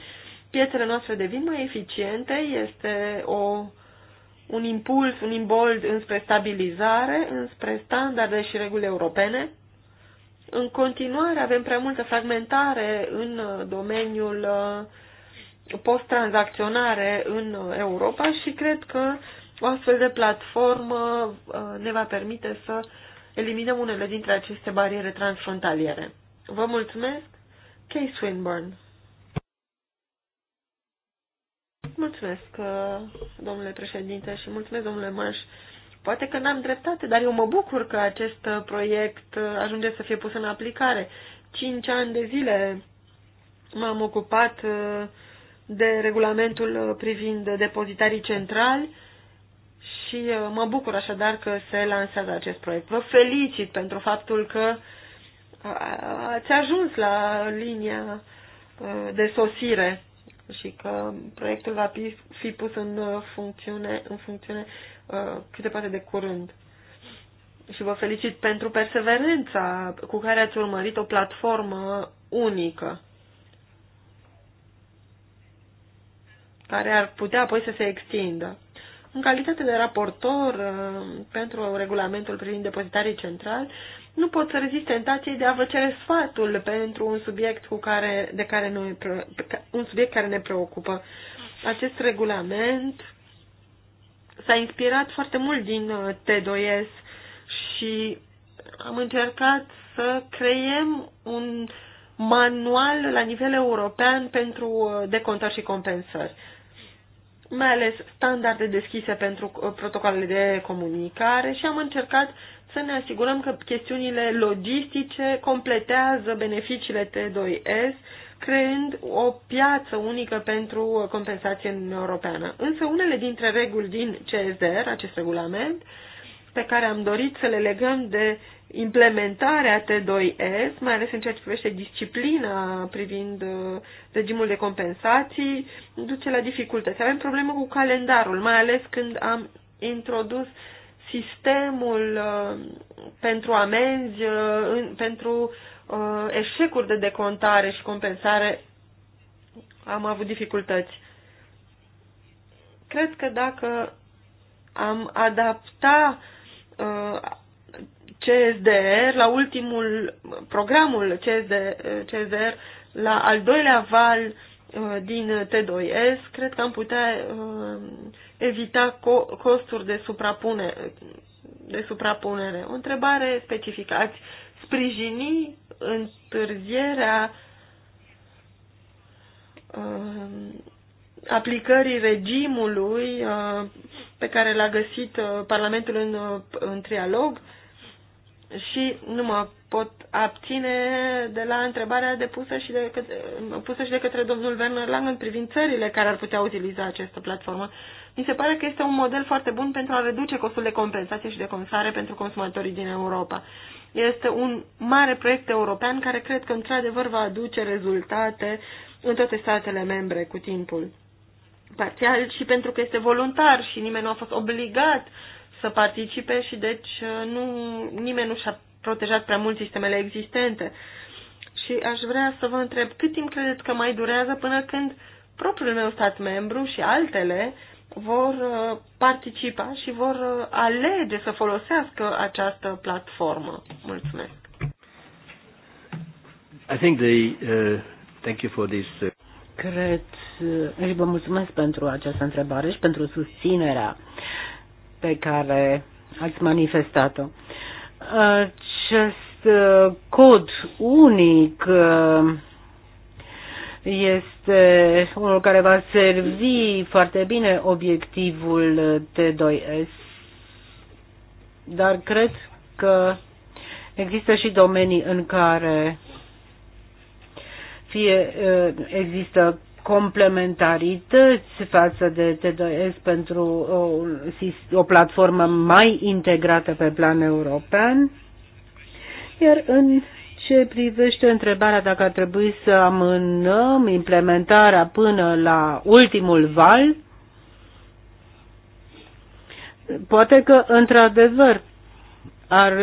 D: Piețele noastre devin mai eficiente, este o un impuls, un imbold înspre stabilizare, înspre standarde și reguli europene. În continuare avem prea multă fragmentare în uh, domeniul uh, post-tranzacționare în uh, Europa și cred că o astfel de platformă ne va permite să eliminăm unele dintre aceste bariere transfrontaliere. Vă mulțumesc, Kay Swinburne. Mulțumesc, uh, domnule președinte, și mulțumesc, domnule Maș. Poate că n-am dreptate, dar eu mă bucur că acest uh, proiect uh, ajunge să fie pus în aplicare. Cinci ani de zile m-am ocupat de regulamentul privind depozitarii centrali și mă bucur așadar că se lansează acest proiect. Vă felicit pentru faptul că ați ajuns la linia de sosire și că proiectul va fi pus în uh, funcțiune, în funcțiune uh, cât de poate de curând. Și vă felicit pentru perseverența cu care ați urmărit o platformă unică care ar putea apoi să se extindă. În calitate de raportor uh, pentru regulamentul privind depozitarii centrali, nu pot să rezist tentației de a vă cere sfatul pentru un subiect, cu care, de care noi, un subiect care ne preocupă. Acest regulament s-a inspirat foarte mult din uh, T2S și am încercat să creiem un manual la nivel european pentru uh, decontări și compensări mai ales standarde deschise pentru uh, protocoalele de comunicare și am încercat să ne asigurăm că chestiunile logistice completează beneficiile T2S, creând o piață unică pentru compensație în europeană. Însă unele dintre reguli din CSR, acest regulament, pe care am dorit să le legăm de implementarea T2S, mai ales în ceea ce privește disciplina privind uh, regimul de compensații, duce la dificultăți. Avem probleme cu calendarul, mai ales când am introdus sistemul uh, pentru amenzi, uh, pentru uh, eșecuri de decontare și compensare am avut dificultăți. Cred că dacă am adapta CSDR la ultimul programul CSDR, CSDR la al doilea val Uh, din T2S, cred că am putea uh, evita costuri de suprapunere. De suprapunere. O întrebare specifică. Ați sprijini întârzierea uh, aplicării regimului pe care l-a găsit Parlamentul în, în trialog și nu mă pot abține de la întrebarea depusă și de către, pusă și de către domnul Werner Lang în privind țările care ar putea utiliza această platformă. Mi se pare că este un model foarte bun pentru a reduce costul de compensație și de compensare pentru consumatorii din Europa. Este un mare proiect european care cred că într-adevăr va aduce rezultate în toate statele membre cu timpul. Parțial și pentru că este voluntar și nimeni nu a fost obligat uh, să participe și deci nu, nimeni nu și-a protejat prea mult sistemele existente. Și aș vrea să vă întreb cât timp credeți că mai durează până când propriul meu stat membru și altele vor uh, participa și vor uh, alege să folosească această platformă.
A: Mulțumesc. I think the, uh, thank you for this. Uh,
B: Cred și vă mulțumesc pentru această întrebare și pentru susținerea pe care ați manifestat-o. Acest uh, cod unic uh, este unul care va servi foarte bine obiectivul T2S, dar cred că există și domenii în care fie uh, există complementarități față de T2S pentru o, o platformă mai integrată pe plan european. Iar în ce privește întrebarea dacă ar trebui să amânăm implementarea până la ultimul val, poate că, într-adevăr, ar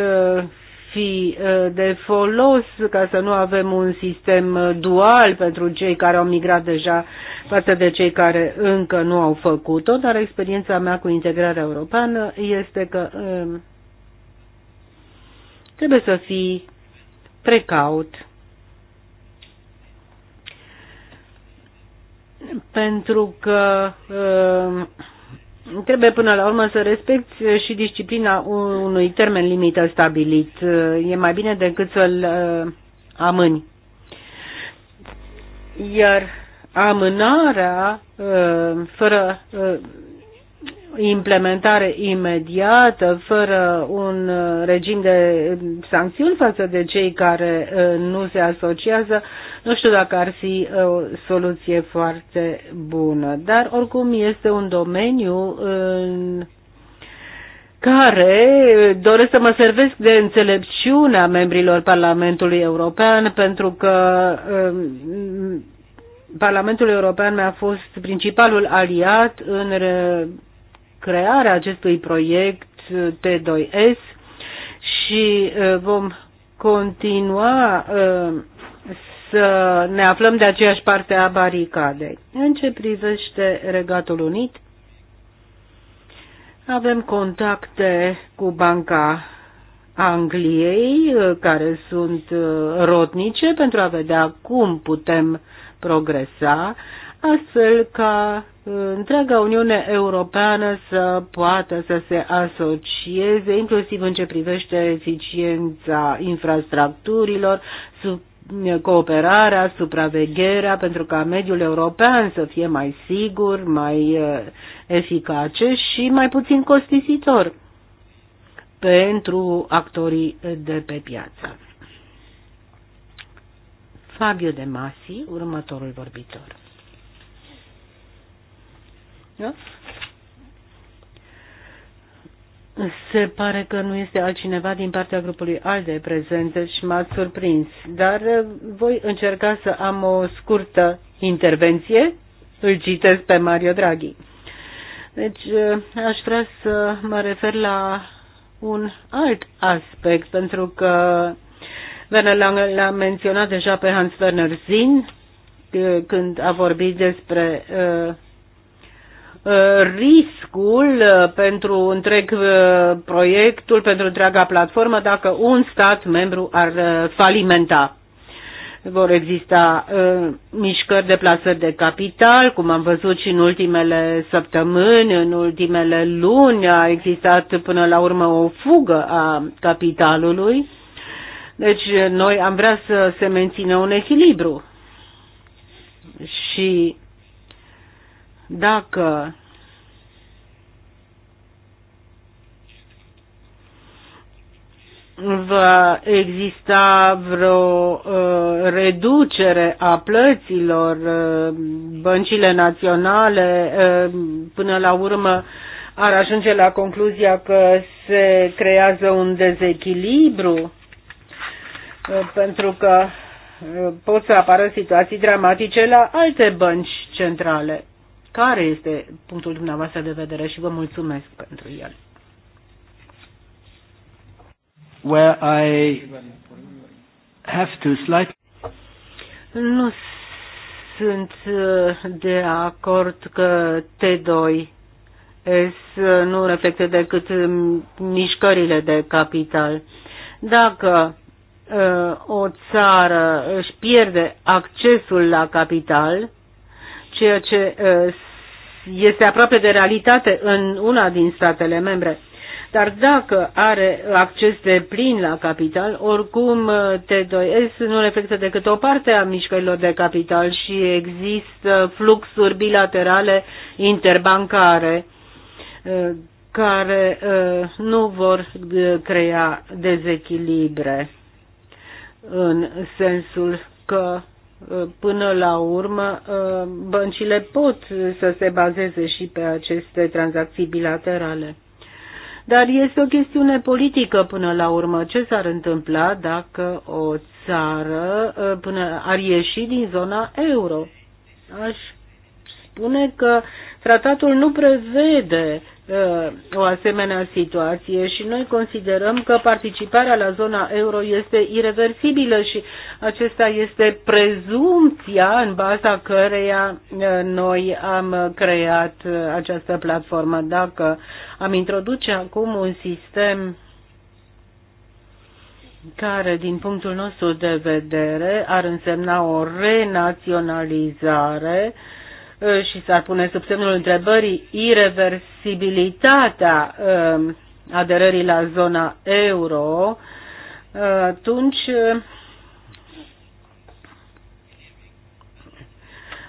B: fi uh, de folos ca să nu avem un sistem uh, dual pentru cei care au migrat deja față de cei care încă nu au făcut-o, dar experiența mea cu integrarea europeană este că um, trebuie să fii precaut pentru că um, trebuie până la urmă să respecti și disciplina unui termen limită stabilit. E mai bine decât să-l uh, amâni. Iar amânarea uh, fără uh, implementare imediată, fără un uh, regim de uh, sancțiuni față de cei care uh, nu se asociază, nu știu dacă ar fi o soluție foarte bună. Dar oricum este un domeniu în care doresc să mă servesc de înțelepciunea membrilor Parlamentului European pentru că um, Parlamentul European mi-a fost principalul aliat în crearea acestui proiect T2S și uh, vom continua uh, să ne aflăm de aceeași parte a baricadei. În ce privește Regatul Unit, avem contacte cu Banca Angliei, uh, care sunt rotnice, pentru a vedea cum putem progresa, astfel ca întreaga Uniune Europeană să poată să se asocieze, inclusiv în ce privește eficiența infrastructurilor, sub cooperarea, supravegherea, pentru ca mediul european să fie mai sigur, mai uh, eficace și mai puțin costisitor pentru actorii de pe piață. Fabio De Masi, următorul vorbitor. Da? Se pare că nu este altcineva din partea grupului ALDE prezent și deci m-ați surprins, dar eh, voi încerca să am o scurtă intervenție. Îl citesc pe Mario Draghi. Deci eh, aș vrea să mă refer la un alt aspect, pentru că Werner Lange l-a menționat deja pe Hans Werner Zinn eh, când a vorbit despre uh, Uh, riscul uh, pentru întreg uh, proiectul, pentru întreaga platformă, dacă un stat membru ar falimenta. Vor exista uh, mișcări de plasări de capital, cum am văzut și în ultimele săptămâni, în ultimele luni a existat până la urmă o fugă a capitalului. Deci noi am vrea să se mențină un echilibru. Și dacă va exista vreo uh, reducere a plăților, uh, băncile naționale uh, până la urmă ar ajunge la concluzia că se creează un dezechilibru uh, pentru că uh, pot să apară situații dramatice la alte bănci centrale care este punctul dumneavoastră de vedere și vă mulțumesc pentru el.
A: Where I have to slide? Nu
B: sunt uh, de acord că T2 S uh, nu reflectă decât um, mișcările de capital. Dacă uh, o țară își pierde accesul la capital, ceea ce uh, este aproape de realitate în una din statele membre. Dar dacă are acces de plin la capital, oricum uh, T2S nu reflectă decât o parte a mișcărilor de capital și există fluxuri bilaterale interbancare uh, care nu vor crea dezechilibre în sensul că până la urmă ă, băncile pot să se bazeze și pe aceste tranzacții bilaterale. Dar este o chestiune politică până la urmă. Ce s-ar întâmpla dacă o țară ă, până ar ieși din zona euro? Aș spune că tratatul nu prevede Uh, o asemenea situație și noi considerăm că participarea la zona euro este irreversibilă și acesta este prezumția în baza căreia uh, noi am creat uh, această platformă. Dacă am introduce acum un sistem care, din punctul nostru de vedere, ar însemna o renaționalizare uh, Eh, și s-ar pune sub semnul întrebării irreversibilitatea eh, aderării la zona euro, eh, atunci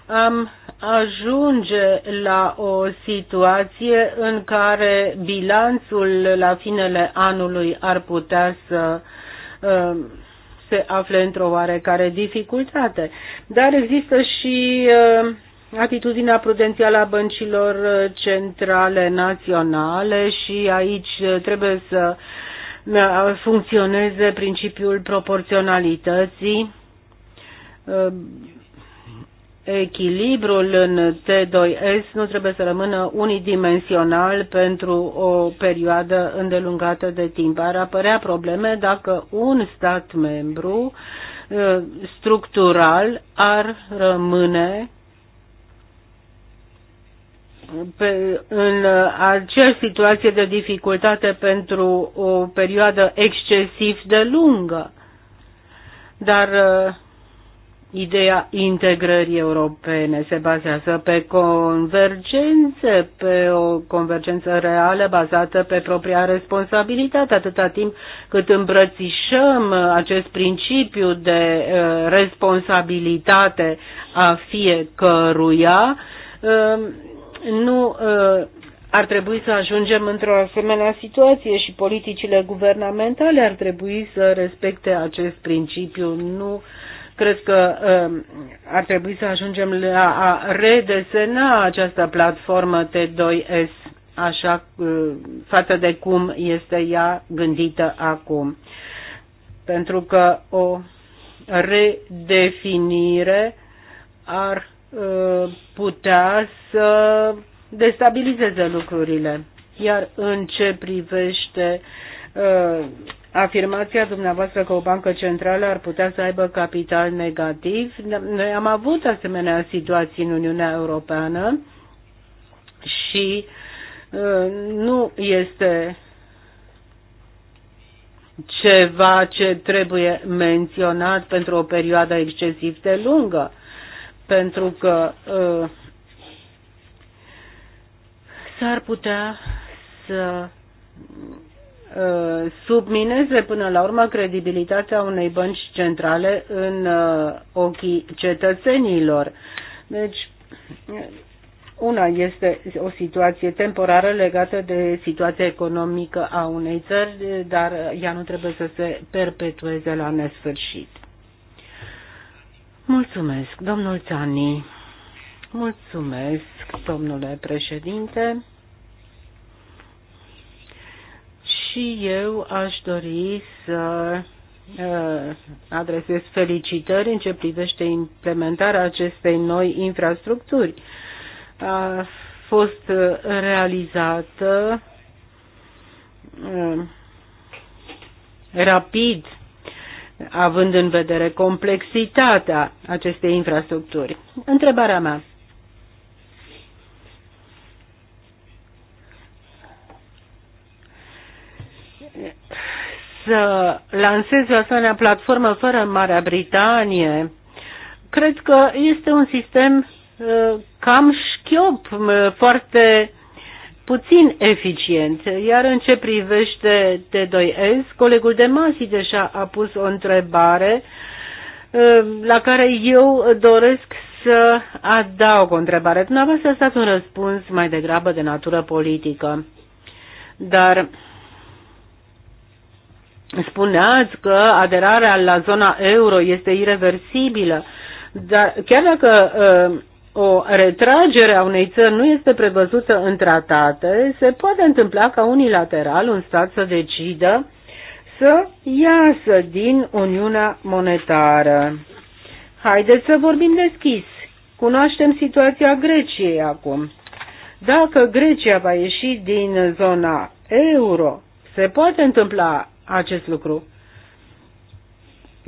B: am ajunge la o situație în care bilanțul la finele anului ar putea să se afle într-o oarecare dificultate. Dar există și uh, atitudinea prudențială a băncilor centrale naționale și aici trebuie să uh, funcționeze principiul proporționalității. Uh, echilibrul în T2S nu trebuie să rămână unidimensional pentru o perioadă îndelungată de timp. Ar apărea probleme dacă un stat membru uh, structural ar rămâne pe, în acea situație de dificultate pentru o perioadă excesiv de lungă. Dar uh, ideea integrării europene se bazează pe convergențe, pe o convergență reală bazată pe propria responsabilitate, atâta timp cât îmbrățișăm acest principiu de uh, responsabilitate a fiecăruia, uh, nu uh, ar trebui să ajungem într-o asemenea situație și politicile guvernamentale ar trebui să respecte acest principiu. Nu cred că um, ar trebui să ajungem la a redesena această platformă T2S așa uh, față de cum este ea gândită acum. Pentru că o redefinire ar Uh, putea să destabilizeze lucrurile. Iar în ce privește uh, afirmația dumneavoastră că o bancă centrală ar putea să aibă capital negativ, noi am avut asemenea situații în Uniunea Europeană și uh, nu este ceva ce trebuie menționat pentru o perioadă excesiv de lungă pentru că uh, s-ar putea să uh, submineze până la urmă credibilitatea unei bănci centrale în uh, ochii cetățenilor. Deci, una este o situație temporară legată de situația economică a unei țări, dar ea nu trebuie să se perpetueze la nesfârșit. Mulțumesc, domnul Țani. Mulțumesc, domnule președinte. Și eu aș dori să uh, adresez felicitări în ce privește implementarea acestei noi infrastructuri. A fost realizată uh, rapid având în vedere complexitatea acestei infrastructuri. Întrebarea mea. Să lansezi o asemenea platformă fără Marea Britanie, cred că este un sistem uh, cam șchiop, uh, foarte puțin eficient. Iar în ce privește T2S, colegul de Masi deja a pus o întrebare eh, la care eu doresc să adaug o întrebare. Dumneavoastră a stat un răspuns mai degrabă de natură politică, dar spuneați că aderarea la zona euro este irreversibilă, dar chiar dacă uh, o retragere a unei țări nu este prevăzută în tratate, se poate întâmpla ca unilateral un stat să decidă să iasă din Uniunea Monetară. Haideți să vorbim deschis. Cunoaștem situația Greciei acum. Dacă Grecia va ieși din zona euro, se poate întâmpla acest lucru.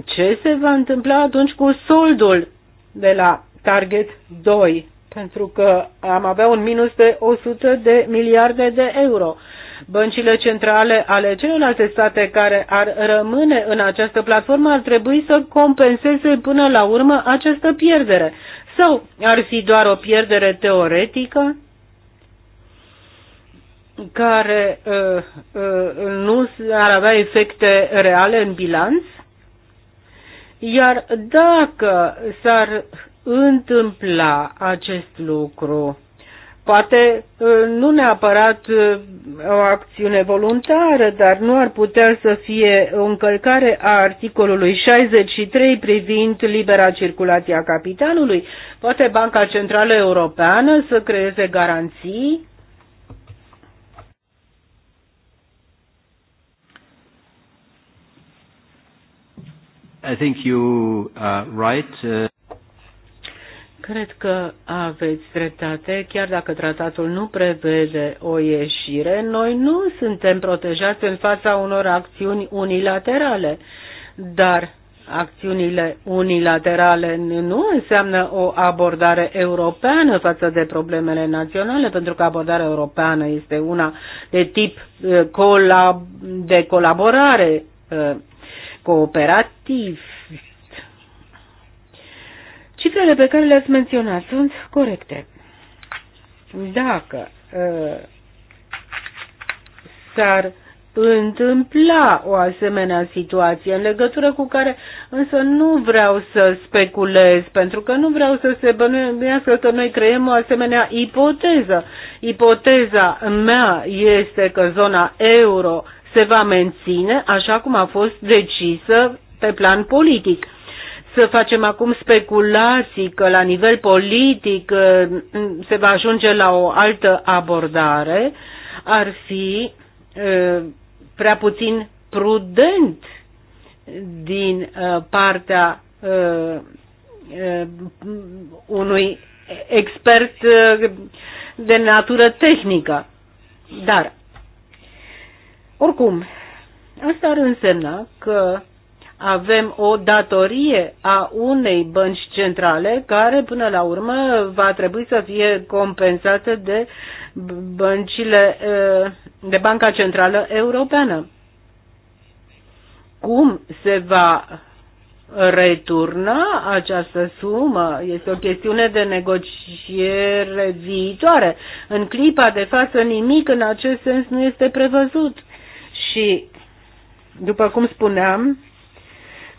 B: Ce se va întâmpla atunci cu soldul de la target 2, pentru că am avea un minus de 100 de miliarde de euro. Băncile centrale ale celorlalte state care ar rămâne în această platformă ar trebui să compenseze până la urmă această pierdere. Sau ar fi doar o pierdere teoretică care uh, uh, nu ar avea efecte reale în bilanț? Iar dacă s-ar întâmpla acest lucru. Poate ă, nu neapărat ă, o acțiune voluntară, dar nu ar putea să fie o încălcare a articolului 63 privind libera circulație a capitalului. Poate Banca Centrală Europeană să creeze garanții?
A: I think you are right. Uh,
B: Cred că aveți dreptate, chiar dacă tratatul nu prevede o ieșire, noi nu suntem protejați în fața unor acțiuni unilaterale, dar acțiunile unilaterale nu înseamnă o abordare europeană față de problemele naționale, pentru că abordarea europeană este una de tip eh, de colaborare eh, cooperativ Cifrele pe care le-ați menționat sunt corecte. Dacă uh, s-ar întâmpla o asemenea situație în legătură cu care însă nu vreau să speculez, pentru că nu vreau să se bănuiască că noi creăm o asemenea ipoteză. Ipoteza mea este că zona euro se va menține așa cum a fost decisă pe plan politic să facem acum speculații că la nivel politic uh, se va ajunge la o altă abordare, ar fi uh, prea puțin prudent din uh, partea unui expert de natură tehnică. Dar, oricum, asta ar însemna că avem o datorie a unei bănci centrale care până la urmă va trebui să fie compensată de băncile eh, de Banca Centrală Europeană. Cum se va returna această sumă? Este o chestiune de negociere viitoare. În clipa de față nimic în acest sens nu este prevăzut. Și, după cum spuneam,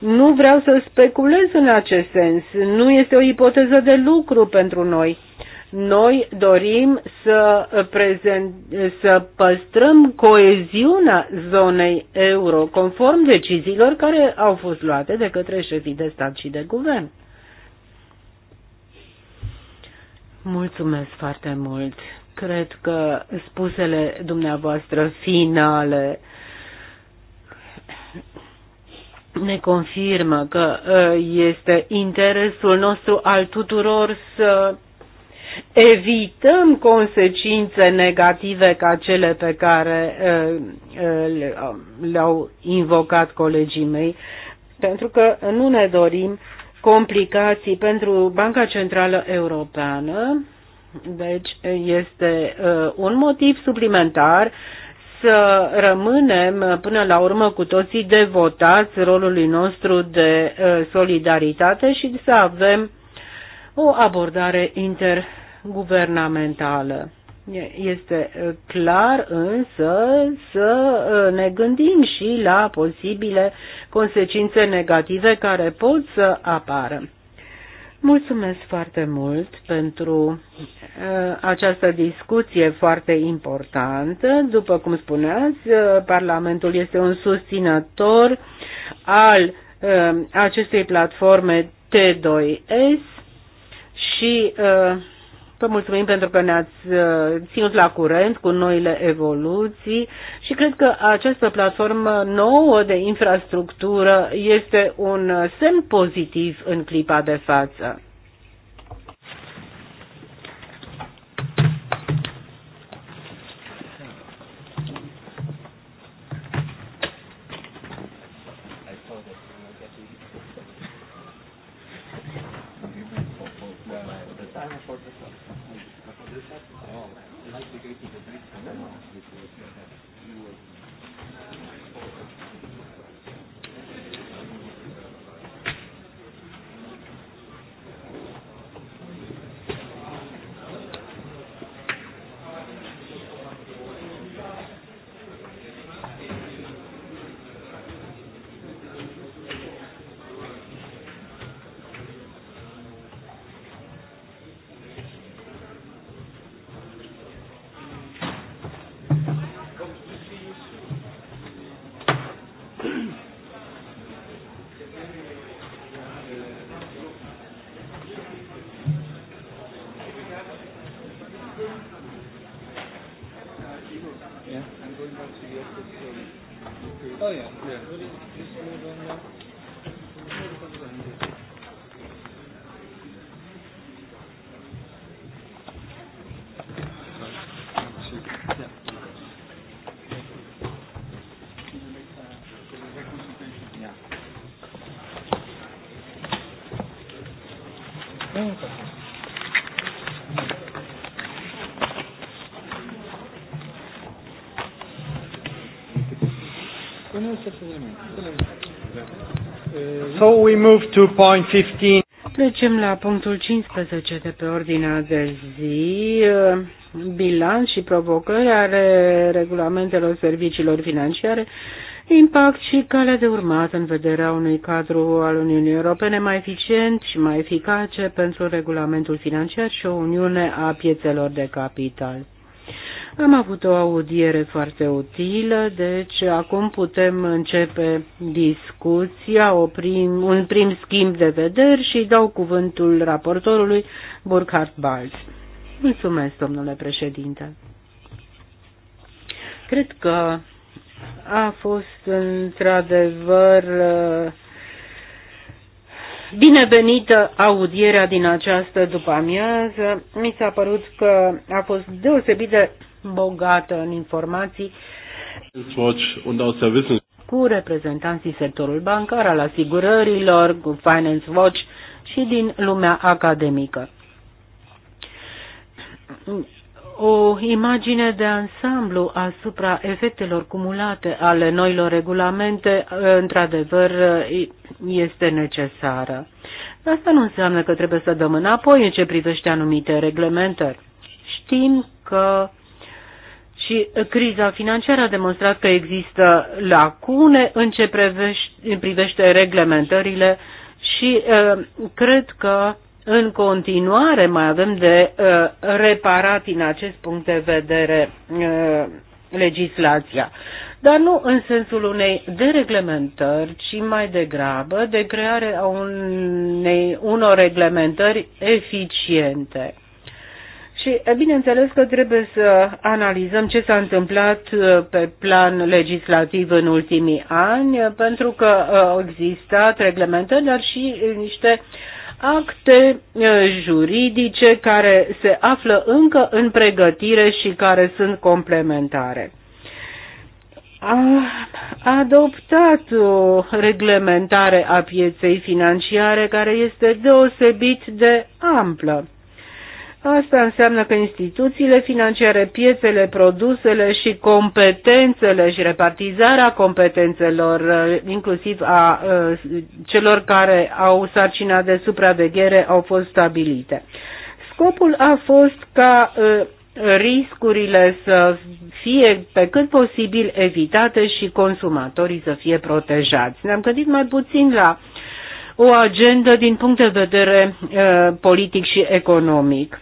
B: nu vreau să speculez în acest sens. Nu este o ipoteză de lucru pentru noi. Noi dorim să, prezent, să păstrăm coeziunea zonei euro, conform deciziilor care au fost luate de către șefii de stat și de guvern. Mulțumesc foarte mult. Cred că spusele dumneavoastră finale ne confirmă că ă, este interesul nostru al tuturor să evităm consecințe negative ca cele pe care ă, ă, le-au invocat colegii mei, pentru că nu ne dorim complicații pentru Banca Centrală Europeană. Deci este un motiv suplimentar să rămânem până la urmă cu toții devotați rolului nostru de uh, solidaritate și să avem o abordare interguvernamentală. Este uh, clar însă să uh, ne gândim și la posibile consecințe negative care pot să apară. Mulțumesc foarte mult pentru uh, această discuție foarte importantă. După cum spuneați, uh, Parlamentul este un susținător al uh, acestei platforme T2S și uh, Vă mulțumim pentru că ne-ați uh, ținut la curent cu noile evoluții și cred că această platformă nouă de infrastructură este un semn pozitiv în clipa de față. So we move to point 15. Trecem la punctul 15 de pe ordinea de zi, bilanț și provocări ale regulamentelor serviciilor financiare, impact și calea de urmat în vederea unui cadru al Uniunii Europene mai eficient și mai eficace pentru regulamentul financiar și o uniune a piețelor de capital. Am avut o audiere foarte utilă, deci acum putem începe discuția, o prim, un prim schimb de vederi și dau cuvântul raportorului Burkhard Balz. Mulțumesc, domnule președinte. Cred că a fost într-adevăr uh, binevenită audierea din această după amiază. Mi s-a părut că a fost deosebit de bogată în informații cu reprezentanții sectorul bancar, al asigurărilor, cu Finance Watch și din lumea academică. O imagine de ansamblu asupra efectelor cumulate ale noilor regulamente, într-adevăr, este necesară. Asta nu înseamnă că trebuie să dăm înapoi în ce privește anumite reglementări. Știm că și uh, criza financiară a demonstrat că există lacune în ce privește, privește reglementările și uh, cred că în continuare mai avem de uh, reparat în acest punct de vedere legislația. Dar nu în sensul unei dereglementări, ci mai degrabă de crearea unei, unor reglementări eficiente. Și, bineînțeles că trebuie să analizăm ce s-a întâmplat pe plan legislativ în ultimii ani, pentru că au existat reglementări, dar și niște acte juridice care se află încă în pregătire și care sunt complementare a adoptat o reglementare a pieței financiare care este deosebit de amplă. Asta înseamnă că instituțiile financiare, piețele, produsele și competențele și repartizarea competențelor, uh, inclusiv a uh, celor care au sarcina de supraveghere, au fost stabilite. Scopul a fost ca uh, riscurile să fie pe cât posibil evitate și consumatorii să fie protejați. Ne-am gândit mai puțin la o agendă din punct de vedere uh, politic și economic.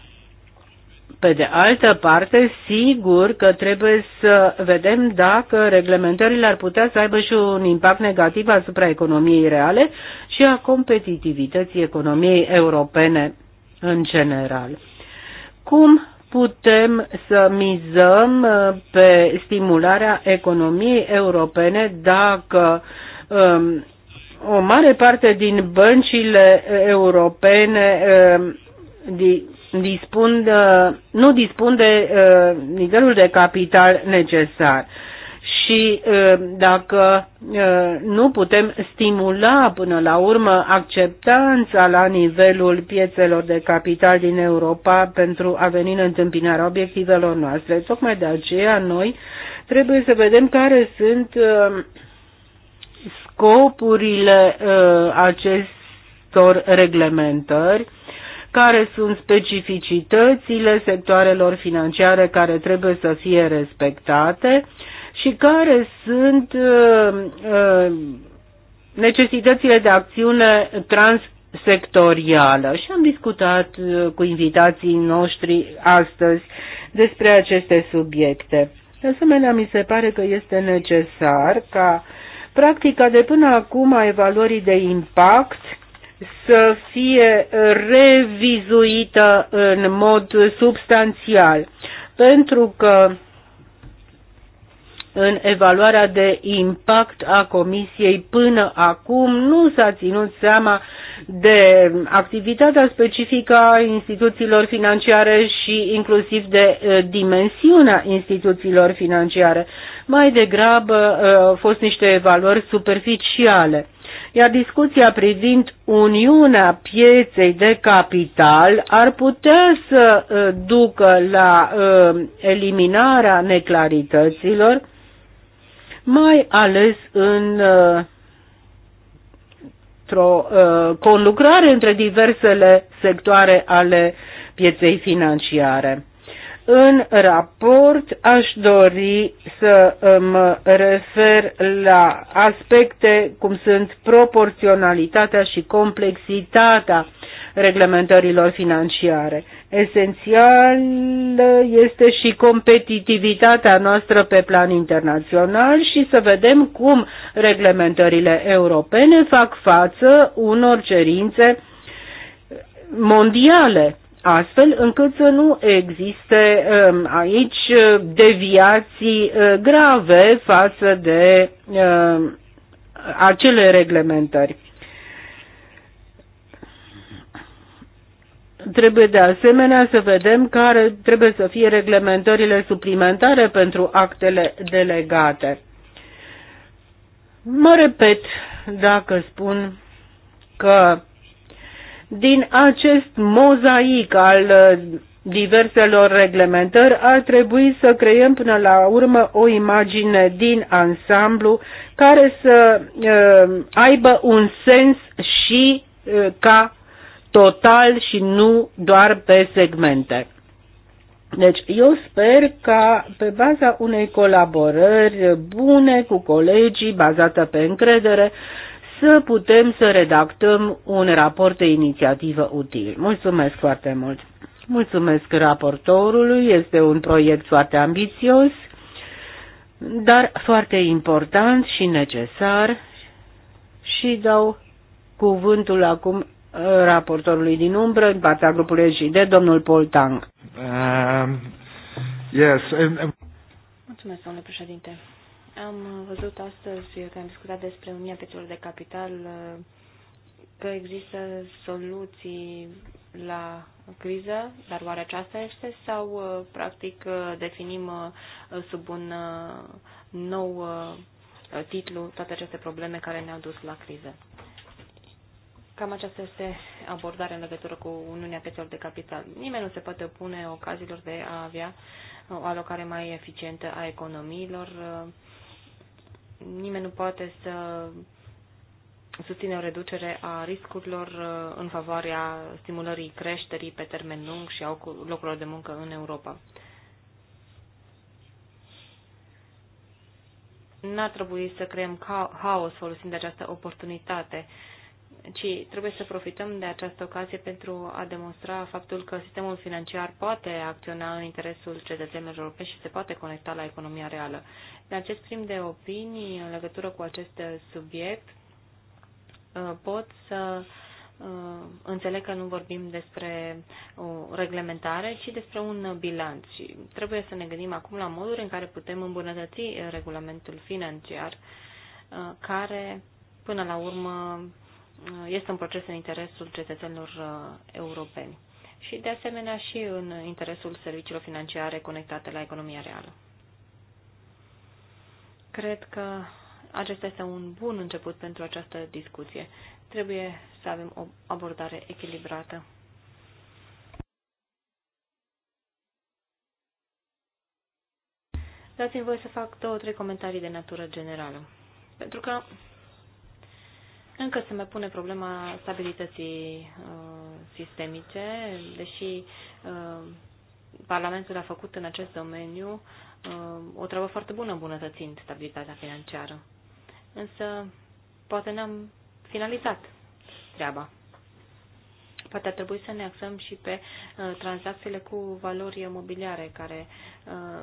B: Pe de altă parte, sigur că trebuie să vedem dacă reglementările ar putea să aibă și un impact negativ asupra economiei reale și a competitivității economiei europene în general. Cum putem să mizăm uh, pe stimularea economiei europene dacă um, o mare parte din băncile europene um, di, dispun, nu dispun de uh, nivelul de capital necesar. Și uh, dacă uh, nu putem stimula până la urmă acceptanța la nivelul piețelor de capital din Europa pentru a veni în întâmpinarea obiectivelor noastre, tocmai de aceea noi trebuie să vedem care sunt scopurile acestor reglementări care sunt specificitățile sectoarelor financiare care trebuie să fie respectate și care sunt uh, uh, necesitățile de acțiune transsectorială. Și am discutat uh, cu invitații noștri astăzi despre aceste subiecte. De asemenea, mi se pare că este necesar ca practica de până acum a evaluării de impact să fie revizuită în mod substanțial, pentru că în evaluarea de impact a Comisiei până acum nu s-a ținut seama de activitatea specifică a instituțiilor financiare și inclusiv de dimensiunea instituțiilor financiare. Mai degrabă au fost niște evaluări superficiale iar discuția privind Uniunea Pieței de Capital ar putea să uh, ducă la uh, eliminarea neclarităților, mai ales în uh, o uh, conlucrare între diversele sectoare ale pieței financiare. În raport aș dori să mă refer la aspecte cum sunt proporționalitatea și complexitatea reglementărilor financiare. Esențial este și competitivitatea noastră pe plan internațional și să vedem cum reglementările europene fac față unor cerințe mondiale astfel încât să nu existe um, aici uh, deviații uh, grave față de um, acele reglementări. Trebuie de asemenea să vedem care trebuie să fie reglementările suplimentare pentru actele delegate. Mă repet dacă spun că din acest mozaic al uh, diverselor reglementări ar trebui să creăm până la urmă o imagine din ansamblu care să uh, aibă un sens și uh, ca total și nu doar pe segmente. Deci eu sper ca pe baza unei colaborări bune cu colegii, bazată pe încredere, să putem să redactăm un raport de inițiativă util. Mulțumesc foarte mult! Mulțumesc raportorului, este un proiect foarte ambițios, dar foarte important și necesar și dau cuvântul acum uh, raportorului din umbră, în partea grupului SGD, domnul Paul Tang. Um, yes.
C: Mulțumesc, domnule președinte. Am văzut astăzi că am discutat despre Uniunea Piețelor de Capital că există soluții la criză, dar oare aceasta este sau uh, practic uh, definim uh, sub un nou titlu toate aceste probleme care ne-au dus la criză? Cam aceasta este abordarea în legătură cu Uniunea Piețelor de Capital. Nimeni nu se poate opune ocazilor de a avea o alocare mai eficientă a economiilor nimeni nu poate să susține o reducere a riscurilor uh, în favoarea stimulării creșterii pe termen lung și a locurilor de muncă în Europa. N-ar trebui să creăm haos folosind această oportunitate ci trebuie să profităm de această ocazie pentru a demonstra faptul că sistemul financiar poate acționa în interesul cetățenilor europeni și se poate conecta la economia reală. În acest prim de opinii în legătură cu acest subiect uh, pot să uh, înțeleg că nu vorbim despre o reglementare, ci despre un bilanț. Și trebuie să ne gândim acum la moduri în care putem îmbunătăți regulamentul financiar uh, care până la urmă Uh, este un proces în interesul cetățenilor uh, europeni și, de asemenea, și în interesul serviciilor financiare conectate la economia reală. Cred că acesta este un bun început pentru această discuție. Trebuie să avem o abordare echilibrată. Dați-mi voi să fac două, trei comentarii de natură generală. Pentru că încă se mai pune problema stabilității uh, sistemice, deși uh, Parlamentul a făcut în acest domeniu uh, o treabă foarte bună îmbunătățind stabilitatea financiară. Însă, poate ne-am finalizat treaba. Poate ar trebui să ne axăm și pe uh, tranzacțiile cu valori imobiliare, care uh,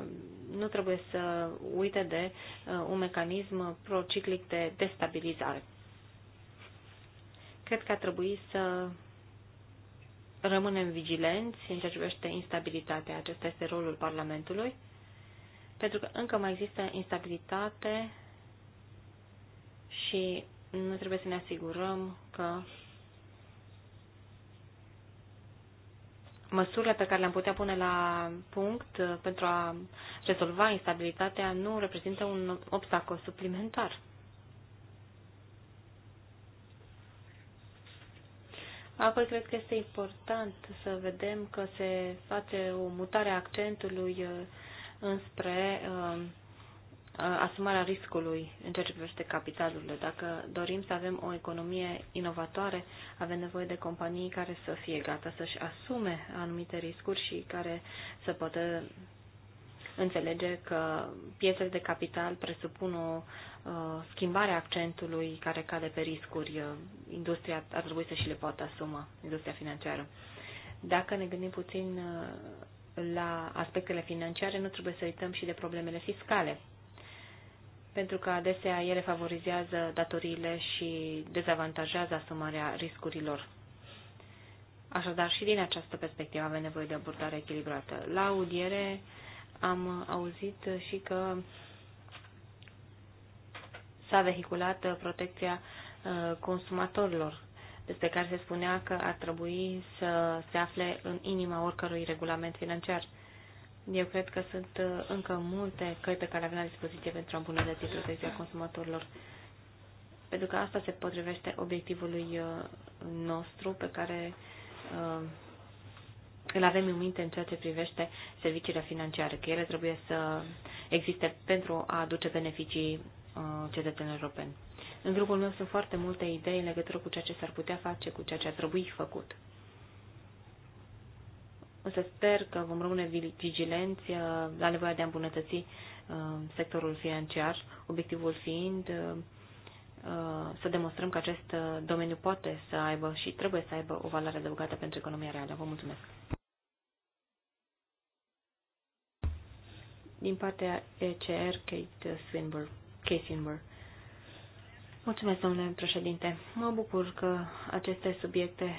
C: nu trebuie să uite de uh, un mecanism prociclic de destabilizare. Cred că ar trebui să rămânem vigilenți în ceea ce privește instabilitatea. Acesta este rolul Parlamentului, pentru că încă mai există instabilitate și nu trebuie să ne asigurăm că măsurile pe care le-am putea pune la punct pentru a rezolva instabilitatea nu reprezintă un obstacol suplimentar. Apoi cred că este important să vedem că se face o mutare a accentului uh, înspre uh, uh, asumarea riscului în ceea ce privește capitalurile. Dacă dorim să avem o economie inovatoare, avem nevoie de companii care să fie gata să-și asume anumite riscuri și care să poată înțelege că piețele de capital presupun o uh, schimbare a accentului care cade pe riscuri. Uh, industria ar trebui să și le poată asuma, industria financiară. Dacă ne gândim puțin uh, la aspectele financiare, nu trebuie să uităm și de problemele fiscale pentru că adesea ele favorizează datoriile și dezavantajează asumarea riscurilor. Așadar, și din această perspectivă avem nevoie de abordare echilibrată. La audiere am auzit și că s-a vehiculat protecția uh, consumatorilor, despre care se spunea că ar trebui să se afle în inima oricărui regulament financiar. Eu cred că sunt uh, încă multe căi pe care avem la dispoziție pentru a îmbunătăți protecția consumatorilor. Pentru că asta se potrivește obiectivului uh, nostru pe care îl avem în minte în ceea ce privește serviciile financiare, că ele trebuie să existe pentru a aduce beneficii uh, cetățenilor europeni. În grupul meu sunt foarte multe idei în legătură cu ceea ce s-ar putea face, cu ceea ce ar trebui făcut. Însă sper că vom rămâne vigilenți uh, la nevoia de a îmbunătăți uh, sectorul financiar, obiectivul fiind să demonstrăm că acest domeniu poate să aibă și trebuie să aibă o valoare adăugată pentru economia reală. Vă mulțumesc! din partea ECR, Kate Swinburne. Kate Swinburne. Mulțumesc, domnule președinte. Mă bucur că aceste subiecte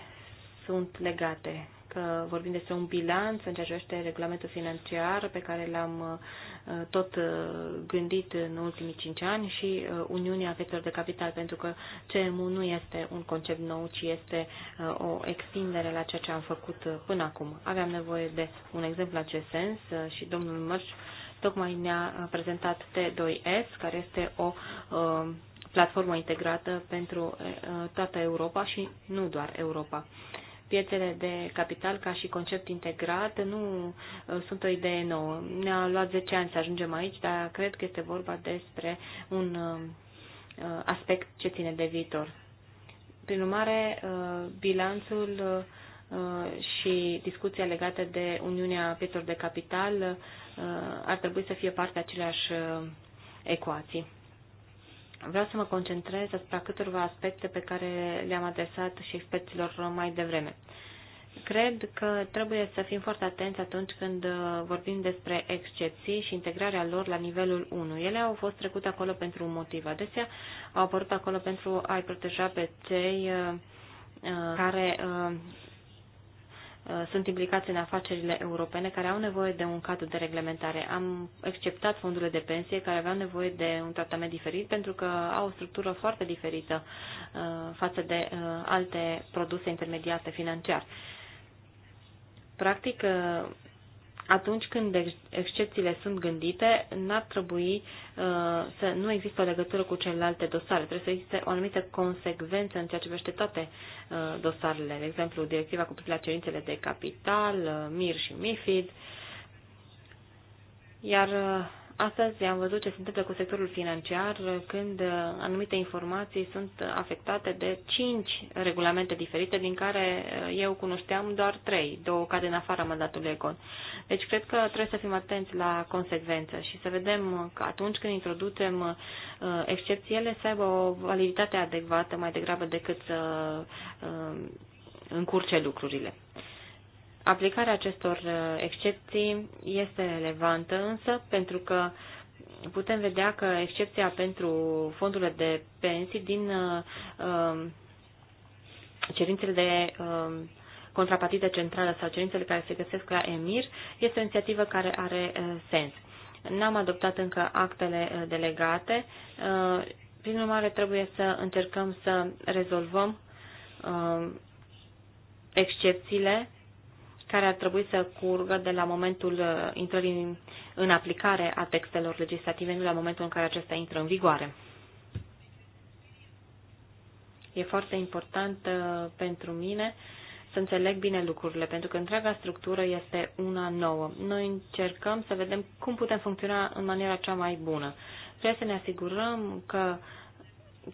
C: sunt legate, că vorbim despre un bilanț în ceea ce este regulamentul financiar pe care l-am uh, tot uh, gândit în ultimii cinci ani și uh, Uniunea Piețelor de Capital, pentru că CMU nu este un concept nou, ci este o extindere la ceea ce am făcut până acum. Aveam nevoie de un exemplu în acest sens și domnul Mărș Tocmai ne-a prezentat T2S, care este o ă, platformă integrată pentru ă, toată Europa și nu doar Europa. Piețele de capital ca și concept integrat nu ă, sunt o idee nouă. Ne-a luat 10 ani să ajungem aici, dar cred că este vorba despre un aspect ce ține de viitor. Prin urmare, bilanțul și discuția legată de Uniunea Pieților de Capital Uh, ar trebui să fie parte aceleași uh, ecuații. Vreau să mă concentrez asupra câteva aspecte pe care le-am adresat și experților mai devreme. Cred că trebuie să fim foarte atenți atunci când uh, vorbim despre excepții și integrarea lor la nivelul 1. Ele au fost trecute acolo pentru un motiv. Adesea au apărut acolo pentru a-i proteja pe cei care Uh, sunt implicați în afacerile europene care au nevoie de un cadru de reglementare. Am exceptat fondurile de pensie care aveau nevoie de un tratament diferit pentru că au o structură foarte diferită uh, față de uh, alte produse intermediate financiar. Practic, atunci când excepțiile sunt gândite, n-ar trebui uh, să nu există o legătură cu celelalte dosare. Trebuie să existe o anumită consecvență în ceea ce privește toate uh, dosarele, de exemplu, directiva cu privire la cerințele de capital, uh, MIR și MIFID, iar Astăzi am văzut ce se întâmplă cu sectorul financiar când uh, anumite informații sunt afectate de cinci regulamente diferite, din care uh, eu cunoșteam doar trei, două cad în afara mandatului Econ. Deci cred că trebuie să fim atenți la consecvență și să vedem că atunci când introducem uh, excepțiile să aibă o validitate adecvată mai degrabă decât să încurce lucrurile. Aplicarea acestor uh, excepții este relevantă, însă, pentru că putem vedea că excepția pentru fondurile de pensii din uh, um, cerințele de um, contrapartidă centrală sau cerințele care se găsesc la EMIR este o inițiativă care are uh, sens. N-am adoptat încă actele delegate, prin urmare trebuie să încercăm să rezolvăm um, excepțiile care ar trebui să curgă de la momentul uh, intrării în, în aplicare a textelor legislative, nu la momentul în care acestea intră în vigoare. E foarte important uh, pentru mine să înțeleg bine lucrurile, pentru că întreaga structură este una nouă. Noi încercăm să vedem cum putem funcționa în maniera cea mai bună. Trebuie să ne asigurăm că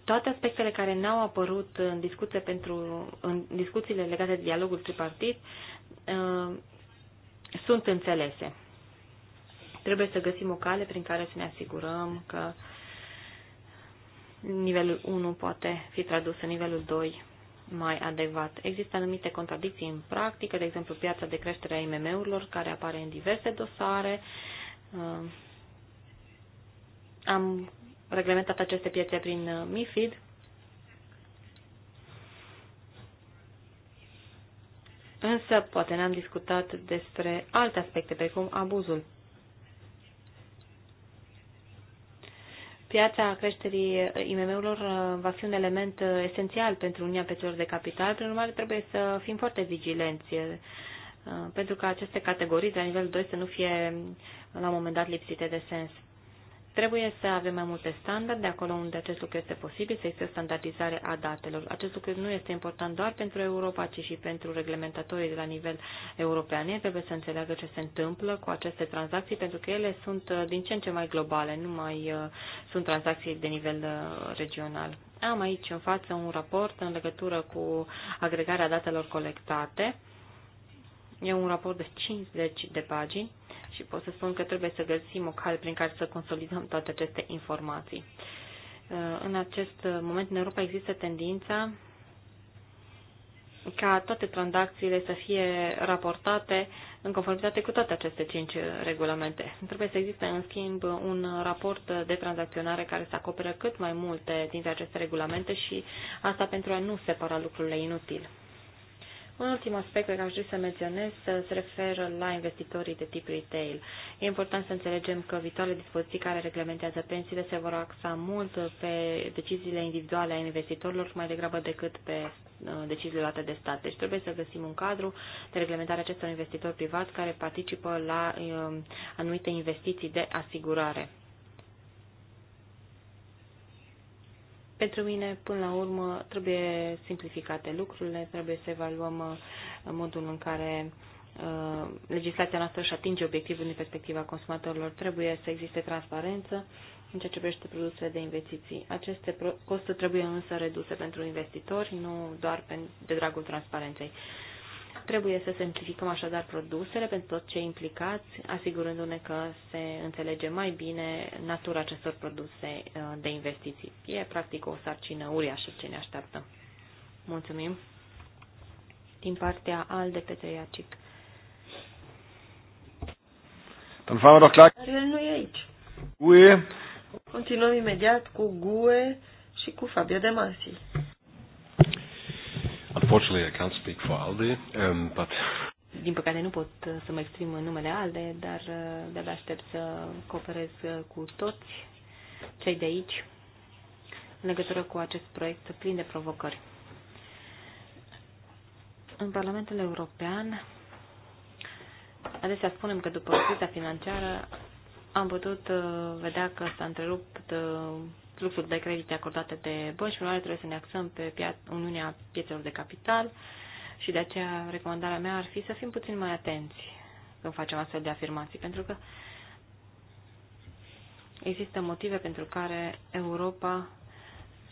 C: toate aspectele care n-au apărut în, discuție pentru, în discuțiile legate de dialogul tripartit Uh, sunt înțelese. Trebuie să găsim o cale prin care să ne asigurăm că nivelul 1 poate fi tradus în nivelul 2 mai adecvat. Există anumite contradicții în practică, de exemplu piața de creștere a IMM-urilor care apare în diverse dosare. Uh, am reglementat aceste piețe prin uh, MIFID Însă, poate n-am discutat despre alte aspecte, precum abuzul. Piața creșterii IMM-urilor uh, va fi un element uh, esențial pentru Uniunea Piețelor de Capital, prin urmare trebuie să fim foarte vigilenți uh, pentru ca aceste categorii de la nivel 2 să nu fie la un moment dat lipsite de sens. Trebuie să avem mai multe standarde acolo unde acest lucru este posibil, să existe standardizare a datelor. Acest lucru nu este important doar pentru Europa, ci și pentru reglementatorii de la nivel european. Ei trebuie să înțeleagă ce se întâmplă cu aceste tranzacții, pentru că ele sunt uh, din ce în ce mai globale, nu mai uh, sunt tranzacții de nivel uh, regional. Am aici în față un raport în legătură cu agregarea datelor colectate. E un raport de 50 de pagini și pot să spun că trebuie să găsim o cale prin care să consolidăm toate aceste informații. Uh, în acest moment în Europa există tendința ca toate tranzacțiile să fie raportate în conformitate cu toate aceste cinci regulamente. Trebuie să existe, în schimb, un raport de tranzacționare care să acopere cât mai multe dintre aceste regulamente și asta pentru a nu separa lucrurile inutile. Un ultim aspect pe care aș vrea să menționez se referă la investitorii de tip retail. E important să înțelegem că viitoarele dispoziții care reglementează pensiile se vor axa mult pe deciziile individuale a investitorilor mai degrabă decât pe uh, deciziile luate de stat. Deci trebuie să găsim un cadru de reglementare acestor investitori privați care participă la uh, anumite investiții de asigurare. Pentru mine, până la urmă, trebuie simplificate lucrurile, trebuie să evaluăm uh, modul în care uh, legislația noastră își atinge obiectivul din perspectiva consumatorilor. Trebuie să existe transparență în ceea ce privește produsele de investiții. Aceste costuri trebuie însă reduse pentru investitori, nu doar de dragul transparenței. Trebuie să simplificăm așadar produsele pentru tot cei implicați, asigurându-ne că se înțelege mai bine natura acestor produse uh, de investiții. E practic o sarcină uriașă ce ne așteaptă. Mulțumim. Din partea al de Petre Iacic.
A: Dar
D: nu e aici. GUE. Continuăm imediat cu GUE și cu Fabio De Masi.
A: Unfortunately, I can't speak for Aldi, um, but...
C: Din păcate nu pot uh, să mă exprim în numele ALDE, dar uh, de-abia aștept să cooperez uh, cu toți cei de aici în legătură cu acest proiect plin de provocări. În Parlamentul European adesea spunem că după criza financiară am putut vedea că s-a întrerupt fluxul de credite acordate de bănci, probabil trebuie să ne axăm pe pia- Uniunea Piețelor de Capital și de aceea recomandarea mea ar fi să fim puțin mai atenți când facem astfel de afirmații, pentru că există motive pentru care Europa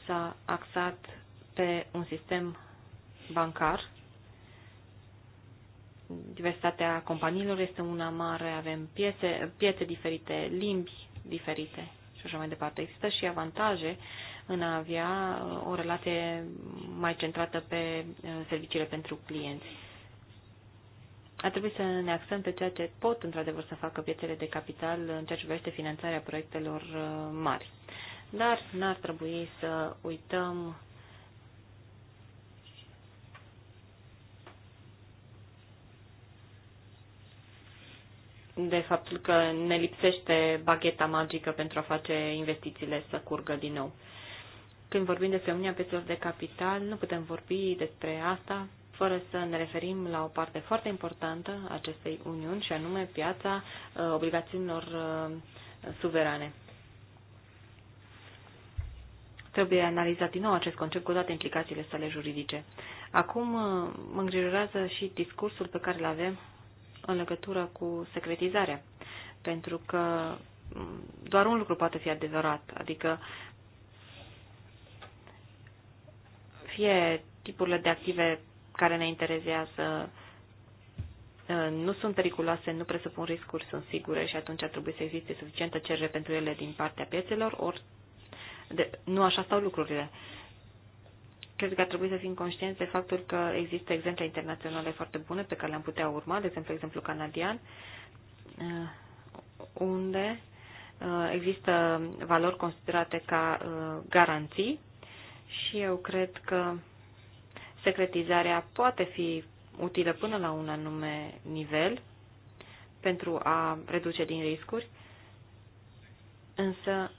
C: s-a axat pe un sistem bancar. Diversitatea companiilor este una mare, avem piețe, piețe diferite, limbi diferite și așa mai departe. Există și avantaje în a avea uh, o relație mai centrată pe uh, serviciile pentru clienți. Ar trebui să ne axăm pe ceea ce pot într-adevăr să facă piețele de capital în ceea ce privește finanțarea proiectelor uh, mari. Dar n-ar trebui să uităm de faptul că ne lipsește bagheta magică pentru a face investițiile să curgă din nou. Când vorbim despre Uniunea Pieților de Capital, nu putem vorbi despre asta fără să ne referim la o parte foarte importantă a acestei uniuni, și anume piața uh, obligațiunilor uh, suverane. Trebuie analizat din nou acest concept cu toate implicațiile sale juridice. Acum uh, mă îngrijorează și discursul pe care îl avem în legătură cu secretizarea. Pentru că doar un lucru poate fi adevărat, adică fie tipurile de active care ne interesează uh, nu sunt periculoase, nu presupun riscuri, sunt sigure și atunci ar trebui să existe suficientă cerere pentru ele din partea piețelor, ori de, nu așa stau lucrurile. Uh, cred că ar trebui să fim conștienți de faptul că există exemple internaționale foarte bune pe care le-am putea urma, de exemplu, exemplu canadian, uh, unde uh, există valori considerate ca uh, garanții și eu cred că secretizarea poate fi utilă până la un anume nivel pentru a reduce din riscuri, însă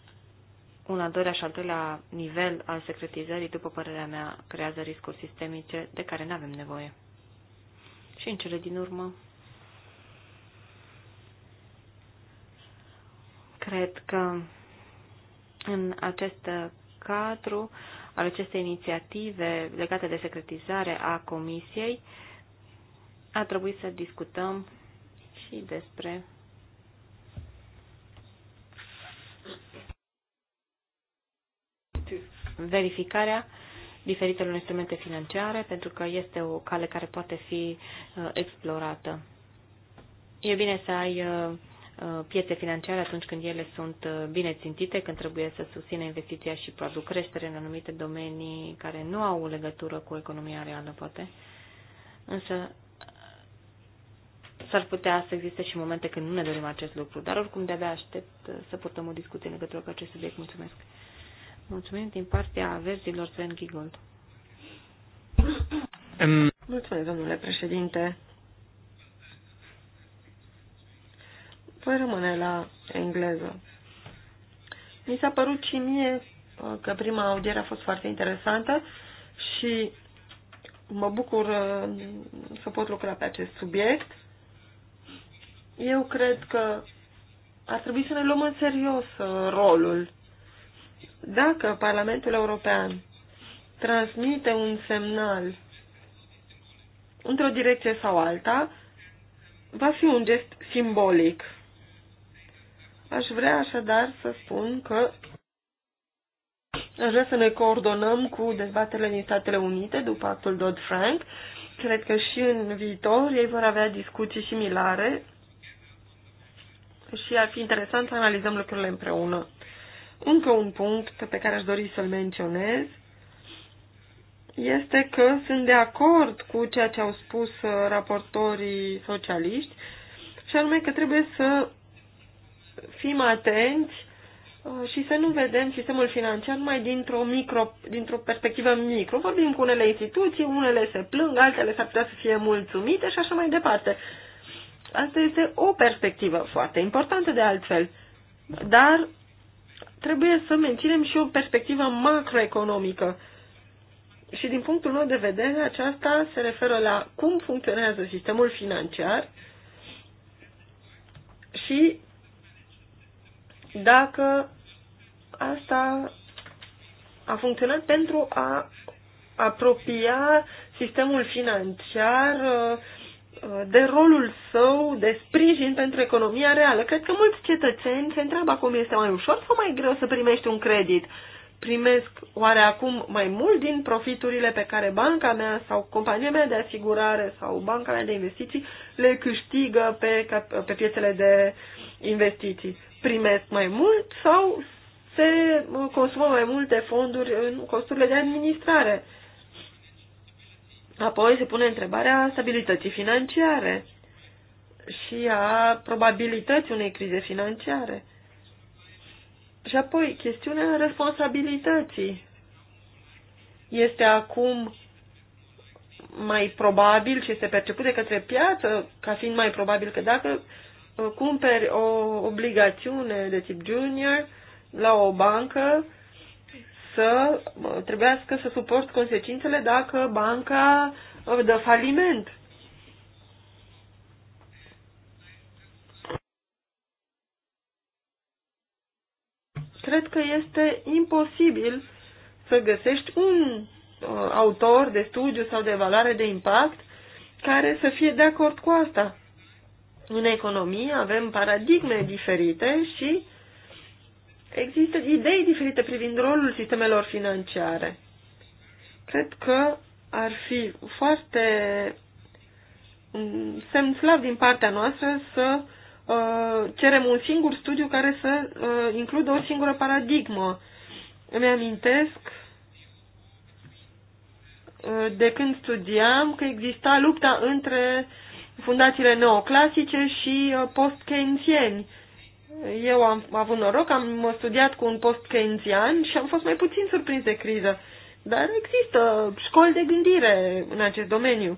C: un al doilea și al doilea nivel al secretizării, după părerea mea, creează riscuri sistemice de care nu avem nevoie. Și în cele din urmă, cred că în acest cadru al acestei inițiative legate de secretizare a Comisiei, a trebuit să discutăm și despre verificarea diferitelor instrumente financiare, pentru că este o cale care poate fi uh, explorată. E bine să ai uh, uh, piețe financiare atunci când ele sunt bine țintite, când trebuie să susțină investiția și produc creștere în anumite domenii care nu au legătură cu economia reală, poate. Însă s-ar putea să existe și momente când nu ne dorim acest lucru, dar oricum de-abia aștept să purtăm o discuție în legătură cu acest subiect. Mulțumesc! Mulțumim din partea verzilor Sven Gigold.
D: Mulțumesc, domnule președinte. Voi rămâne la engleză. Mi s-a părut și mie uh, că prima audiere a fost foarte interesantă și mă bucur uh, să pot lucra pe acest subiect. Eu cred că ar trebui să ne luăm în serios uh, rolul dacă Parlamentul European transmite un semnal într-o direcție sau alta, va fi un gest simbolic. Aș vrea așadar să spun că aș vrea să ne coordonăm cu dezbaterile din Statele Unite după actul Dodd-Frank. Cred că și în viitor ei vor avea discuții similare și ar fi interesant să analizăm lucrurile împreună. Încă un punct pe care aș dori să-l menționez este că sunt de acord cu ceea ce au spus uh, raportorii socialiști și anume că trebuie să fim atenți uh, și să nu vedem sistemul financiar numai dintr-o, micro, dintr-o perspectivă micro. Vorbim cu unele instituții, unele se plâng, altele s-ar putea să fie mulțumite și așa mai departe. Asta este o perspectivă foarte importantă de altfel, dar trebuie să menținem și o perspectivă macroeconomică. Și din punctul meu de vedere, aceasta se referă la cum funcționează sistemul financiar și dacă asta a funcționat pentru a apropia sistemul financiar uh, de rolul său de sprijin pentru economia reală. Cred că mulți cetățeni se întreabă acum este mai ușor sau mai greu să primești un credit. Primesc oare acum mai mult din profiturile pe care banca mea sau compania mea de asigurare sau banca mea de investiții le câștigă pe, pe piețele de investiții. Primesc mai mult sau se consumă mai multe fonduri în costurile de administrare? Apoi se pune întrebarea stabilității financiare și a probabilității unei crize financiare. Și apoi chestiunea responsabilității. Este acum mai probabil și este perceput de către piață ca fiind mai probabil că dacă uh, cumperi o obligațiune de tip junior la o bancă, să trebuiască să suport consecințele dacă banca dă faliment. Cred că este imposibil să găsești un autor de studiu sau de evaluare de impact care să fie de acord cu asta. În economie avem paradigme diferite și Există idei diferite privind rolul sistemelor financiare. Cred că ar fi foarte un semn slab din partea noastră să uh, cerem un singur studiu care să uh, includă o singură paradigmă. Îmi amintesc uh, de când studiam că exista lupta între fundațiile neoclasice și uh, post-keynesieni. Uh, eu am avut noroc, am studiat cu un post keynesian și am fost mai puțin surprins de criză. Dar există școli de gândire în acest domeniu.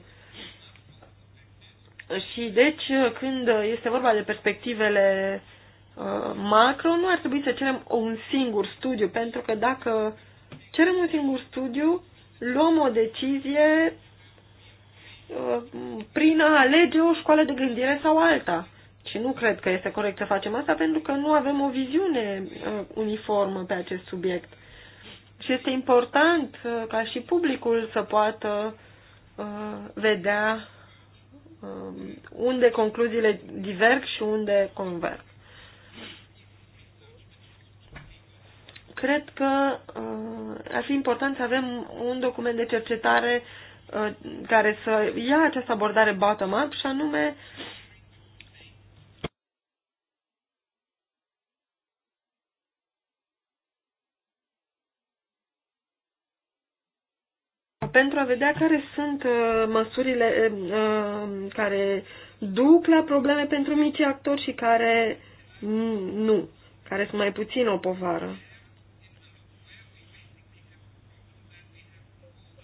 D: Și deci, când este vorba de perspectivele uh, macro, nu ar trebui să cerem un singur studiu, pentru că dacă cerem un singur studiu, luăm o decizie uh, prin a alege o școală de gândire sau alta. Și nu cred că este corect să facem asta pentru că nu avem o viziune uh, uniformă pe acest subiect. Și este important uh, ca și publicul să poată uh, vedea um, unde concluziile diverg și unde converg. Cred că ar fi important să avem un document de cercetare care să ia această abordare bottom-up și anume pentru a vedea care sunt uh, măsurile uh, uh, care duc la probleme pentru mici actori și care nu, care sunt mai puțin o povară.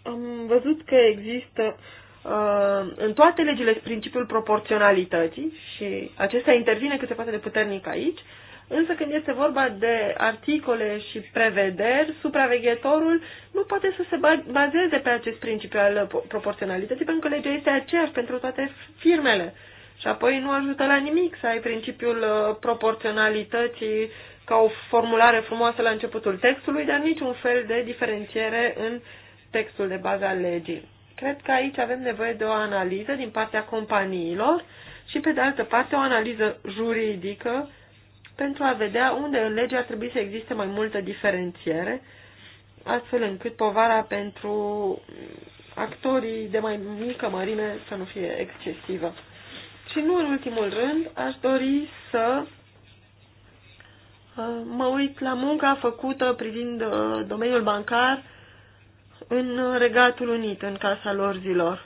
D: Am văzut că există în toate legile principiul proporționalității și acesta intervine cât se poate de puternic aici Însă când este vorba de articole și prevederi, supraveghetorul nu poate să se bazeze pe acest principiu al proporționalității, pentru că legea este aceeași pentru toate firmele. Și apoi nu ajută la nimic să ai principiul uh, proporționalității ca o formulare frumoasă la începutul textului, dar niciun fel de diferențiere în textul de bază al legii. Cred că aici avem nevoie de o analiză din partea companiilor și, pe de altă parte, o analiză juridică pentru a vedea unde în lege ar trebui să existe mai multă diferențiere, astfel încât povara pentru actorii de mai mică mărime să nu fie excesivă. Și nu în ultimul rând, aș dori să uh, mă uit la munca făcută privind uh, domeniul bancar în Regatul Unit, în Casa lor zilor.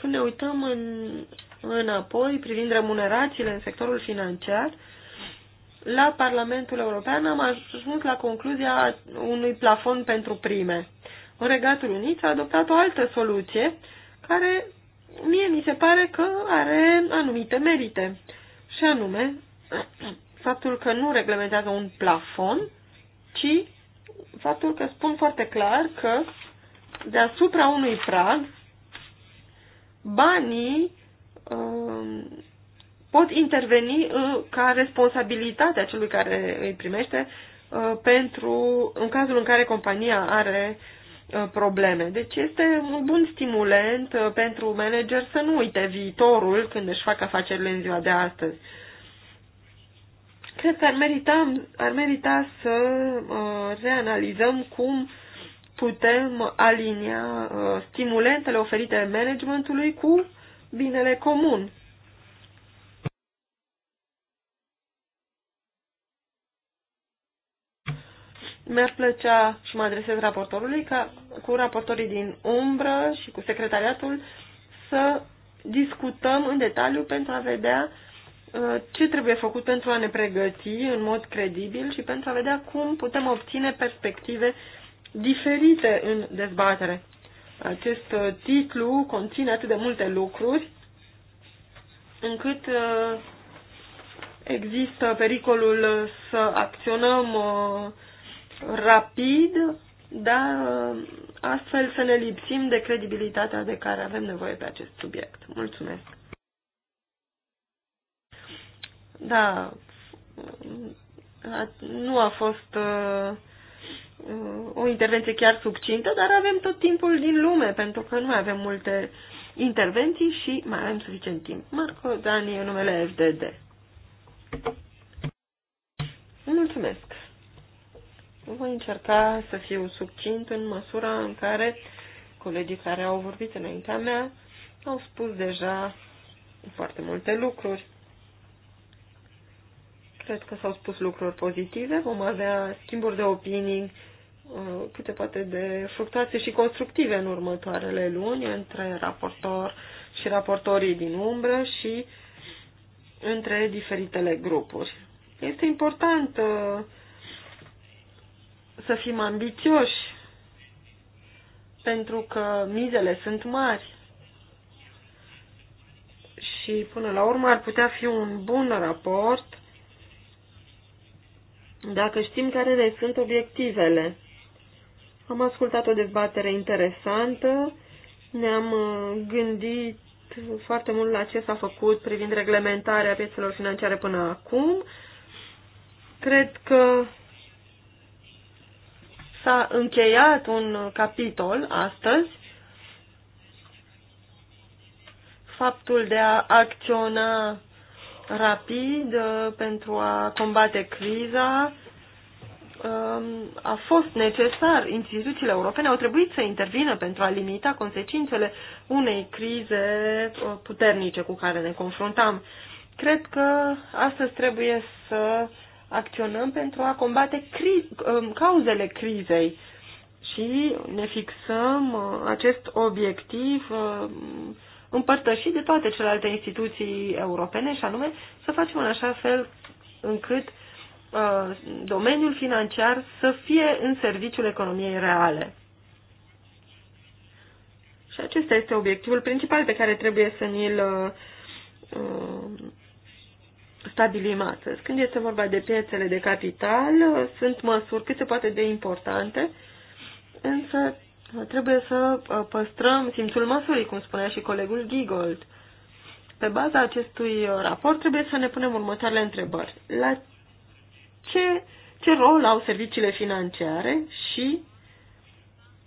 D: Când ne uităm în, înapoi privind remunerațiile în sectorul financiar, la Parlamentul European am ajuns la concluzia unui plafon pentru prime. În Regatul Unit a adoptat o altă soluție care mie mi se pare că are anumite merite. Și anume, faptul că nu reglementează un plafon, ci faptul că spun foarte clar că deasupra unui prag banii um, pot interveni uh, ca responsabilitatea celui care îi primește uh, pentru, în cazul în care compania are uh, probleme. Deci este un bun stimulent pentru manager să nu uite viitorul când își fac afacerile în ziua de astăzi. Cred că ar merita, ar merita să reanalizăm cum uh, putem alinia uh, stimulentele oferite managementului cu binele comun. Mi-ar plăcea și mă adresez raportorului ca cu raportorii din umbră și cu secretariatul să discutăm în detaliu pentru a vedea uh, ce trebuie făcut pentru a ne pregăti în mod credibil și pentru a vedea cum putem obține perspective uh, diferite în dezbatere. Acest uh, titlu conține atât de multe lucruri încât uh, există pericolul să acționăm uh, rapid, dar astfel să ne lipsim de credibilitatea de care avem nevoie pe acest subiect. Mulțumesc! Da, nu a fost o intervenție chiar subcintă, dar avem tot timpul din lume, pentru că nu avem multe intervenții și mai avem suficient timp. Marco Dani, numele FDD. Mulțumesc. Voi încerca să fiu subcint în măsura în care colegii care au vorbit înaintea mea au spus deja foarte multe lucruri. Cred că s-au spus lucruri pozitive. Vom avea schimburi de opinii uh, câte poate de fructoase și constructive în următoarele luni între raportor și raportorii din umbră și între diferitele grupuri. Este important uh, să fim ambițioși pentru că mizele sunt mari și până la urmă ar putea fi un bun raport dacă știm care le sunt obiectivele. Am ascultat o dezbatere interesantă, ne-am uh, gândit foarte mult la ce s-a făcut privind reglementarea piețelor financiare până acum. Cred că s-a încheiat un capitol astăzi. Faptul de a acționa rapid uh, pentru a combate criza um, a fost necesar. Instituțiile europene au trebuit să intervină pentru a limita consecințele unei crize uh, puternice cu care ne confruntam. Cred că astăzi trebuie să acționăm pentru a combate cri- um, cauzele crizei și ne fixăm uh, acest obiectiv împărtășit de toate celelalte instituții europene și anume să facem în așa fel încât uh, domeniul financiar să fie în serviciul economiei reale. Și acesta este obiectivul principal pe care trebuie să ni-l uh, uh stabilim astăzi. Când este vorba de piețele de capital, sunt măsuri cât se poate de importante, însă Trebuie să uh, păstrăm simțul măsurii, cum spunea și colegul Gigold. Pe baza acestui uh, raport trebuie să ne punem următoarele întrebări. La ce, ce rol au serviciile financiare și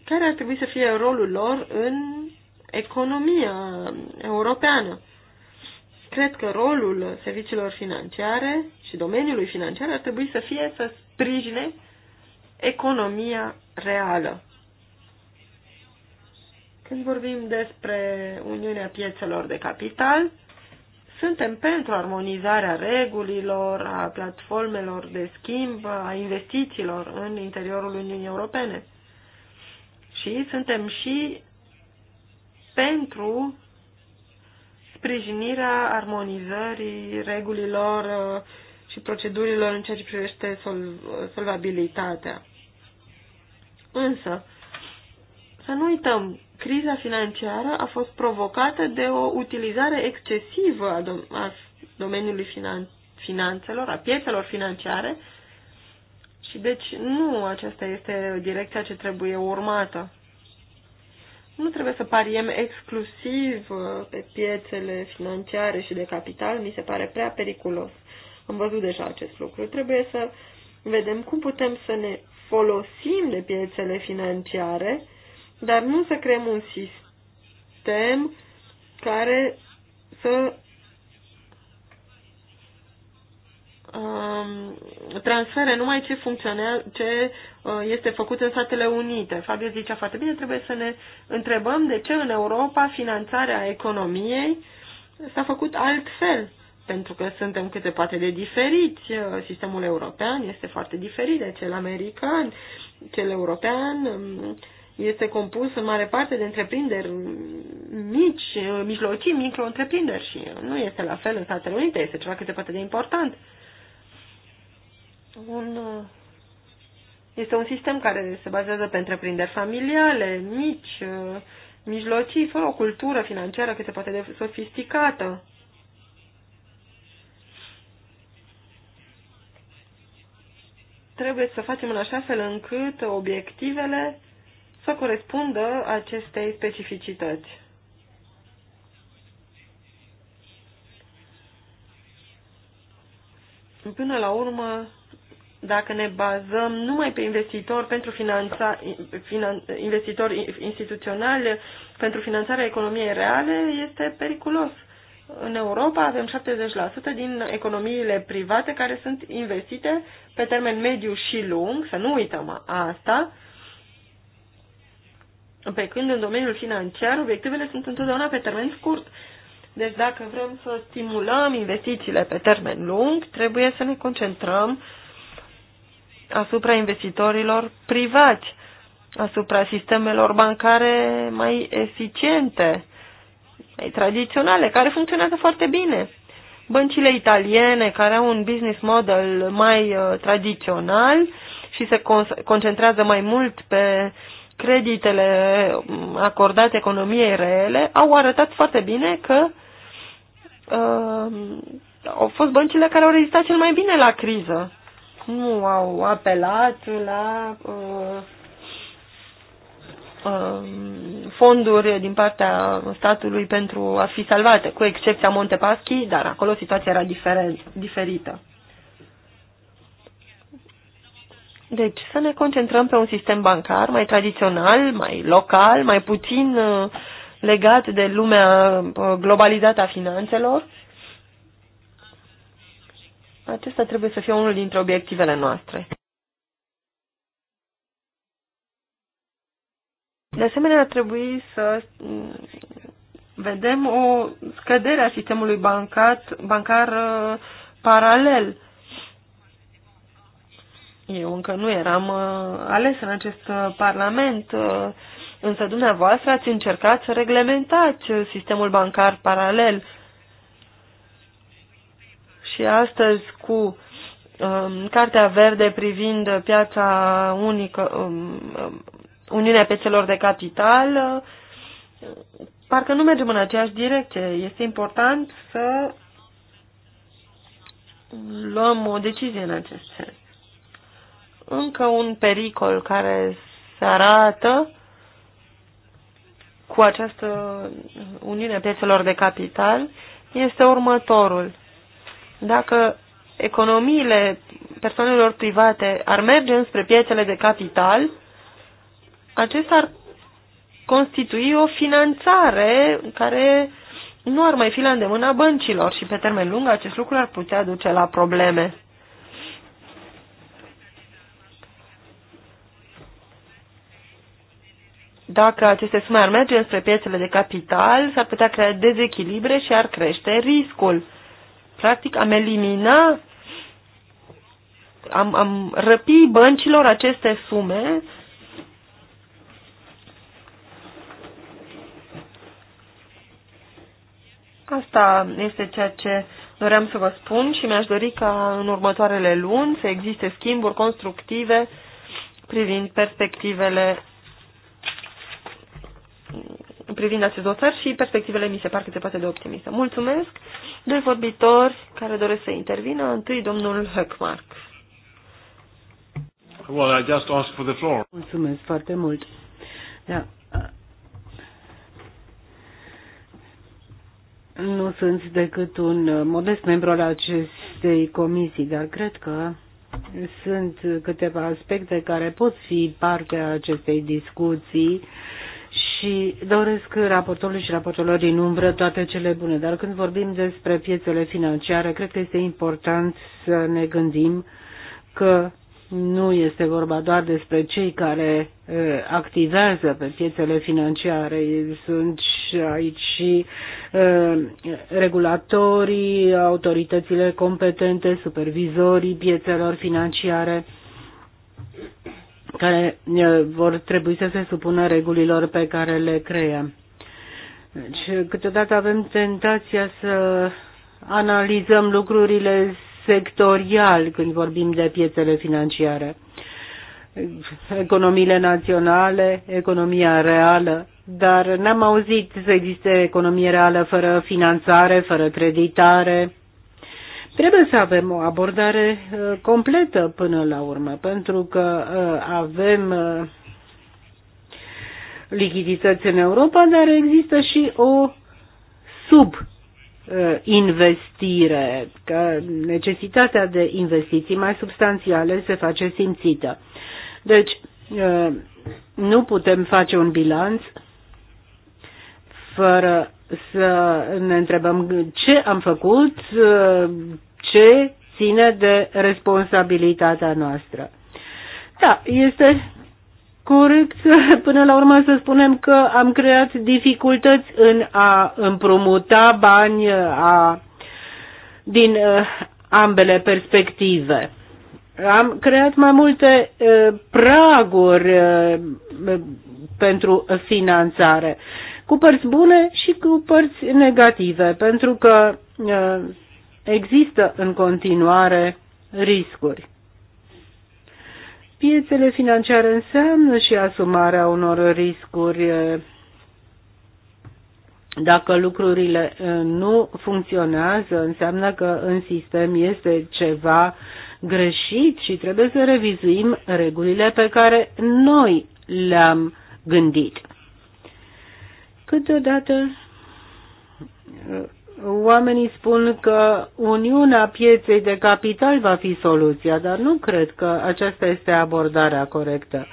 D: care ar trebui să fie rolul lor în economia europeană? Cred că rolul serviciilor financiare și domeniului financiar ar trebui să fie să sprijine economia reală. Când vorbim despre Uniunea Piețelor de Capital, suntem pentru armonizarea regulilor, a platformelor de schimb, a investițiilor în interiorul Uniunii Europene. Și suntem și pentru sprijinirea armonizării regulilor uh, și procedurilor în ceea ce privește sol solvabilitatea. Însă, să nu uităm Criza financiară a fost provocată de o utilizare excesivă a, do- a domeniului finan finanțelor, a piețelor financiare și deci nu aceasta este direcția ce trebuie urmată. Nu trebuie să pariem exclusiv uh, pe piețele financiare și de capital, mi se pare prea periculos. Am văzut deja acest lucru. Trebuie să vedem cum putem să ne folosim de piețele financiare dar nu să creăm un sistem care să um, transfere numai ce funcționează, ce uh, este făcut în Statele Unite. Fabio zicea foarte bine, trebuie să ne întrebăm de ce în Europa finanțarea economiei s-a făcut altfel, pentru că suntem câte poate de diferiți. Uh, sistemul european este foarte diferit de cel american, cel european um, este compus în mare parte de întreprinderi mici, mijlocii, micro-întreprinderi și nu este la fel în Statele Unite, este ceva cât se poate de important. Un, este un sistem care se bazează pe întreprinderi familiale, mici, mijlocii, fără o cultură financiară cât se poate de sofisticată. Trebuie să facem în așa fel încât obiectivele să corespundă acestei specificități. Până la urmă, dacă ne bazăm numai pe investitori pentru finanța, finan, investitori instituționali pentru finanțarea economiei reale, este periculos. În Europa avem 70% din economiile private care sunt investite pe termen mediu și lung, să nu uităm asta, pe când în domeniul financiar obiectivele sunt întotdeauna pe termen scurt. Deci dacă vrem să stimulăm investițiile pe termen lung, trebuie să ne concentrăm asupra investitorilor privați, asupra sistemelor bancare mai eficiente, mai tradiționale, care funcționează foarte bine. Băncile italiene, care au un business model mai uh, tradițional și se concentrează mai mult pe uh, creditele acordate economiei reele au arătat foarte bine că uh, au fost băncile care au rezistat cel mai bine la criză. Nu au apelat la uh, uh, fonduri din partea statului pentru a fi salvate, cu excepția Montepaschi, dar acolo situația era diferent, diferită. Deci să ne concentrăm pe un sistem bancar mai tradițional, mai local, mai puțin uh, legat de lumea uh, globalizată a finanțelor. Acesta trebuie să fie unul dintre obiectivele noastre. De asemenea, ar trebui să mm, vedem o scădere a sistemului bancat, bancar uh, paralel eu încă nu eram uh, ales în acest uh, parlament, uh, însă dumneavoastră ați încercat să reglementați sistemul bancar paralel. Și astăzi cu um, Cartea Verde privind piața unică, um, um, Uniunea Piețelor de Capital, parcă nu mergem în aceeași direcție. Este important să luăm o decizie în acest sens încă un pericol care se arată cu această uniune piețelor de capital este următorul. Dacă economiile persoanelor private ar merge înspre piețele de capital, acesta ar constitui o finanțare care nu ar mai fi la îndemâna băncilor și pe termen lung acest lucru ar putea duce la probleme. Dacă aceste sume ar merge înspre piețele de capital, s-ar putea crea dezechilibre și ar crește riscul. Practic am elimina, am, am răpi băncilor aceste sume Asta este ceea ce doream să vă spun și mi-aș dori ca în următoarele luni să existe schimburi constructive privind perspectivele privind două țări și perspectivele mi se par cât se poate de optimistă. Mulțumesc. Doi vorbitori care doresc să intervină. Întâi domnul Höckmark.
A: Well, I just asked for the floor.
B: Mulțumesc foarte mult. Da. Nu sunt decât un modest membru al acestei comisii, dar cred că sunt câteva aspecte care pot fi parte a acestei discuții și doresc raportorului și raportorilor din umbră toate cele bune. Dar când vorbim despre piețele financiare, cred că este important să ne gândim că nu este vorba doar despre cei care uh, activează pe piețele financiare, sunt și aici și uh, regulatorii, autoritățile competente, supervizorii piețelor financiare care vor trebui să se supună regulilor pe care le creăm. Deci, câteodată avem tentația să analizăm lucrurile sectorial când vorbim de piețele financiare. Economiile naționale, economia reală, dar n-am auzit să existe economie reală fără finanțare, fără creditare, Trebuie să avem o abordare uh, completă până la urmă, pentru că uh, avem uh, lichidități în Europa, dar există și o sub investire, că necesitatea de investiții mai substanțiale se face simțită. Deci, nu putem face un bilanț fără să ne întrebăm ce am făcut, ce ține de responsabilitatea noastră. Da, este corect până la urmă să spunem că am creat dificultăți în a împrumuta bani a, din uh, ambele perspective. Am creat mai multe uh, praguri uh, pentru finanțare, cu părți bune și cu părți negative, pentru că există în continuare riscuri. Piețele financiare înseamnă și asumarea unor riscuri dacă lucrurile nu funcționează, înseamnă că în sistem este ceva greșit și trebuie să revizuim regulile pe care noi le-am gândit. Câteodată Oamenii spun că Uniunea Pieței de Capital va fi soluția, dar nu cred că aceasta este abordarea corectă.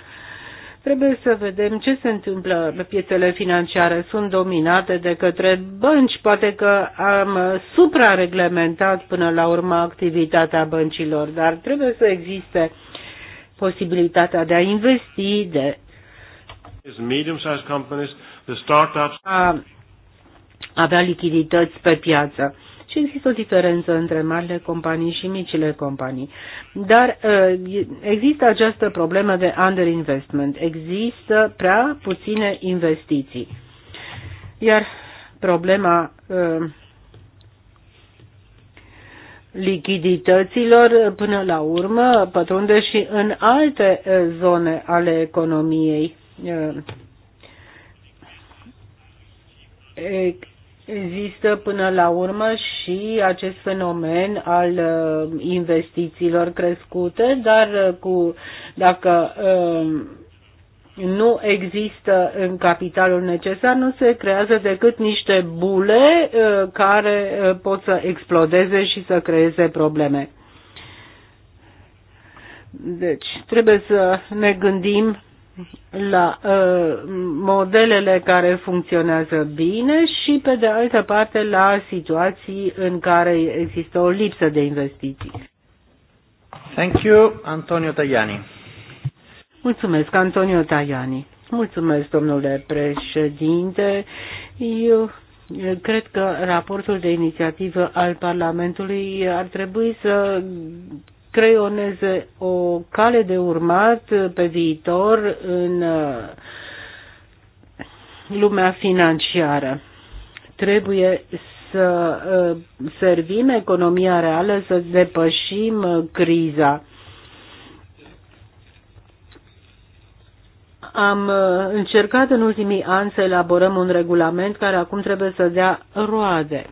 B: Trebuie să vedem ce se întâmplă pe piețele financiare. Sunt dominate de către bănci. Poate că am suprareglementat până la urmă activitatea băncilor, dar trebuie să existe posibilitatea de a investi, de a avea lichidități pe piață. Și există o diferență între marile companii și micile companii. Dar uh, există această problemă de underinvestment. Există prea puține investiții. Iar problema uh, lichidităților până la urmă pătrunde și în alte uh, zone ale economiei. Există până la urmă și acest fenomen al uh, investițiilor crescute, dar uh, cu, dacă uh, nu există în capitalul necesar, nu se creează decât niște bule care pot să explodeze și să creeze probleme. Deci, trebuie să ne gândim la uh, modelele care funcționează bine și, pe de altă parte, la situații în care există o lipsă de investiții.
A: Thank you, Antonio Tajani.
B: Mulțumesc, Antonio Tajani. Mulțumesc, domnule președinte. Eu cred că raportul de inițiativă al Parlamentului ar trebui să creioneze o cale de urmat pe viitor în uh, lumea financiară. Trebuie să uh, servim economia reală, să depășim uh, criza. Am încercat în ultimii ani să elaborăm un regulament care acum trebuie să dea roade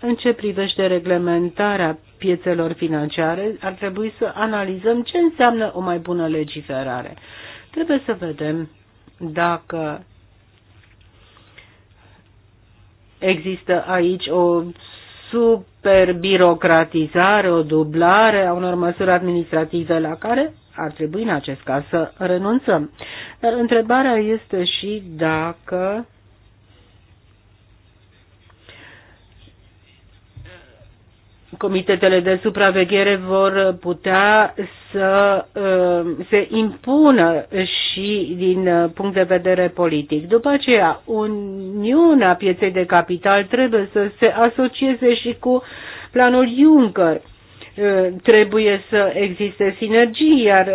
B: în ce privește reglementarea piețelor financiare, ar trebui să analizăm ce înseamnă o mai bună legiferare. Trebuie să vedem dacă există aici o superbirocratizare, o dublare a unor măsuri administrative la care ar trebui în acest caz să renunțăm. Dar întrebarea este și dacă comitetele de supraveghere vor putea să uh, se impună și din uh, punct de vedere politic. După aceea, Uniunea Pieței de Capital trebuie să se asocieze și cu planul Juncker. Uh, trebuie să existe sinergii, iar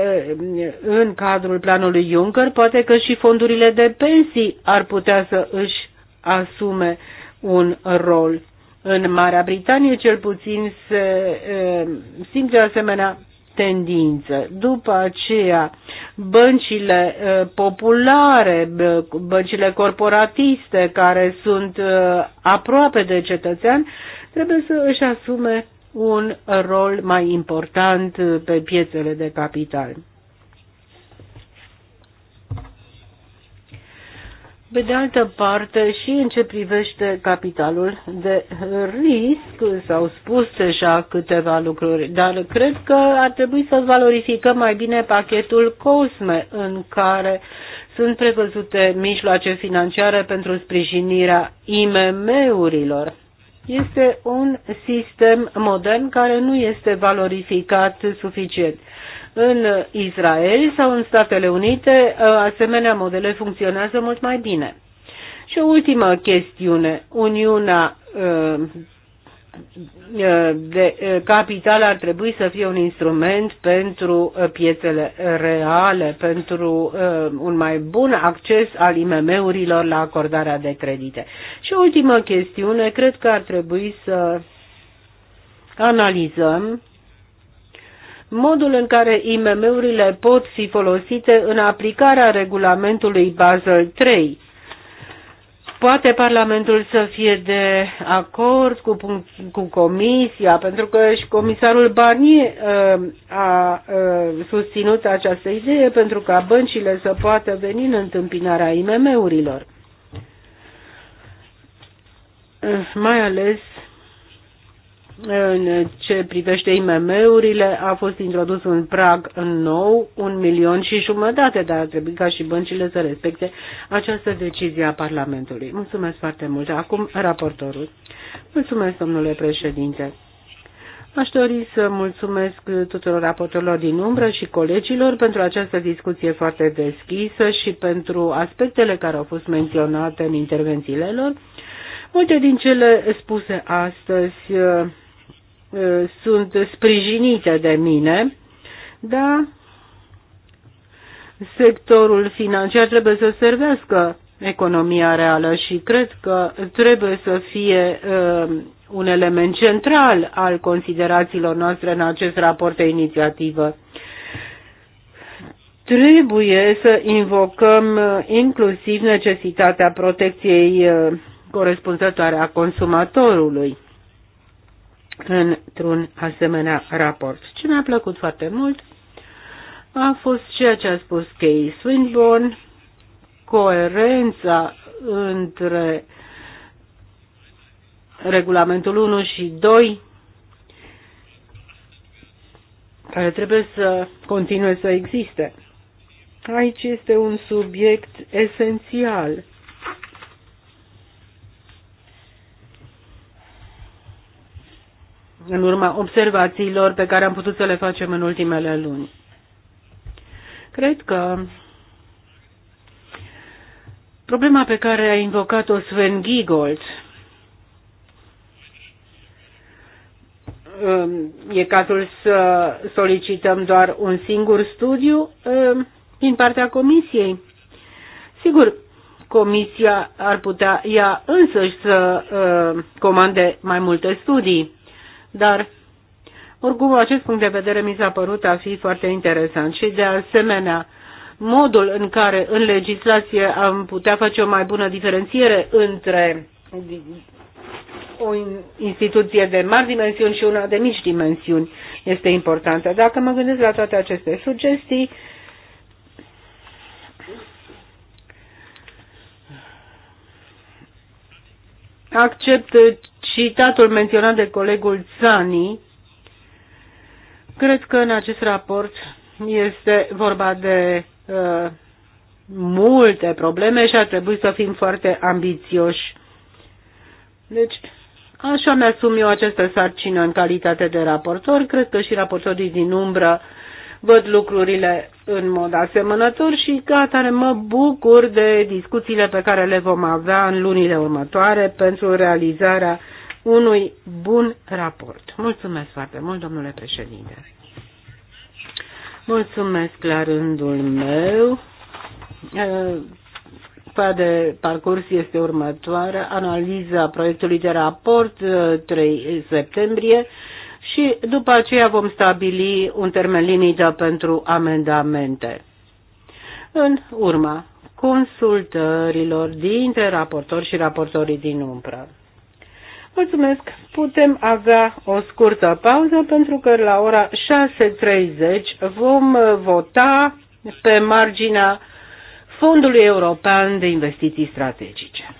B: în cadrul planului Juncker poate că și fondurile de pensii ar putea să își asume un rol în Marea Britanie cel puțin se simte asemenea tendință. După aceea, băncile populare, băncile corporatiste care sunt aproape de cetățean, trebuie să își asume un rol mai important pe piețele de capital. Pe de altă parte, și în ce privește capitalul de risc, s-au spus deja câteva lucruri, dar cred că ar trebui să valorificăm mai bine pachetul COSME, în care sunt prevăzute mijloace financiare pentru sprijinirea IMM-urilor. Este un sistem modern care nu este valorificat suficient. În Israel sau în Statele Unite, uh, asemenea modele funcționează mult mai bine. Și o ultimă chestiune. Uniunea uh, uh, de capital ar trebui să fie un instrument pentru piețele reale, pentru un mai bun acces al IMM-urilor la acordarea de credite. Și ultimă chestiune, cred că ar trebui să analizăm modul în care IMM-urile pot fi folosite în aplicarea regulamentului Basel III. Poate Parlamentul să fie de acord cu, cu Comisia, pentru că și comisarul Barnier uh, a uh, susținut această idee pentru ca băncile să poată veni în întâmpinarea IMM-urilor. Uh, mai ales în ce privește IMM-urile, a fost introdus un prag nou, un milion și jumătate, dar ar trebui ca și băncile să respecte această decizie a Parlamentului. Mulțumesc foarte mult. Acum, raportorul. Mulțumesc, domnule președinte. Aș dori să mulțumesc tuturor raportorilor din umbră și colegilor pentru această discuție foarte deschisă și pentru aspectele care au fost menționate în intervențiile lor. Multe din cele spuse astăzi Eh, sunt sprijinite de mine, dar sectorul financiar trebuie să servească economia reală și cred că trebuie să fie uh, un element central al considerațiilor noastre în acest raport de inițiativă. Trebuie să invocăm eh, inclusiv necesitatea protecției corespunzătoare a consumatorului într-un asemenea raport. Ce mi-a plăcut foarte mult a fost ceea ce a spus Kay Swinburne, coerența între regulamentul 1 și 2, care trebuie să continue să existe. Aici este un subiect esențial în urma observațiilor pe care am putut să le facem în ultimele luni. Cred că problema pe care a invocat-o Sven Giegold um, e cazul să solicităm doar un singur studiu um, din partea Comisiei. Sigur, Comisia ar putea ea însăși să um, comande mai multe studii. Dar, oricum, acest punct de vedere mi s-a părut a fi foarte interesant și, de asemenea, modul în care în legislație am putea face o mai bună diferențiere între o instituție de mari dimensiuni și una de mici dimensiuni este importantă. Dacă mă gândesc la toate aceste sugestii, accept citatul menționat de colegul Zani, cred că în acest raport este vorba de uh, multe probleme și ar trebui să fim foarte ambițioși. Deci, așa mi-asum eu această sarcină în calitate de raportor. Cred că și raportorii din umbră văd lucrurile în mod asemănător și gata, mă bucur de discuțiile pe care le vom avea în lunile următoare pentru realizarea unui bun raport. Mulțumesc foarte mult, domnule președinte. Mulțumesc la rândul meu. Fa de parcurs este următoarea, analiza proiectului de raport 3 septembrie și după aceea vom stabili un termen limită pentru amendamente. În urma consultărilor dintre raportori și raportorii din umbră. Mulțumesc! Putem avea o scurtă pauză pentru că la ora 6.30 vom vota pe marginea Fondului European de Investiții Strategice.